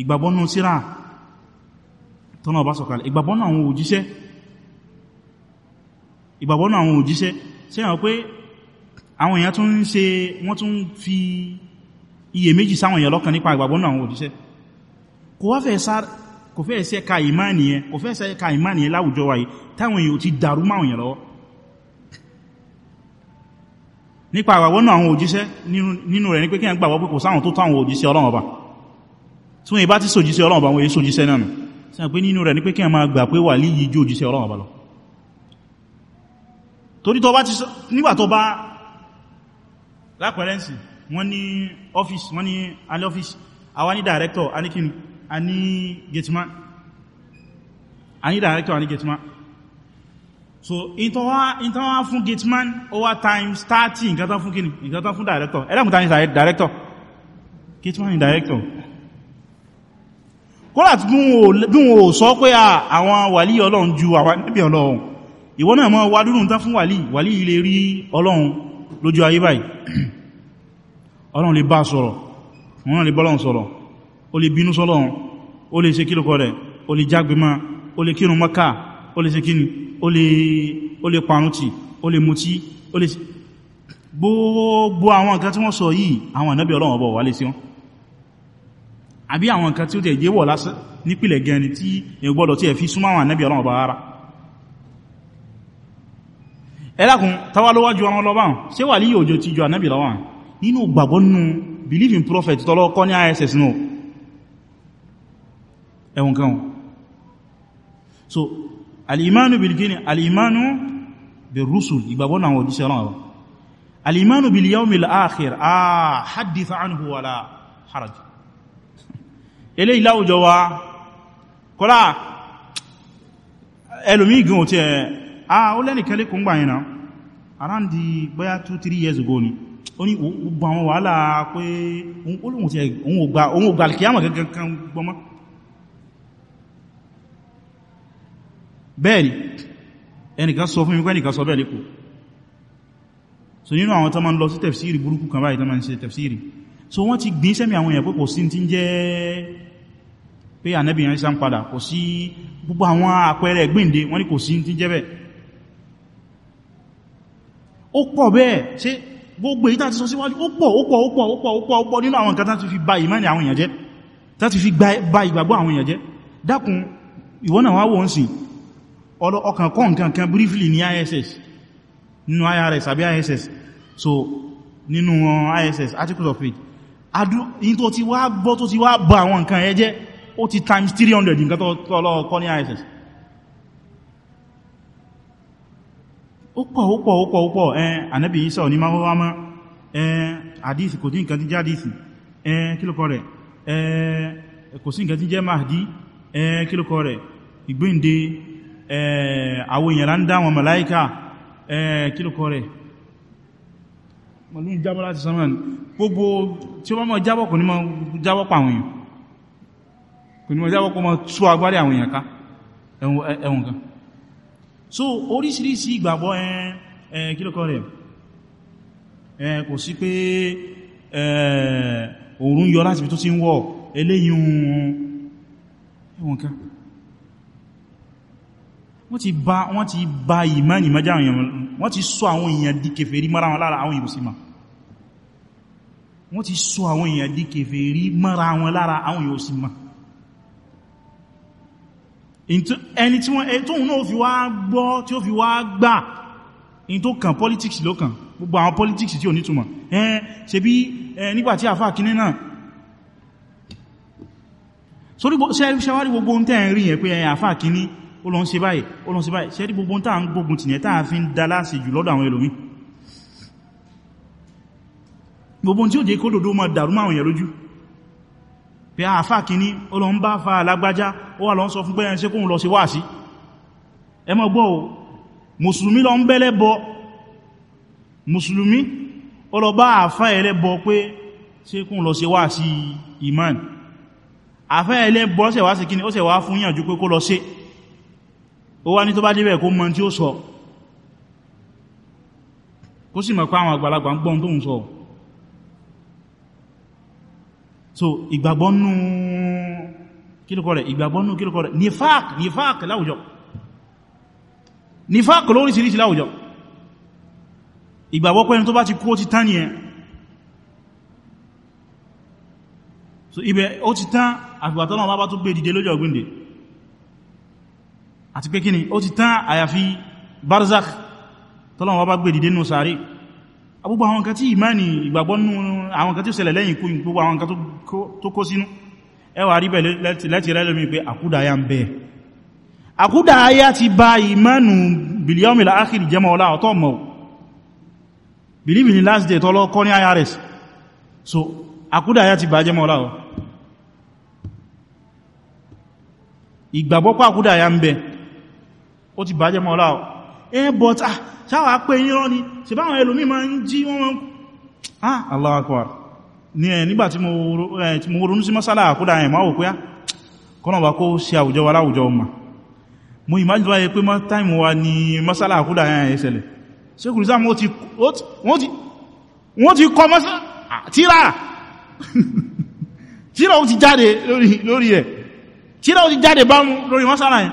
ìgbàgbọ́nú síra tọ́nà ọba sọ̀kalẹ̀ ìgbàgbọ́nú àwọn òjíṣẹ́ ìgbàgbọ́ náà àwọn òjíṣẹ́ sí àwọn pé àwọn èèyàn tún ń ṣe wọ́n tún fi iye méjì sáwọn èèyàn lọ́kàn nípa ìgbàgbọ́ náà àwọn òjíṣẹ́ kò wá fẹ́ sá kò fẹ́ ṣe ka ìmáànì yẹn kò fẹ́ ṣe ka ìmáànì yẹn láwùjọ wa yìí táwọn èèyàn ti dàrú máwọn èèyàn lọ́wọ́ nípa ìgbàgbọ́ àwọn òjíṣẹ́ nínú rẹ̀ ní pé kí ti sòjíṣẹ́ Ọlọ́run ọba wọ́n èé sòjíṣẹ́ náà nù sí pé nínú rẹ̀ ní pé kí wọ́n máa gbà pé wà líyìí jó torí tó bá ti nígbà tó bá lápẹrẹnsì wọ́n ní ọ́fíìsì wọ́n ní alẹ́ ọ́fíìsì àwa ní director a ní kíni a ní gateman a director a ní gateman so ìtọ́wà fún gateman over time starting nǹkan tán fún kíni nǹkan director ẹlẹ́mùta ní director gateman ní director kọ́lá tí bí wọn ò sọ pé àwọn wàlí ọlọ́run ju àwọn ẹbí ọlọ́run ìwọ náà mọ́ wá dúrùn tán fún wàlí wàlí ilé rí ọlọ́run lójú ayé báyìí ọlọ́run lè bá sọ̀rọ̀ wọn lè bọ́lọ́run sọ̀rọ̀ o lè bínú sọ́lọ́run o lè ṣe kílùkọ rẹ̀ o lè jágbémá o lè kírun mọ́ká o lè ṣe kíni o lè parunti o lè mutí o lè gbogbo àwọn nǹkan tí wọ́n sọ yìí àwọn ànábì ọlọ́run ọbọ̀ wà lè sí àbí àwọn nǹkan tí ó tẹ̀ yíwọ̀ lásán nípìlẹ̀ gẹni tí ègbọ́dọ̀ tí ẹ̀ fi súnmọ́ àwọn ànábì ọlọ́run ọba rárá ẹlákùn tawalówájú àwọn ọlọ́bàá ṣe wà líyà òjò ti jọ ànábì lọ́wà nínú gbàgbọ́ nínú believe in prophet tọ́lọ́ kọ́ ní ISS náà ẹwùn kan so alìmánu bilgini alìmánu birrusul ìgbàgbọ́ náà wọ́n jíṣẹ́ lọ́wọ́ alìmánu bil yawmil akhir ah hadith anhu wala haraj eléyìí láwùjọ wa kọ́lá ẹlòmí ah ó lẹ́nìkẹ́ lẹ́kùn gbà yìí náà around the bóyá 2-3 years ago ni ó ní gbogbo àwọn wàhálà pé olóhun ti ohun ògbà alkiyama kankan gbọmọ́ bẹ́ẹ̀ni ẹnìkan sọ fún mi pẹ́nìkan sọ bẹ́ẹ̀ lẹ́kùn so nínú àwọn tó ma ń lọ sí tẹ̀fsìrì burúkú kan báyìí tó ma ń ṣe tẹ̀fsìrì so wọ́n ti gbín sẹ́mì àwọn èèyàn pé kò sí ti ń jẹ́ pé ànẹ́bìyàn islam padà kò sí gbogbo àwọn àpẹẹrẹ gbíǹde wọ́n ní kò sí ti ń jẹ́ bẹ́ẹ̀ ó pọ̀ bẹ́ẹ̀ ṣe gbogbo èyí tàti sọ síwájú ó pọ̀ ó pọ̀ ó pọ̀ ó pọ̀ ó pọ̀ ó pọ̀ nínú àwọn nǹkan tàti fi ba ìmánì àwọn èèyàn jẹ́ tàti fi ba ìgbàgbọ́ àwọn èèyàn jẹ́ dákun ìwọ náà wá ń sìn ọlọ ọkàn kọ́ nǹkan kan briefly ní ISS nínú IRS àbí ISS so nínú ISS article of faith adú in tó ti wá gbọ́ tó ti wá ba àwọn nǹkan ẹ ó ti times 300 nǹkan tó lọ ní ISS ó pọ̀ ó pọ̀ ó pọ̀ ó pọ̀ ẹn ànábì Ìsá ní máa wá mọ́ ẹn àdísì kò tí nǹkan tí jẹ́ àdísì ẹn kílùkọ rẹ̀ ẹn kò sí nǹkan tí jẹ́ Mahdi ẹn kílùkọ rẹ̀ ìgbéǹde ẹn àwọn èèyàn láń dá wọn màláíkà ẹn kílùkọ rẹ̀ mọ̀lú ìjábọ́ láti sánmà so oríṣiríṣi ìgbàgbọ́ ẹn kílọ́kọ́ rẹ̀ ẹn kò sí pé òòrùn yọ láti tó ti ń wọ̀ eléyìn ẹwọ̀nká wọ́n ti ba wọ́n ti ba ìmánì mẹ́já àwọn èèyàn wọ́n ti sọ àwọn èèyàn di kèfèrí mara wọn lára àwọn ìrùsìmá wọ́n ti sọ àwọn èèyàn di kèfèrí mara wọn lára àwọn ìrùsìmá ẹni tí wọ́n tóhun náà fi wá gbọ́ tí ó fi wá gbà in tó kàn politics ló kàn gbogbo àwọn politics tí ò ní túmọ̀ ẹn ṣe bí nígbàtí àfáà kìíní náà sórí ṣẹ́wárí gbogbo ń tẹ́ ń rí yẹn pé ẹ̀yà àfáà kìíní ó lọ ń ṣe báyìí ó lọ ń ṣe báyìí ṣẹ́rí gbogbo da láàsì jù lọ́dọ̀ àwọn ẹlòmí gbogbo tí ó jẹ́ pé ah, àfà kìíní ọlọ ń bá fa alágbájá ó wà lọ ń sọ fún pẹ́yàn ṣe kóhun lọ sí wáàsí ẹ mọ́ gbọ́ o mùsùlùmí lọ ń bẹ́lẹ́ bọ mùsùlùmí ọlọ bá àfà ẹlẹ́ bọ pé ṣe kóhun lọ sí wáàsí iman àfà ẹlẹ́ bọ ṣẹ̀ wá sí kíní ó ṣẹ̀ wá fún yànjú pé kó lọ sí ó wá ní tó bá débẹ̀ kó mọ tí ó sọ kó sì mọ̀ pé àwọn àgbàlagbà ń gbọ́n tóun sọ̀rọ̀ so ìgbàgbọ́nú kílùkọ́ rẹ̀ ìgbàgbọ́nú kílùkọ́ rẹ̀ nifaq nifaq láwùjọ nifaq lórí síríṣì láwùjọ ìgbàgbọ́ pẹ́ni tó bá ti kú ó ti tán nìyẹn so ibẹ̀ ó ti tán àfìgbàtọ́nà bá bá tó gbé dìde lójọ ọgbìndè àti pé kíni ó ti tán àyàfi barzakh tọ́lọ́wọ́ bá gbé dìde nù sàárì agbogbo àwọn nǹkan tí ìmáni ìgbàgbọ́ nínú àwọn nǹkan tí ó ṣẹlẹ̀ lẹ́yìn kú gbogbo àwọn nǹkan tó kó sínú ẹwà rí bẹ̀ láti pé àkúdàáyá ń bẹ àkúdàáyá ti ba ìmánu bìlíọ́mìlá last day tọ́lọ́ kọ́ ní so àkúdàáyá ti ba jẹ́mọ́ ọlá ọ̀ ìgbàgbọ́ pàkúdàáyá ń bẹ airport eh, ah ṣáwà pé yín rán ni ṣe báwọn ẹlòmí ma ń jí wọ́n wọ́n ah Allahu Akbar ní ẹ̀ nígbà eh, tí mo ronú sí masala àkúdà ẹ̀ máa wò pé ah, kọ́nà bá kó ṣe àwùjọ wa láwùjọ ọmọ mo ìmájú wáyé pé táìmù wa ni masala àkúdà ẹ̀ ṣẹlẹ̀ ṣékùrìsá wọ́n ti kọ lori ah, tíra tíra ó ti jáde lórí ẹ̀ tíra masala yẹn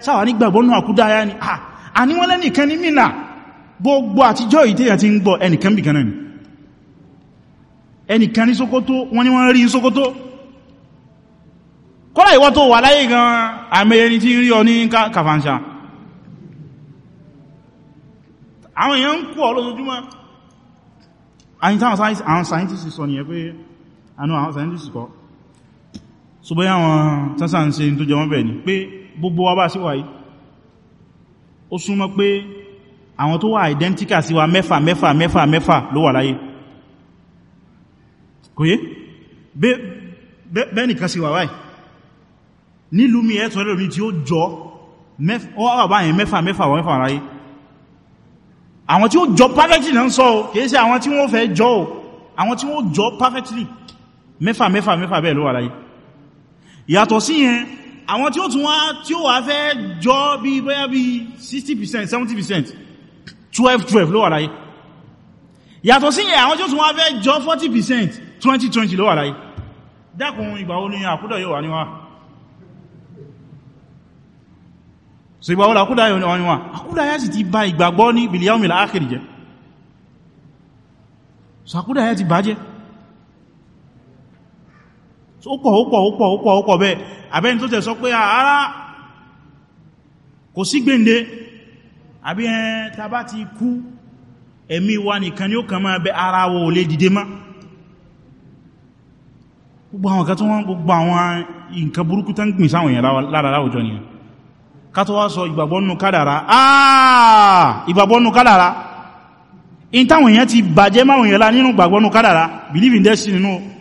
sáwà ní gbàgbọ́ náà kú dáyá ni a ah, ní wọ́n lẹ́nìkan ní mìnà gbogbo àtijọ́ ìtẹ́yà ti ń gbọ́ ẹnìkan bìkan náà ni ẹnìkan ní Sókótó wọ́n ní wọ́n rí Sókótó kọ́lá ìwọ́ tó wà láyé gan àmẹ́yẹ ni tí ń rí ọ ní kàfàǹṣà àwọn èèyàn ń kú ọ lójoojúmọ́ àyí táwọn sáyẹ́ntìsì sọ nìyẹn pé gbogbo wa bá sí wáyí ó súnmọ́ pé àwọn tó wà identical sí wa mẹ́fà mẹ́fà mẹ́fà mẹ́fà ló wà láyé kò yé bẹ́ẹ̀nìkan sí wà wáyí nílùú mi ẹ̀tọ́ lórí tí ó jọ mẹ́fà mẹ́fà wà mẹ́fà láyé àwọn tí ó jọ perfectly náà ń sọ o kìí sí àwọn tí wọ́n fẹ́ jọ o àwọn tí wọ́n jọ perfectly mẹ́fà mẹ́fà mẹ́fà bẹ́ẹ̀ ló wà láyé yàtọ̀ sí yẹn àwọn tí ó tún wá tí ó wà fẹ́ jọ bí bóyá bí 60% 70% 12 12 ló wà láyé yàtọ̀ sí ẹ̀ àwọn tí ó tún wá fẹ́ jọ 40% 20 20 ló wà láyé dákùn ìgbà wo ní àkúdà yóò wà níwá so ìgbà wo làkúdà yóò wà níwá àkúdà yá sì ti bà ìgbàgbọ́ ní bìlíọ́mìlà ákìrì jẹ́ so àkúdà yá ti bàjẹ́ ó pọ̀ ó pọ̀ ó pọ̀ ó pọ̀ ó pọ̀ àbẹ́ni tó tẹ̀ sọ pé ah, ara kò sí gbéǹde àbí ẹn tàbá ti kú ẹ̀mí wa nìkan ni ó kàn máa bẹ ara wọ ò lè dìde má gbogbo àwọn kan tó wọ́n gbogbo àwọn nǹkan burúkú tán gbìn sáwọn èèyàn lára láwùjọ ni ká tó wá sọ ìgbàgbọ́nù kádàrá àà ah! ìgbàgbọ́nù kádàrá in táwọn èèyàn ti bàjẹ́ máwọn èèyàn lá nínú ìgbàgbọ́nù kádàrá believe in destiny nínú no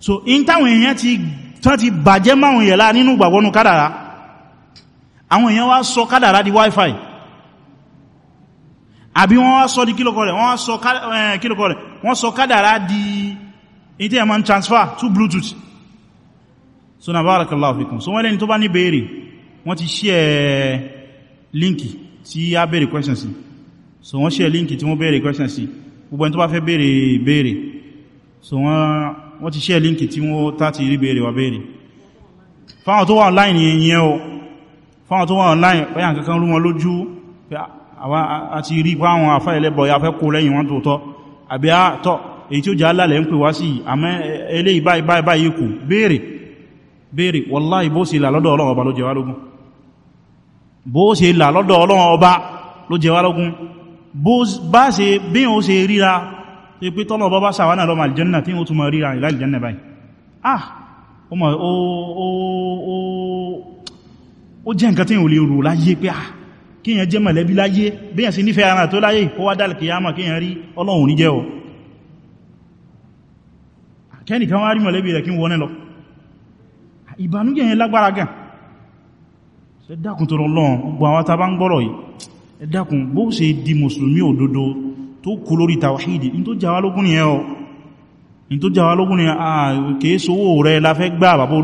so in táwọn èèyàn ti tán ti bàjẹ́ máwọn èèyàn láà nínú ìgbàgbọ́nú kádàrá àwọn èèyàn wá sọ kádàrá di wifi àbí wọ́n wá sọ di kílòkọ eh, rẹ̀ wọ́n sọ kádàrá di ìtí ẹ̀mọ́ ń transfer to bluetooth so na barakallahu fikum so wọ́n lẹ́ni tó bá ní béèrè wọ́n ti share líǹkì tí a béèrè question sí so wọ́n share líǹkì tí wọ́n béèrè question sí gbogbo ẹni tó bá fẹ́ béèrè béèrè so wọ́n wọ́n ti ṣẹ́ líǹkì tí wọ́n tàti rí bèèrè wà bèèrè fáwọn tó wà online yẹn o fáwọn tó wà online pẹ́yà kankan rú wọn lójú àti rí fáwọn afá ẹlẹ́bọ̀ ya fẹ́ kó lẹ́yìn wọn tòótọ́ àbí á tọ́ èyí tí ó jẹ́ alálẹ̀ ń pè wá sí àmẹ́ ilé ìbáyìí báyìí kù bèèrè bèèrè wallahi bó ṣe là lọ́dọ̀ ọlọ́run ọba ló jẹ wá lógún bó ṣe là lọ́dọ̀ ọlọ́run ọba bí ó ṣe ríra tó yí pé tọ́lọ̀ bọ́ bá sàwánà lọ́mà aljanna tí ó túnmọ̀ ríra ìlà aljanna báyìí ah o mọ̀ ó jẹ́ nǹkan tí ó lè rò láyé pé ah kíyàn jẹ́ mọ̀lẹ́bí láyé bíyàn sí nífẹ̀ẹ́ ara tó láyé ó wá dal kiyama kíyàn rí ọlọ́run ní jẹ́ ọ kẹ́nìkan wá rí mọ̀lẹ́bí rẹ̀ kí wọ́n ẹ̀dàkùn tó rọ gbogbo àwọn tàbá ń gbọ́rọ̀ yìí ẹ̀dàkùn bó ṣe di mùsùlùmí òdodo tó kú lórí tàwàhídì in tó jàwá lógún o in tó jàwá lógún ni a kìí sówó rẹ la fẹ́ gbà bàbá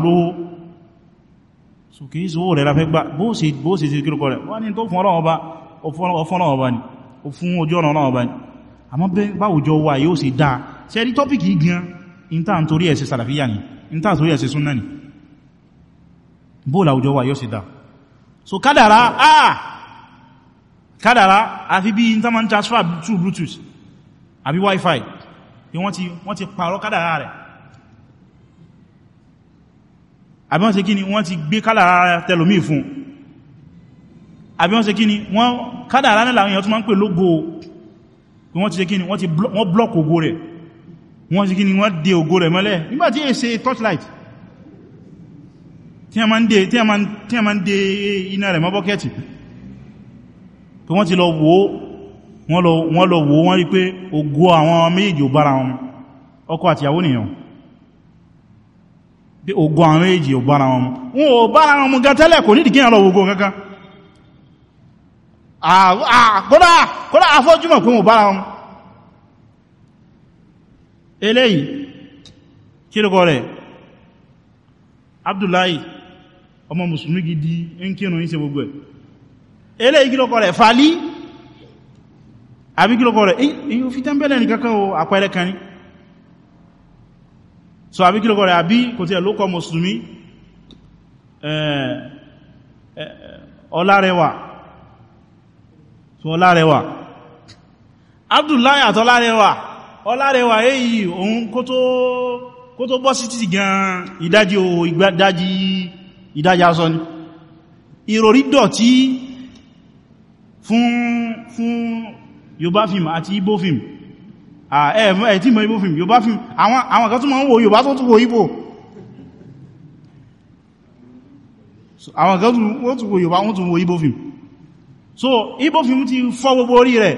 so kìí sówó rẹ la fẹ́ gbà bó sì bó sì sí kírùkọ rẹ̀ wọ́n ni tó fún ọlọ́wọ́ ọba ni o fún ojú ọ̀nà ọlọ́wọ́ ọba ni àmọ́ báwùjọ wa yóò sì dáa ṣe rí tọ́pìkì gan in tá n torí ẹ̀ sí sàlàfíyà ni in tá n torí ẹ̀ so kádàrá ah kádàrá àfi bí in taman transfer to bluetooth àbí wifi bí wọ́n ti wọ́n ti pààrọ̀ kádàrá rẹ̀ àbí wọ́n ṣe kí ni wọ́n ti gbé kádàrá tẹlòmí fún àbí wọ́n ṣe kí ni wọ́n kádàrá nílà àwọn èèyàn tó máa ń pè lógo pé wọ́n ti ṣe kí ni wọ́n ti block ògo rẹ̀ wọ́n ṣe kí ni wọ́n dè ògo rẹ̀ mọ́lẹ̀ nígbàtí è ṣe torchlight tí a máa ń dè iná rẹ̀ mọ́ bọ́kẹ́tì pé wọ́n ti lọ wò wọ́n lọ wò wọ́n rí pé ògo àwọn méjì ò bára wọn ọkọ àti ìyàwó nìyàn pé ògo àwọn méjì ò bára wọn wọn ò bára wọn mú gátẹ́lẹ̀ kò nídìí kíyàn lọ wògo kankan kódà afọ́júmọ̀ pé wọn bára wọn eléyìí kí lókọ rẹ̀ Abdullahi ọmọ mùsùlùmí gidi ń kírun ń ṣe gbogbo ẹ̀ ilé ìgílọ́kọ̀ rẹ̀ falí àbí gílọ́kọ̀ rẹ̀ èyí fi tẹ́m̀bẹ̀lẹ̀ ní kankan o àpẹẹrẹ kan ní so àbí gílọ́kọ̀ rẹ̀ àbí kò tí ẹ̀ lókọ mùsùlùmí ọlárẹwà so ọlárẹwà Abdullahi àtọlárẹwà ọlárẹwà èyí òun kó tó bọ́ sí títì gan ìdájí o ìdájí ìdájí asọ́ ni ìròrí dọ̀tí fún Yorùbá film àti Igbo film ẹ̀ tí mọ̀ Igbo film Yorùbá film àwọn kan tún mọ̀ ń wo Yorùbá tó tún wo Igbo àwọn kan tún wo Yorùbá wọ́n tún wo Igbo film so Igbo film ti fọ́ gbogbo orí rẹ̀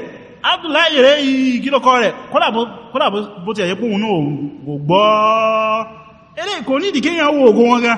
Abdullahi rẹ̀ ìkílọ́kọ́ rẹ̀ kọ́lá bó ti ẹ̀yẹ́ pòun náà gbọ́ eré kò ní ìdíkẹ́yàn wo ògo wọn gan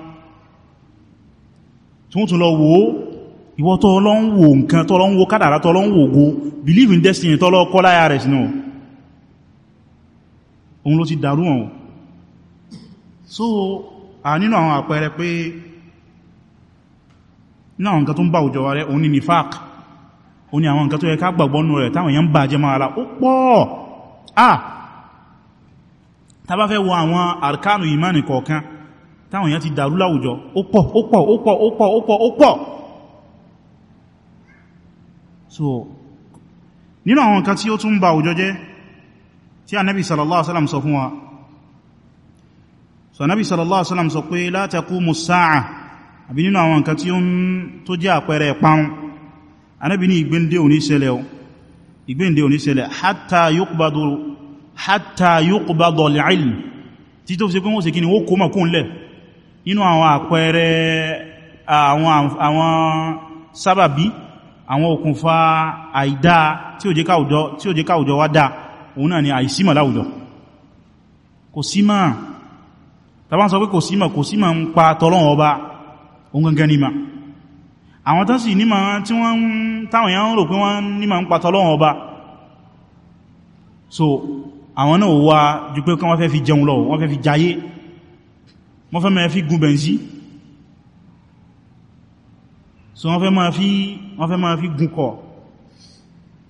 tí wọ́n tún lọ wo ìwọ tó lọ ń wo nǹkan tó lọ ń wo kádàrá tó lọ ń wo go believe in destiny tó lọ kọ́ láyà rẹ̀ sínú òun ló ti dàrú wọn so a nínú àwọn àpẹẹrẹ pé ní àwọn nǹkan tó ń bá òjò rẹ̀ òun ni nifaq ó ní àwọn nǹkan tó yẹ ká gbàgbọ́ nù rẹ̀ táwọn èèyàn ń bà jẹ́ máa ara ó pọ̀ à tàbá fẹ́ wo àwọn arkanu ìmánì táwọn èèyàn ti dàrú láwùjọ ó pọ̀ ó pọ̀ ó pọ̀ ó pọ̀ ó pọ̀ ó pọ̀ so nínú àwọn nǹkan tí ó tún bà àwùjọ jẹ́ tí Ànábì sallallahu alaihi sọ fún wa so Ànábì sallallahu alaihi wasallam sọ pé la taqumu as-sa'a àbí nínú àwọn nǹkan tí ó tó jẹ́ àpẹẹrẹ ìparun Ànábì ní ìgbéǹde ò ní ṣẹlẹ̀ o ìgbéǹde ò ní ṣẹlẹ̀ hatta yuqbadu hatta yuqbadu al-'ilm fi ṣe pé wọ́n ṣe kí ni ó kó mọ̀kún lẹ̀ nínú àwọn àpẹẹrẹ àwọn sábàbí àwọn òkùnfà àìdá tí ó jẹ́ káwùjọ wá dáa òun náà ni àìsímọ̀ láwùjọ kò símọ̀ tàbá sọ pé kò símọ̀ kò símọ̀ ń pa tọ́lọ́wọ́ ọba òun gangan ni ma àwọn tán sì nímọ̀ tí wọ́n táwọn èèyàn rò pé wọ́n nímọ̀ ń pa tọ́lọ́wọ́ ọba so àwọn náà wá ju pé kán wọ́n fẹ́ fi jẹun lọ wọ́n fẹ́ fi jayé wọ́n fẹ́ máa fi gun bẹ̀nsí so wọ́n fẹ́ máa fi wọ́n fẹ́ máa fi gun kọ̀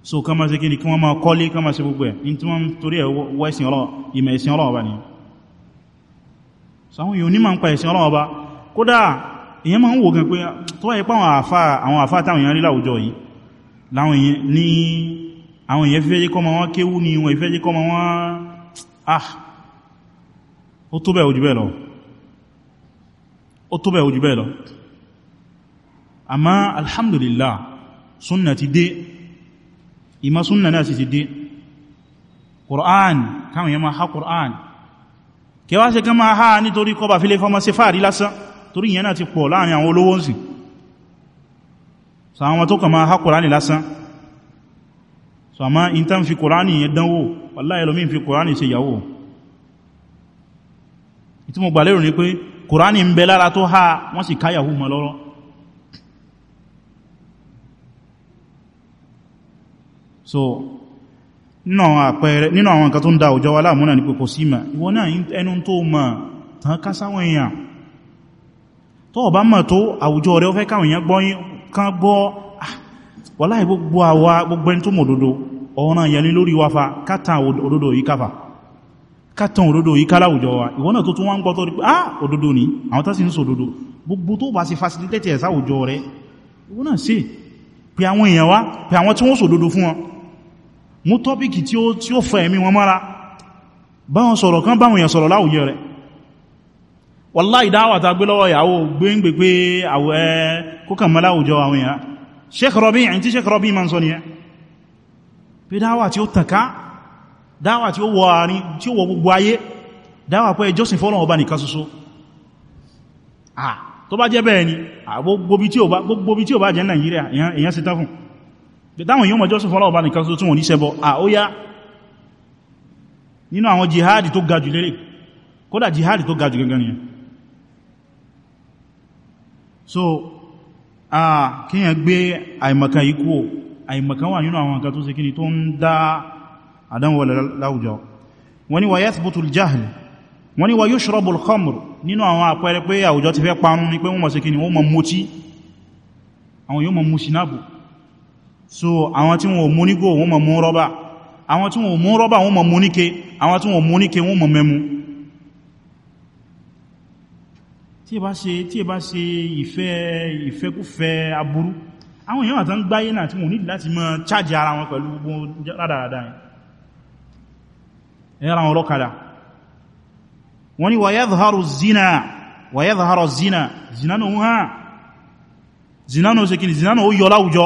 so ká máa ṣe kí ni kí wọ́n máa kọ́lé ká máa ṣe gbogbo ẹ̀ in tí wọ́n torí ẹ̀ wọ́ ọlọ́ ni so àwọn yóò ní máa ń pa ẹ̀sìn ọlọ́ ọba kódà èyàn máa ń wò gan pé tó wáyé pé àwọn àfá àwọn àfá èèyàn fífẹ́ jẹ́ kọ́ ma wọ́n kéwú ni wọ́n ìfẹ́ jẹ́ kọ́ ma wọ́n ah ó tó bẹ̀ ojú bẹ́ẹ̀ lọ ó tó bẹ̀ ojú bẹ́ẹ̀ lọ àmá alhamdulillah súnnà ti dé ìmá súnnà náà sì ti dé Qur'an káwọn yẹn máa ha Qur'an kẹwàá ṣe kán máa ha nítorí kọba fílé fọmọ sí fàárí lásán torí ìyẹn náà ti pọ̀ láàrin àwọn olówó sí so àwọn tó kàn máa ha Qur'ani lásán so àmá in tán fi Qur'ani yẹn dánwò wallahi ẹlòmí fi Qur'ani ṣe yàwó ìtí mo gbà pé kùránì ń bẹ lára tó ha wọ́n sì káyàwó mọ́ lọ́rọ́ so nínú àwọn nǹkan tó ń da òjò wa láàmúnà ní pẹ̀kọ̀ sí ma ìwọ náà ẹnu tó ma tàn ká sáwọn èèyàn tó ọba mọ̀ tó àwùjọ rẹ̀ ó fẹ́ káwọn èèyàn gbọ́yìn kan gbọ́ wọ́láì ah, gbogbo àwa gbogbo ẹni tó mọ̀ òdodo ọ̀ràn yẹni lórí wáfa kátà òdodo yìí káfà kátàn òdodo yìí káláwùjọ wa ìwọ́n náà tó tún wá ń gbọ́ rí ah òdodo ni àwọn tásí ń sọ òdodo gbogbo tó bá sí facilitate ẹ̀ sáwùjọ rẹ̀ ìwọ́n náà sí pé àwọn èèyàn wá pé àwọn tí wọ́n sọ òdodo fún wọn mú tọ́pìkì tí ó fọ ẹ̀mí wọn mọ́ra báwọn sọ̀rọ̀ kan báwọn èèyàn sọ̀rọ̀ láwùjọ rẹ̀ wallahi dáwà ta gbé lọ́wọ́ ìyàwó gbéǹgbé pé àwọ̀ ẹ kókàn dáwà tí ó wọ àárín tí ó wọ gbogbo ayé dáwà kwa ẹjọ́sìn fọ́lọ̀wọ̀ bá nìkan ṣoṣo ah tó bá jẹ́ bẹ́ẹ̀ ni gbogbo bí tí ó bá jẹ́ Nàìjíríà èyàn sí táfún dáwọn yíò mọ̀ ẹjọ́sìn fọ́lọ̀wọ̀ bá nìkan ṣoṣo tí wọ́n ní ṣẹbọ ah nínú jihadi tó ga lérè kódà jihadi tó ga gangan so kíyàn gbé àìmọ̀kan àìmọ̀kan wà nínú àwọn nǹkan tó tó àdánwò láwùjọ wọ́n ní wà yathbutul jahl wọ́n ní wà yushrabul khamr nínú àwọn àpẹẹrẹ pé àwùjọ ti fẹ́ parun ní pé wọ́n mọ̀ sí kí ni wọ́n mọ̀ mọ́tí àwọn yóò mọ̀ mú sinabu so àwọn tí wọ́n mú nígò wọ́n mọ̀ mú rọ́bà àwọn tí wọ́n mú rọ́bà wọ́n mọ̀ mú níke àwọn tí wọ́n mú níke wọ́n mọ̀ mẹ́mu tí ìbá ṣe tí ìbá ṣe ìfẹ́ ìfẹ́kúfẹ́ aburú àwọn èèyàn àtàn gbáyé náà tí wọ́n nílì láti mọ́ chájì ara wọn pẹ̀lú gbogbo rádaràdà yìí ẹ̀rà wọn lọ́kàdá wọ́n ni wàyẹ́dhàrù zina wàyẹ́dhàrù zina zinano ń hàn zinano ṣe kìí zinano ó yọ láwùjọ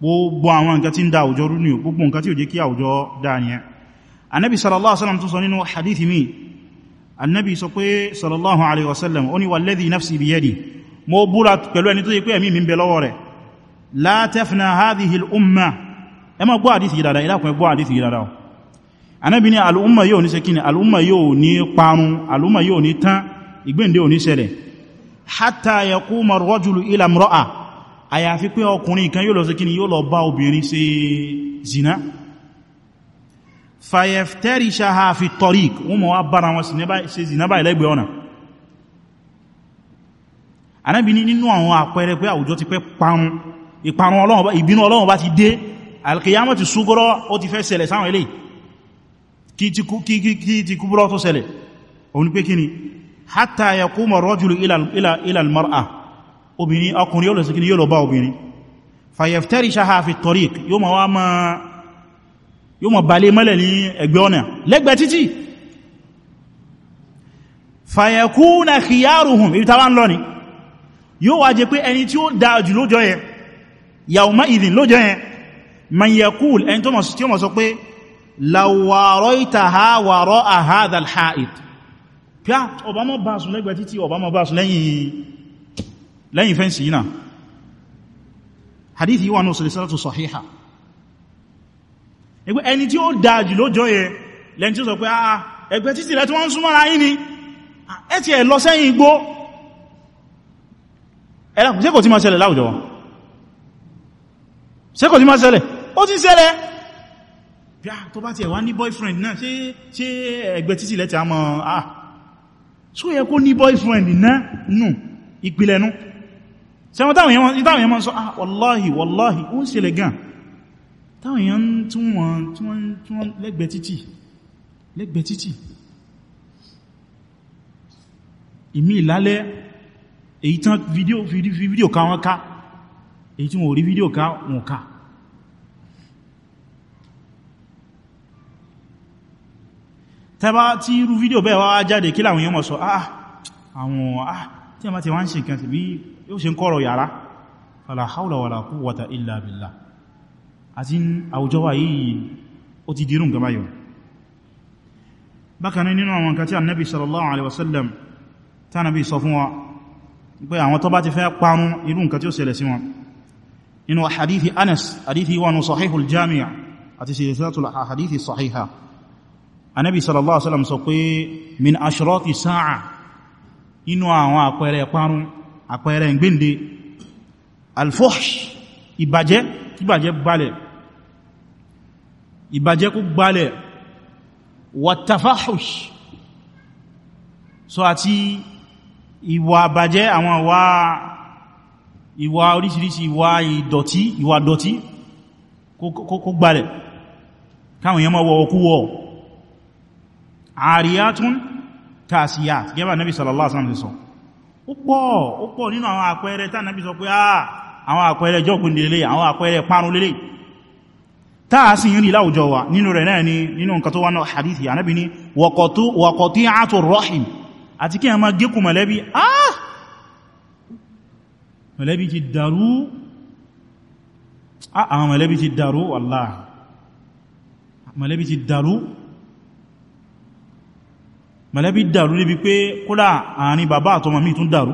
gbogbo àwọn nǹkan tí ń da àwùjọ rú ní gbogbo nǹkan tí ò jẹ́ kí àwùjọ dáníyà annabi sallallahu alaihi wasallam tún sọ nínú hadithi mi annabi sọ pé sallallahu alaihi wasallam ó ní walladhi nafsi biyadi mo búra pẹ̀lú ẹni tó yẹ pé ẹ̀mí mi ń bẹ gbọ́ àdíthì dáadáa ìlàkùn ẹ gbọ́ àdíthì dáadáa anábi ni al'umma yóò ní sekini al'umma yóò ní parun al'umma yóò ní tán ìgbéǹde ò ní ṣẹlẹ̀ hatta yaquma ar-rajulu ila imra'a àyàfi pé ọkùnrin kan yóò lọ sekini yóò lọ bá obìnrin ṣe zina fayaftarishaha fi tariq wọ́n mọ̀ wá bára wọn ṣe zina báyìí lẹ́gbẹ̀ẹ́ ọ̀nà anábi ni nínú àwọn àpẹẹrẹ pé àwùjọ ti pẹ́ parun ìbínú ọlọ́run bá ti dé al-qiyamati sughra ó ti fẹ́ ṣẹlẹ̀ sáwọn eléyìí kí ti kúbúrọ́ tó ṣẹlẹ̀ òun ni pé kí ni hatta yaquma ar-rajulu ila al-mar'a obìnrin ọkùnrin yóò lọ sí kí ni yóò lọ bá obìnrin fayaftarishaha fi at-tariq yóò ma wá máa yóò mọ̀ balé mọ́lẹ̀ ní ẹgbẹ́ ọ̀nà lẹ́gbẹ̀ẹ́ títí fàyẹ̀kúnà khiyaruhum ibi tàbá ń lọ ni yóò wá lawaroitaha waro ahada alhaid pia ọba mọ́ bá sùn lẹ́gbẹ̀ẹ́ títí ọba mọ́ bá sùn lẹ́yìn fẹ́ǹsì yìí náà hadith yíwa náà sọ̀rọ̀ sọ̀híhà ẹgbẹ́ ẹni tí ó dájì lójọ́ yẹ lẹ́ni tí ó sọ pé àà ah, ẹgbẹ́ títí rẹ̀ tí wọ́n ń súnmọ́ra yìí ni ah, ẹ ti ẹ̀ lọ bí a tó bá ti ẹ̀wà ní boyfriend náà ṣe ẹgbẹ́ títì lẹ́tì a mọ́ ah so yẹ kó ní boyfriend náà nù ìpìlẹ̀ nú sẹ́wọ́n táwọn èèyàn sọ ah wallahi wallahi ó ń ṣẹlẹ̀ gan táwọn èèyàn tí wọ́n lẹ́gbẹ́ títì lẹ́gbẹ́ títì ìmí ìlálẹ́ èyí tán fídíò káwọn ká èyí tí wọ́n rí fídíò ká wọn ká tẹba tí irú fídíò bẹ́ẹ̀ wá jáde kí láwọn èèyàn mọ̀ sọ ah àwọn ah tí a máa ti wá ń ṣe nǹkan sí bí yóò ṣe ń kọ́rọ̀ yàrá fala hawla wala quwwata illa billah àti àwùjọ wa yìí ó ti dirú nǹkan báyọ̀ bákan nínú àwọn nǹkan tí annabi sallallahu alaihi wasallam tánàbí sọ fún wa pé àwọn tó bá ti anábi sallallahu alaihi wasallam sọ pé min ashrati sa'a inú àwọn àpẹẹrẹ parun àpẹẹrẹ ìgbéǹde alfuhsh ìbàjẹ́ ìbàjẹ́ gbalẹ̀ ìbàjẹ́ kó gbalẹ̀ wàtàfáhùsh so àti ìwà àbàjẹ́ àwọn wà ìwà oríṣiríṣi ìwà ìdọ̀tí ìwà dọ̀tí kó gbalẹ̀ káwọn èèyàn máa wọ ọkú wọ́ọ̀ àríyàtún kàṣíyàt gẹ́bà nabi sallallahu alaihi wasallam ti sọ ó pọ̀ ó pọ̀ nínú àwọn àpẹẹrẹ tá nabi sọ pé àwọn àpẹẹrẹ jọ́kùn lè àwọn àpẹẹrẹ parun lè táà sí yìí láwùjọ wa nínú rẹ̀ náà ni nínú nǹkan tó wá náà hadithi anábi ni wọ̀kọ̀tí àtò rọ́hìn àti kí mọ̀lẹ́bí ti dàrú àwọn mọ̀lẹ́bí ti dàrú wallahi mọ̀lẹ́bí ti dàrú mọ̀lẹ́bí dàrú lébi pé kódà àárín bàbá àtọmọ mi tún dàrú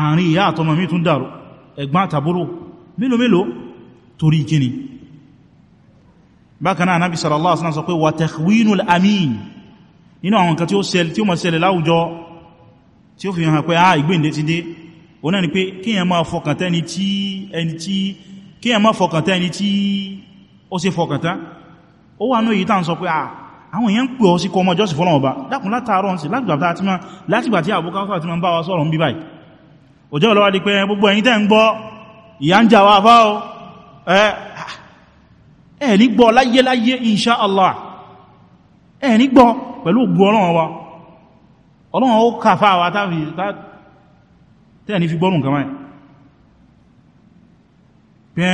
àárín ìyá àtọmọ mi tún dàrú ẹ̀gbọ́n àtàbúrò mélòó mélòó torí kíni bákan náà Ànábì sallallahu alaihi wasallam sọ pé wà takhwinul amin nínú àwọn nǹkan tí ó ṣẹlẹ̀ tí ó mọ̀ ṣẹlẹ̀ láwùjọ tí ó fi hàn pé ah ìgbéǹde ti dé o náà ni pé kíyàn máa fọkàntá ẹni wà náà yìí tàn sọ pé ah àwọn èèyàn ń pè ọ sí kọmọ jọ́sì fọ́lọ́wọ́ bá dákùn látàárọ̀ sí látìgbà tí àbúkáfà tí ma ń bá wa sọ̀rọ̀ ń bí báyìí òjò lọ́wọ́ di pé gbogbo ẹ̀yin tẹ́ ń gbọ́ ìyà ń jà wá fá o ẹ̀ ní gbọ́ láyé láyé insha Allah ẹ̀ ní gbọ́ pẹ̀lú ògbó ọlọ́run wa ọlọ́run ó kàfà wa tẹ́ẹ̀ ní fi gbọ́rùn kàmáì pẹ́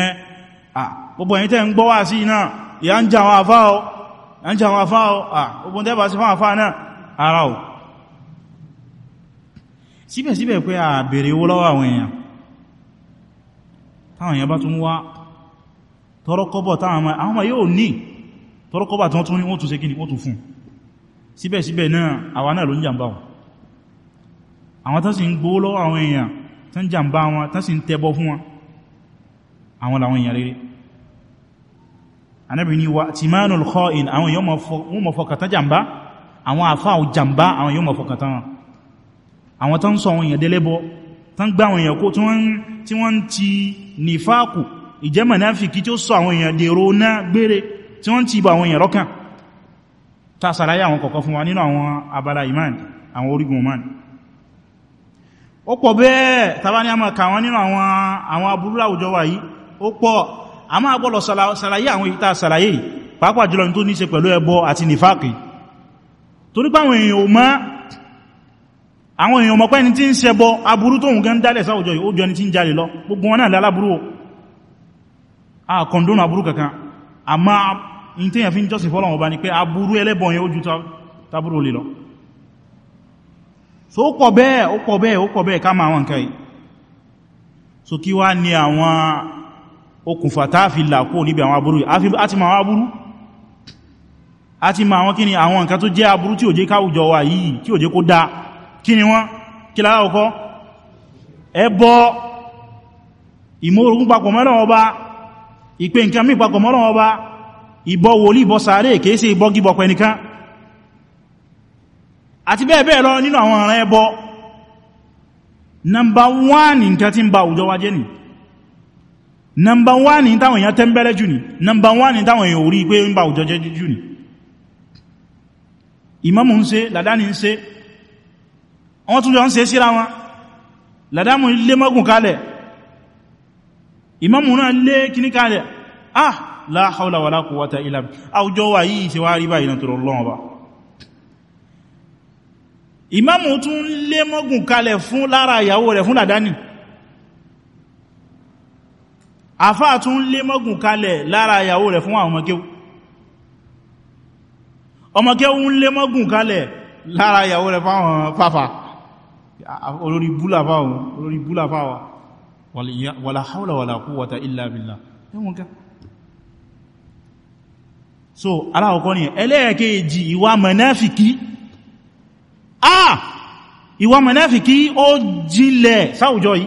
gbogbo ẹ̀yin tẹ́ ń gbọ́ wá sí iná ìyà ń jà wá fá o ń jẹ àwọn afá ogun tẹ́bà sí fún afá náà ara ò síbẹ̀síbẹ̀ pé a bèèrè owó lọ́wọ́ àwọn èèyàn táwọn èèyàn bá tún wá tọ́rọkọ́bọ̀ táwọn ọmọ yóò ní tọ́rọkọ́bà tí tún ní wọ́n tún ṣe kí ni wọ́n tún fún anábì ní wa ti máa nù lọ́kọ́ in àwọn yóò mọ̀ fọkàtà jàmbá àwọn àfáà jàmbá àwọn yóò mọ̀ fọkàtà wọn àwọn tán sọ àwọn èèyàn délébọ́ tán gbá àwọn èèyàn kó tí wọ́n ti nífàkù ìjẹ́ mùnáfìkí tí ó sọ àwọn èèyàn dèrò náà gbére tí wọ́n ti ibà àwọn èèyàn rọ́kàn ta sàráyà àwọn a máa gbọ́lọ̀ sàlàyé àwọn ìta sàlàyé pàápàá jùlọ tó ní ṣe pẹ̀lú ẹbọ àti nìfàkì torí pàwọn èèyàn mọ̀ pẹ́ni tí ń ṣẹbọ aburú tóhun gan dálẹ̀ sáwùjọ yìí ó jọ ni tí ń jalè lọ gbogbo wọn náà lálábúrú a kọ̀ndónù aburú kankan àmá in tí yẹn fi ń jọ́sìn fọ́lọ̀wọ̀n bá ní pé aburú ẹlẹ́bọn so ó kọ̀ bẹ́ẹ̀ ó kọ̀ so kí wá okùnfà tá fi làkó níbi àwọn aburú àti ma àwọn aburú àti ma àwọn kíni àwọn nǹkan tó jẹ́ aburú tí ò jẹ́ káwùjọ wa yìí tí ò jẹ́ kó dá kí ni wọ́n kí lára ọkọ́ ẹbọ ìmórogún papọ̀ mọ́lọ́run ọba ìpé nǹkan mí papọ̀ number one nǹkan tí ń nọmbà wáni táwọn èèyàn tẹ́m̀bẹ̀lẹ̀ jù ní nọmbà wáni táwọn èèyàn orí pé ń bá òjò jẹ́ jù ní ìmámù ń ṣe làdáni ń ṣe wọ́n tún jọ ń ṣe síra wọn làdámù lé mọ́gùn kalẹ̀ ìmámù náà lé kíní kalẹ̀ ah la hawla wala quwwata illa àwùjọ wa yìí ṣe wá rí báyìí náà tọrọ lọ́wọ́ ba ìmámù tún lé mọ́gùn kalẹ̀ fún lára ìyàwó rẹ̀ fún làdáni àfá tún lé mọ́gùn kalẹ̀ lára ìyàwó rẹ̀ fún àwọn ọmọkéwú ọmọkéwú ń lé mọ́gùn kalẹ̀ lára ìyàwó rẹ̀ fáwọn fáfà olórí búlà fáwọn olórí búlà fáwà wàlá illa billah ẹwọ́nká so aláwọ̀kọ́ ni ẹlẹ́ẹ̀kejì ìwà mọ̀náfikí ah ìwà mọ̀náfikí ó jílẹ̀ sáwùjọ yìí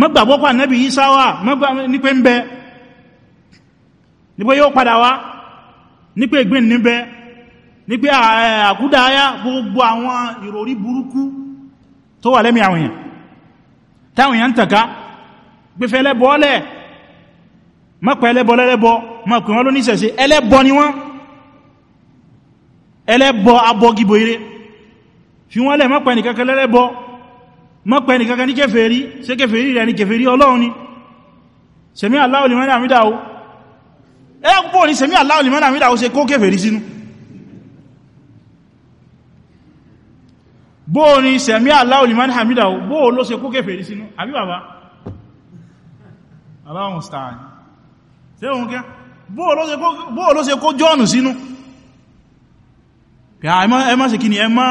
mọ́gbàgbọ́pà nẹ́bì ìsáwà nípe ń bẹ nípe yóò padà wá nípe ìgbìn níbẹ̀ nípe àkúdáyá gbogbo àwọn ìròrí burúkú tó wà lẹ́mí àwọn èèyàn táwọn èèyàn tànká gbẹ́fẹ́ ẹlẹ́bọ ọlẹ́ mọ́pẹ́ ẹlẹ́bọ lẹ́lẹ́bọ mọ́pẹ́ wọn ló níṣẹ̀ṣe ẹlẹ́bọ ni wọ́n ẹlẹ́bọ abọgibò ire fi wọ́n lẹ́ mọ́pẹ́ nìkankan mọ́ pẹ́ ní kankan ní kèfèrí ṣe kèfèrí rẹ̀ ní kèfèrí ọlọ́run ni sẹ̀mí Allahu liman hamidahu ẹ púpọ̀ ní sẹ̀mí Allahu liman hamidahu ṣe kó kèfèrí sínú bóò ní sẹ̀mí Allahu liman hamidahu bóò ló ṣe kó kèfèrí sínú àbí bàbá aláwọn star ṣe òun ni ẹmọ́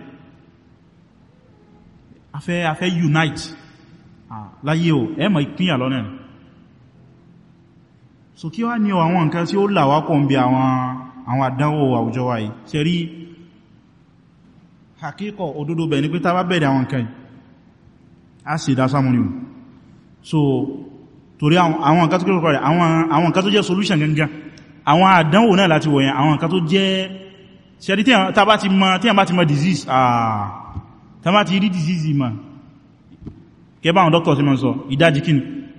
afẹ́ afẹ́ unite láyé o ẹmọ̀ ìpínyà lọ́nà ẹ̀ so kí wá ní àwọn nǹkan tí ó làwákọ̀ ń bí àwọn àdánwò àwùjọ wa yìí ṣe rí hakíkọ̀ òdodo bẹ̀ ní pé tá bá bẹ̀rẹ̀ àwọn nǹkan a sì dá sámúni so torí àwọn nǹkan tó kí lókọ̀ rẹ̀ àwọn nǹkan jẹ́ solution gangan àwọn àdánwò náà láti wọ̀nyẹn àwọn nǹkan tó jẹ́ ṣe rí tí a bá ti mọ̀ disease ah tán bá ti rí disease ma kẹbà àwọn doctor sí ma sọ ìdájí kí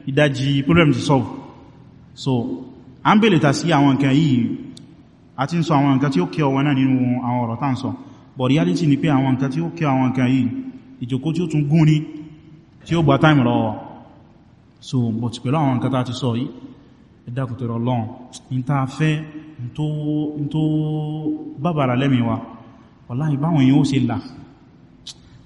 ìdájí problem ti solve so a ń bèèrè ta sí àwọn nǹkan yìí a ti ń sọ àwọn nǹkan tí ó kẹ ọwọ́ náà nínú àwọn ọ̀rọ̀ tá ń sọ but reality ni pé àwọn nǹkan tí ó kẹ àwọn nǹkan yìí ìjòkó tí ó tún gún ní tí ó gba time lọ so but pẹ̀lú àwọn nǹkan tá ti sọ yìí ẹ̀dàkùtẹ̀rọ̀ lọ́n ní ta fẹ́ ní tó bàbàrà lẹ́mìí wa wallahi báwọn èèyàn ó ṣe là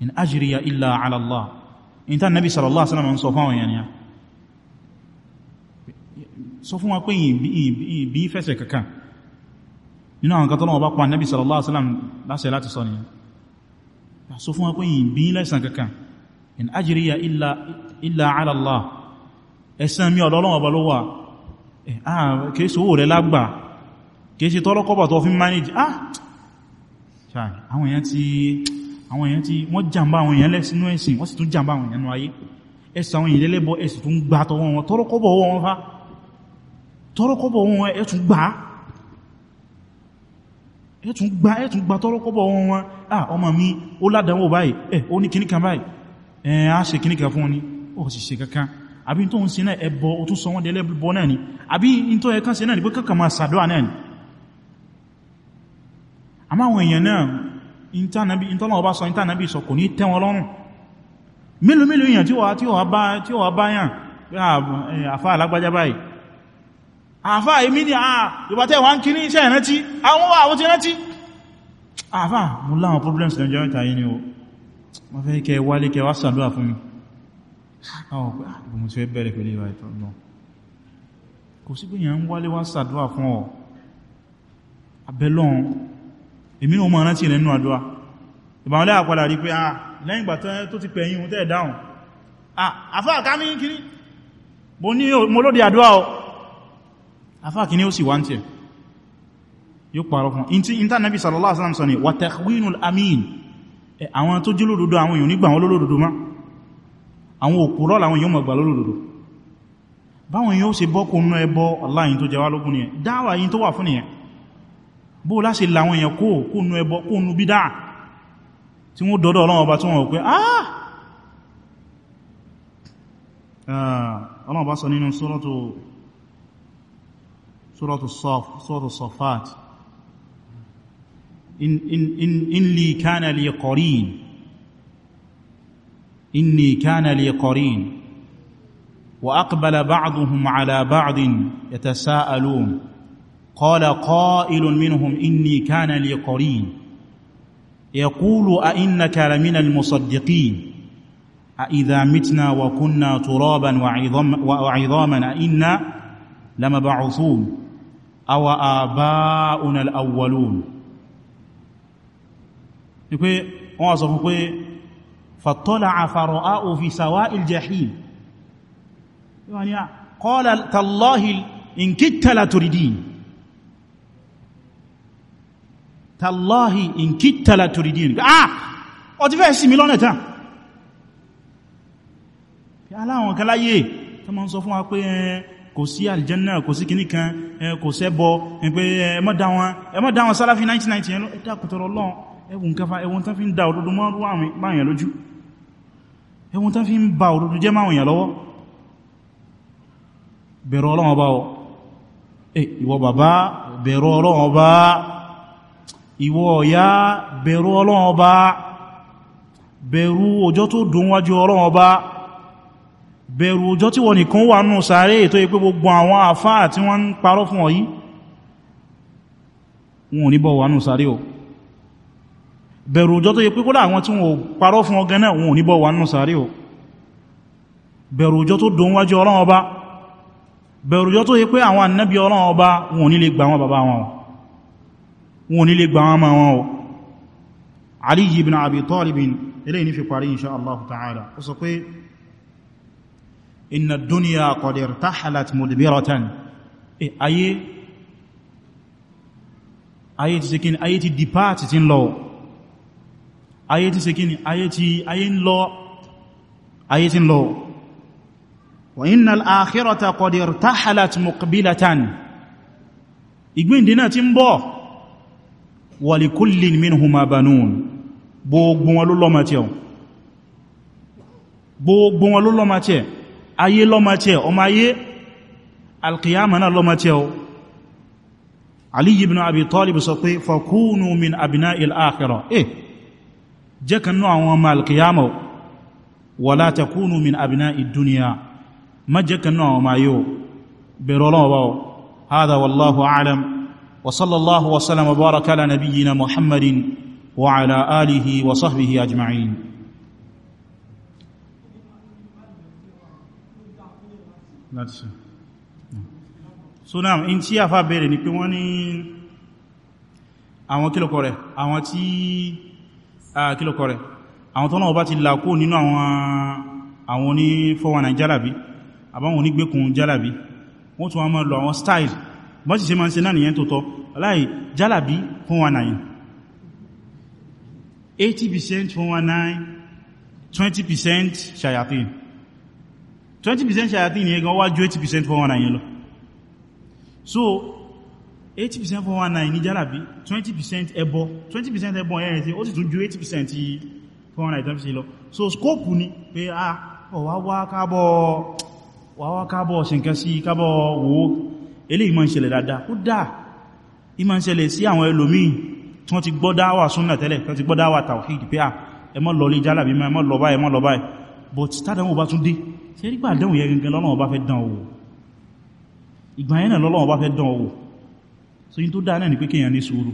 in ajriya illa ala Allah in ta nabi sallallahu alaihi wasallam sọ fún àwọn èèyàn sọ fún wa pé bí fẹ́sẹ̀ kankan nínú àwọn kan tọ́lọ́wọ́ bá pa nabi sallallahu alaihi wasallam láṣẹ láti sọ nìyàn sọ fún wa pé bí lẹ́sàn kankan in ajriya illa ala Allah ẹ̀sàn mi ọ̀dọ́lọ́wọ́ bá ló wà kèèsì owó rẹ̀ lágbà kèèsì tọ́lọ́kọ́bà tó fi manage ah àwọn èèyàn tí wọ́n jàmbá àwọn èèyàn lẹ́sìnú ẹ̀sìn wọ́n sì tún jàmbá àwọn èèyàn nú ayé ẹ̀sìn àwọn èèyàn lẹ́lẹ́bọ ẹ̀sìn tún gbà tọwọ́ wọn tọ́rọkọ́bọ̀ wọn fa tọ́rọkọ́bọ̀ wọn ẹ̀tún gbà ẹ̀tún gbà ẹ̀tún gbà tọ́rọkọ́bọ̀ wọn wọn à ọmọ mi ó ládàánwò báyìí ẹ̀ ni ó sì ṣe kankan àbí tó ń ṣe náà ẹbọ ó tún sọ ni àbí tó yẹ kán ni pé kankan máa ṣàdọ́à náà ni àwọn èèyàn náà ìtọ́nà ọba sọ ìtànàbí sọ kò ní tẹ́wọn lọ́rùn mélòó mélòó èèyàn tí ó wà báyàn eh, àfá alágbájá báyìí àfá èmì ní àà ah, ìbátẹ́ wà ń kí ní iṣẹ́ ìrántí àwọn wà àwọn ti rántí àfá mú láwọn problems lẹ́jọ́ ìta yìí ni ó wọ́n fẹ́ kẹ wálé kẹ wá sàdúrà èmi náà mọ̀ rántí rẹ̀ nínú àdúwà ìbàwọn lẹ́yà padà rí pé ah lẹ́yìn ìgbà tó ti pẹ̀yìn ohun tẹ́ dáhùn ah afáà ká ní kiri bó ní mo lóde àdúwà ọ afáà kí ní ó sì wá ń yóò parọ́ fún intanẹ́bí sallallahu amin àwọn tó jí lódodo àwọn èèyàn nígbà wọn lólódodo má àwọn òpùrọ́ làwọn èèyàn mọ̀gbà lólódodo báwọn èèyàn ó ṣe bọ́kùnrin bó láṣe làwọn èèyàn kó kónú ẹbọ kónú bídá tí wọ́n dọ́dọ̀ ọlọ́run ọba tí wọ́n pẹ́ ah ọlọ́run ọba sọ nínú suratu safat in li kana li qarin inni kana li qarin wa aqbala ba'duhum ala ba'din yatasa'alun قال قائل منهم إني كان لي قرين يقول أئنك لمن المصدقين أئذا متنا وكنا ترابا وعظام وعظاما أئنا لمبعثون أو آباؤنا الأولون يقول فاطلع فرآه في سواء الجحيم يعني قال تالله إن كدت لتردين tàláhì ìkítàlà tùrìdìn ah ọ ti fẹ́ sí mi lọ́nà tán aláwọn kaláyé tó ma ń sọ fún wa pé kò sí aljanna kò sí kìní kan kò sẹ́bọ pé ẹmọ́dá wọn sálàfí 1990 ẹ̀dá kòtọrọ lọ́n ẹwùn kẹfà ẹwùn tán fi ń da òdòdó máwòyàn lójú ẹwùn tán fi ń ba òdòdó jẹ́ máwòyàn lọ́wọ́ bẹ̀rọ ọlọ́wọ́ bá ọ ìwọ bàbá bẹ̀rọ ọlọ́wọ́ bá ìwọ ọ̀yá bẹ̀rù ọlọ́run ọba bẹ̀rù ọjọ́ tó dùn wájú ọlọ́run ọba bẹ̀rù ọjọ́ tí wọ́n nìkan wà nù sàárè tó yí pé gbogbo àwọn àfáà tí wọ́n ń parọ́ fún ọ̀yí wọn ò ní bọ̀ wà nù sàárè o bẹ̀rù ọjọ́ tó yí pé kódà àwọn tí wọ́n parọ́ fún ọgán wọn ní lè gba wọn ma wọn o Ali ibn Abi Talib ilé ní fi parí insha Allah ta'ala ó sọ pé inna duniya qad irtahalat mudbiratan eh ayé ayé ti sekin ayé ti depart ti ń lọ ayé ti sekin ayé ti ayé ń lọ ayé ti lọ wa inna al-akhirata qad irtahalat muqbilatan ìgbìndínà ti ń bọ̀ walikullin minhuma banun gbogbo wọn ló lọ́mọ tí ọ gbogbo wọn ló lọ́mọ tí ẹ ayé lọ́mọ tí ẹ ọmọ ayé alkiyama náà lọ́mọ tí ọ aliyu ibn abi talib sọ pé fakunu min abina il-akhirah eh jẹ́ kan náà àwọn ọmọ alkiyama wala takunu min abina id ma jẹ́ kan náà ọmọ ayé bẹ̀rọ lọ́wọ́ hada wallahu وصلى الله وسلم وبارك على نبينا محمد وعلى آله وصحبه أجمعين That's it. so now in tí a fa bèèrè ni pé wọ́n ní àwọn kílòkọ̀ rẹ̀ àwọn tí a kílòkọ̀ rẹ̀ àwọn tọ́nà ọba ti làkó nínú àwọn ní 419 jálàbí àbáwọn onígbékun jálàbí wọ́n tún wọ́n máa lọ àwọn style bọ́n sì ṣe máa ń ṣe náà nìyẹn tó wallahi jalabi 119 80% 119 20% shayatin 20% shayatin yẹn gan wá ju 80% 119 yẹn lọ so 80% 119 ní jalabi 20% ẹbọ 20% ẹbọ ẹ̀yẹn tí ó sì tún ju 80% tí 119 lọ so scope ni pé a ah, ọ̀wá wá kábọ̀ wá wá kábọ̀ ṣe nǹkan sí kábọ̀ wo eléyìí máa ń ṣẹlẹ̀ dáadáa ó dáa ìmọ̀ ń ṣẹlẹ̀ sí àwọn ẹlòmíì tí wọ́n ti gbọ́ dáwà súnnà tẹ́lẹ̀ tí wọ́n ti gbọ́ dáwà tawhid pé à ẹmọ́ lọ lè jálàbí ẹmọ́ lọ báyìí ẹmọ́ lọ báyìí so yí tó ni pé kíyàn ní sùúrù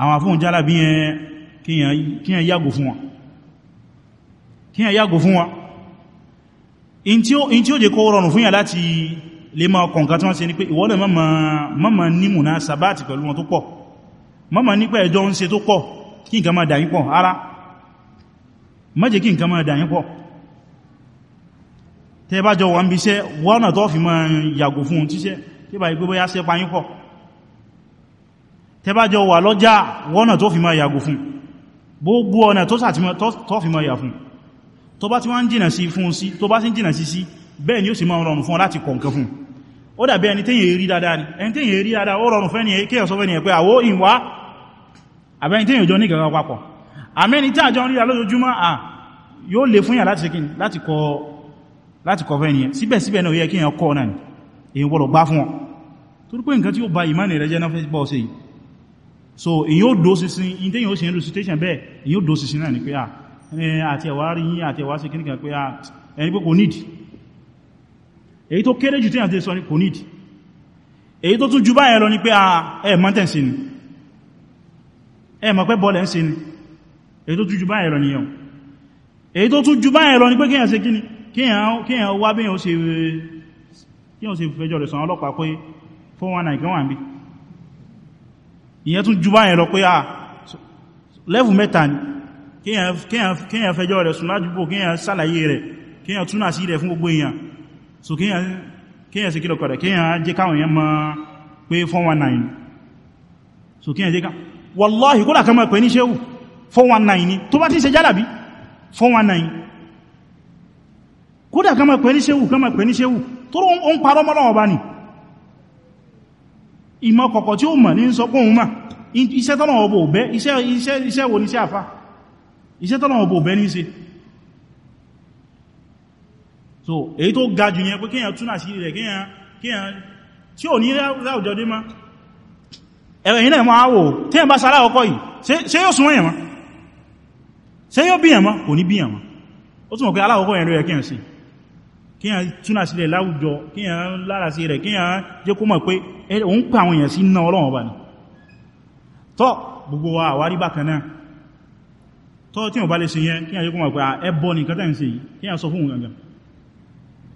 àwọn afóhùn jálàbí yẹn kíyàn yàgò fún wọn kíyàn yàgò fún wọn in tí ó jẹ́ kó rọrùn fún yà láti lè máa kọ̀ǹkan tí wọ́n ṣe ní pé ìwọ́lẹ̀ mọ́mọ̀ ní múná sàbáàtì pẹ̀lú wọn tó pọ̀ mọ́mọ̀ nípa ẹjọ́ ń ṣe tó pọ̀ kí nǹkan máa dàyín pọ̀ ara má jẹ́ kí nǹkan máa dàyín pọ̀ tẹ́ bá jọ wọ́n bí iṣẹ́ wọ́nà tó fi máa yàgò fún ohun tíṣẹ́ tí bá ìgbé bóyá sẹ́pa yín pọ̀ tẹ́ bá jọ wà lọ́jà wọ́nà tó fi máa yàgò fún gbogbo ọ̀nà tó fi máa yà fún tó bá ti wá ń jìnà sí fún sí tó bá sì ń jìnà sí sí bẹ́ẹ̀ ni ó sì máa rọrùn fún láti kọ̀ǹkan fún un ó dàbí ẹni tí yìí rí dáadáa ni ẹni tí yìí rí dáadáa ó rọrùn fẹ́ni kí ẹ̀sọ́ fẹ́ni ẹ̀pẹ́ àwó ìwá àbẹ́ni tí yìí jọ ní gẹ̀gẹ̀ papọ̀ àmẹ́ni tí àjọ rí alójoojúmọ́ à yóò lè fún yà láti sekin láti kọ fẹ́ni ẹ̀ síbẹ̀síbẹ̀ náà yẹ kí yẹn kọ́ náà ni èyí gbọ́dọ̀ gbá fún wọn torí pé nǹkan tí ó ba ìmánì rẹ̀ jẹ́ náà fẹ́ bọ́ sí yìí so èyí in tí yóò sì ń recitation bẹ́ẹ̀ èyí ó dó sísin náà ni pé à àti ẹ̀wà rí yín àti ẹ̀wà sí kíníkà pé ẹni pé kò nídìí èyí tó kéré jù tí àti sọ ní kò nídìí èyí tó tún jù báyẹ̀ lọ ní pé ah, ẹ mọ́tẹ̀ sí ni ẹ mọ̀ pé bọ́ọ̀lẹ̀ ń sí ni èyí tó tún jù báyẹ̀ lọ ní yẹn èyí tó tún jù báyẹ̀ lọ ní pé kíyàn ṣe kíni kíyàn wá bí yàn ṣe fẹjọ́ rẹ̀ sàn ọlọ́pàá pé 419 kan wà níbí ìyẹn tún lẹ́fù ah, mẹ́ta ni kíyàn fẹjọ́ rẹ̀ sùn lájúbò kíyàn sàlàyé rẹ̀ kíyàn túnà sí rẹ̀ fún gbogbo èèyàn so kíyàn sí kílọ̀ kọ̀dẹ̀ kíyàn jẹ́ káwọn yẹn mọ́ pé 419 so kíyàn jẹ́ ká wallahi kó làkàmọ́ pẹ̀ ní ṣéwù 419 ni tó bá ti ṣe jálàbí 419 kó làkàmọ́ pẹ̀ ní ṣéwù kàmọ́ pẹ̀ ní ṣéwù tó rọ ń parọ́ mọ́lọ́wọ́ bá ní ìmọ̀ kọ̀kọ̀ tí ó mọ̀ ní sọ kóhun mà iṣẹ́ tọ́lọ̀ ọbọ̀ òbẹ́ iṣẹ́ wo ní sí àfá iṣẹ́ tọ́lọ̀ ọbọ̀ òbẹ́ ní ṣe so èyí tó ga jù yẹn pé kíyàn túnà sí rẹ̀ kíyàn tí ò ní láwùjọ dé má ẹ̀rẹ̀ ìrìnà ẹ̀mọ́ àwò tí ẹ̀ bá sára ọkọ̀ yìí ṣe yóò súnmọ́ ẹ̀mọ́ ṣe yóò bí ẹ̀mọ́ kò ní bí ẹ̀mọ́ ó túnmọ̀ pé aláwọ̀kọ́ ẹ̀rọ ẹ̀ kíyàn sí kíyàn túnà sí rẹ̀ láwùjọ kíyàn lára sí rẹ̀ kíyàn jẹ́ kó mọ̀ pé òun pè àwọn èèyàn sí ná ọlọ́run ọba ni tọ́ gbogbo wa àwárí bákan náà tọ́ tí wọ́n bá lè ṣe yẹn kíyàn jẹ́ kó mọ̀ pé ẹbọ nìkan tẹ́ ń ṣe yìí kíyàn sọ fún òun gangan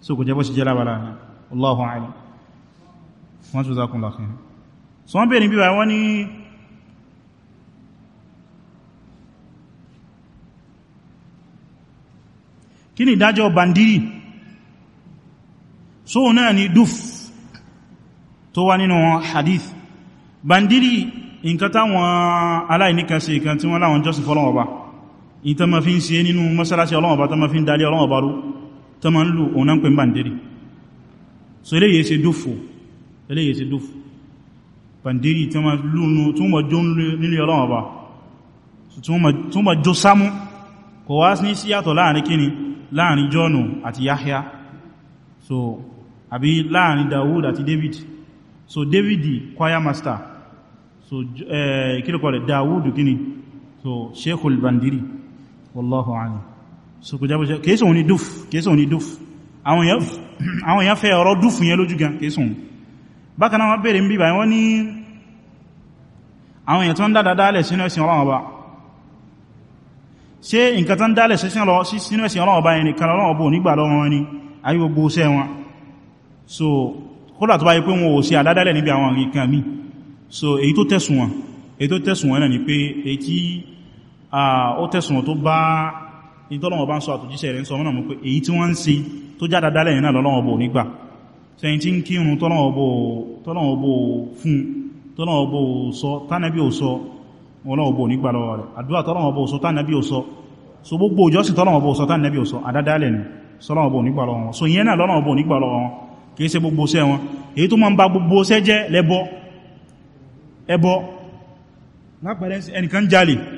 so kò jẹ́ bó ṣe jẹ́ lábàlá ní Allahu a'lam wọ́n tó zákun lọ́kẹ́ so wọ́n bèèrè bí wà wọ́n ní kí ni ìdájọ́ bandiri so náà ni duf tó wá nínú hadith bandiri nǹkan táwọn aláìníkan ṣe tí wọ́n láwọn jọ́sìn fọ́lọ́wọ́ ba in nínú masalasi ọlọ́wọ́ ba dalí ọlọ́wọ́ rú tó ma ń lò òun náà pè ń bàndírì so eléyìí ṣe dúfò eléyìí ṣe dúfò bàndírì tó ma lúnu tó ma jó nílé ọlọ́run ọba tó ma jó sámú kò wá ní síyàtọ̀ láàrin kíni láàrin jọ́nù àti yahya so àbí láàrin dawood àti david so david choir master so eh, kílùkọ̀ rẹ̀ dawood kíni so sheikhul bandiri wallahu alam so kò jábọ̀ kéèsò òní dúf kéèsò òní dúf àwọn èèyàn fẹ́ ọ̀rọ̀ dúf yẹn lójú gan kéèsò òní bákan náà wọ́n bèèrè ń bíbà wọ́n ní àwọn èèyàn tó ń dáadáa dálẹ̀ sínú ẹ̀sìn ọlọ́run ọba ṣe nǹkan tó ń dálẹ̀ sínú ẹ̀sìn ọlọ́run ọba ẹni kan ọlọ́run ọba ò nígbà lọ́wọ́ wọn ni ayé gbogbo iṣẹ́ wọn so kódà tó bá yẹ pé wọn ò ṣe àdádálẹ̀ níbi àwọn nǹkan mi so èyí tó tẹ̀sùn wọn èyí tó tẹ̀sùn wọn náà ni pé èyí tí ó tẹ̀sùn wọn ìtọ́lọ́wọ́ bá ń sọ àtòjíṣẹ́ rẹ̀ ń sọ mọ́nà mú pé èyí tí wọ́n ń ṣe tó jáda dálẹ̀ yìí náà lọ́lọ́wọ́ bò nígbà sẹ́yìn tí ń kírun tọ́lọ́wọ́ bò fún tọ́lọ́wọ́ bò sọ tánẹ́bí ò sọ ọlọ́wọ́ bò nígbà lọ́wọ́ rẹ̀ àdúrà tọ́lọ́wọ́ so gbogbo ìjọsìn tọ́lọ́wọ́ bò sọ tánẹ́bí ò sọ àdádálẹ̀ ni sọ́lọ́wọ́ bò nígbà lọ́wọ́ wọn so ìyẹn náà lọ́lọ́wọ́ bò nígbà lọ́wọ́ wọn kìí ṣe gbogbo ṣẹ́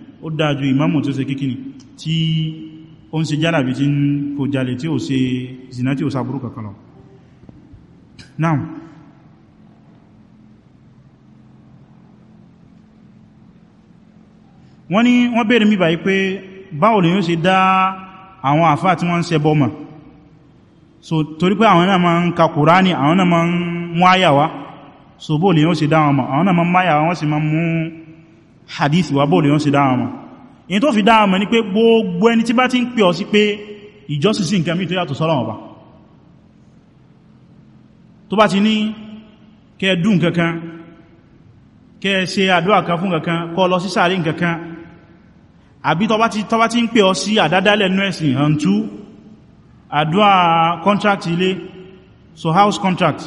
ó dájú ìmáàmù tí ó ṣe kíkíní tí ó ń ṣe jálàbí tí kò jalè tí ó ṣe zina tí ó sàbúrú kankan lọ now wọ́n ní wọ́n bèèrè mí báyìí pé báwo ni yóò ṣe dá àwọn àfáà tí wọ́n ń ṣe bọ́mọ̀ so torí pé àwọn náà ma ń ka Kùránì àwọn náà ma ń mú àyà wá so bóò lè yóò ṣe dá àwọn ọmọ àwọn náà ma ń máyà wọ́n sì ma ń mú hadith wa bóòlù yọ́n sì dáhàmà in tó fi dáhàmà ní pé gbogbo ẹni tí bá ti ń pè ọ sí pé ìjọsìn sí nǹkan mí tó yàtọ̀ sọ́lọ́wọ́ bá tó bá ti ní kẹ dùn kankan kẹ ṣe àdúrà kan fún kankan kọ lọ sí sàárì kankan àbí tó bá ti tó bá ti ń pè ọ sí àdádálẹ̀ nú ẹ̀sìn hàntú àdúrà contract ilé so house contract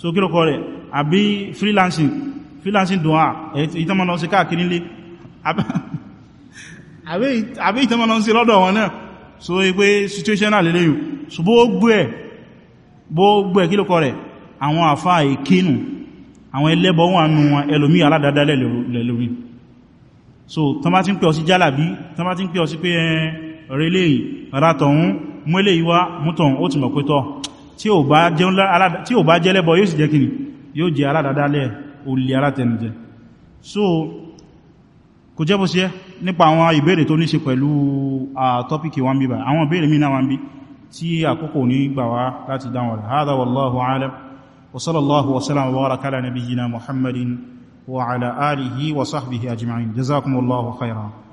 so kí ló kọ rẹ̀ àbí freelancing freelancing dùnà ìtànmà lọ sí káàkiri lé àbí ìtànmà lọ sí lọ́dọ̀ wọn náà so pé situational lélẹ́yìn so gbogbo ẹ̀ gbogbo ẹ̀ kí lókọ rẹ̀ àwọn àfá ìkénù àwọn ẹlẹ́bọ̀ wọn nù ẹlòmí aládádá so tán bá ti ń pè ọ sí jálàbí tán bá ti ń pè ọ sí pé rẹlẹ́ ìrátọ̀hún mọ́lẹ̀ ìwá mútọ̀hún ó ti mọ̀ pé yóò jẹ́ kìnnì olè alátẹnujẹ so kò jẹ́ bó sí ẹ́ nípa àwọn ìbéèrè tó ní ṣe pẹ̀lú àtọ́pìkì wọn bíbà àwọn ìbéèrè mìíràn wọn bí tí àkókò ní gbà wá láti dáwọn rẹ̀ hádà wallahu alam wa sallallahu wa sallam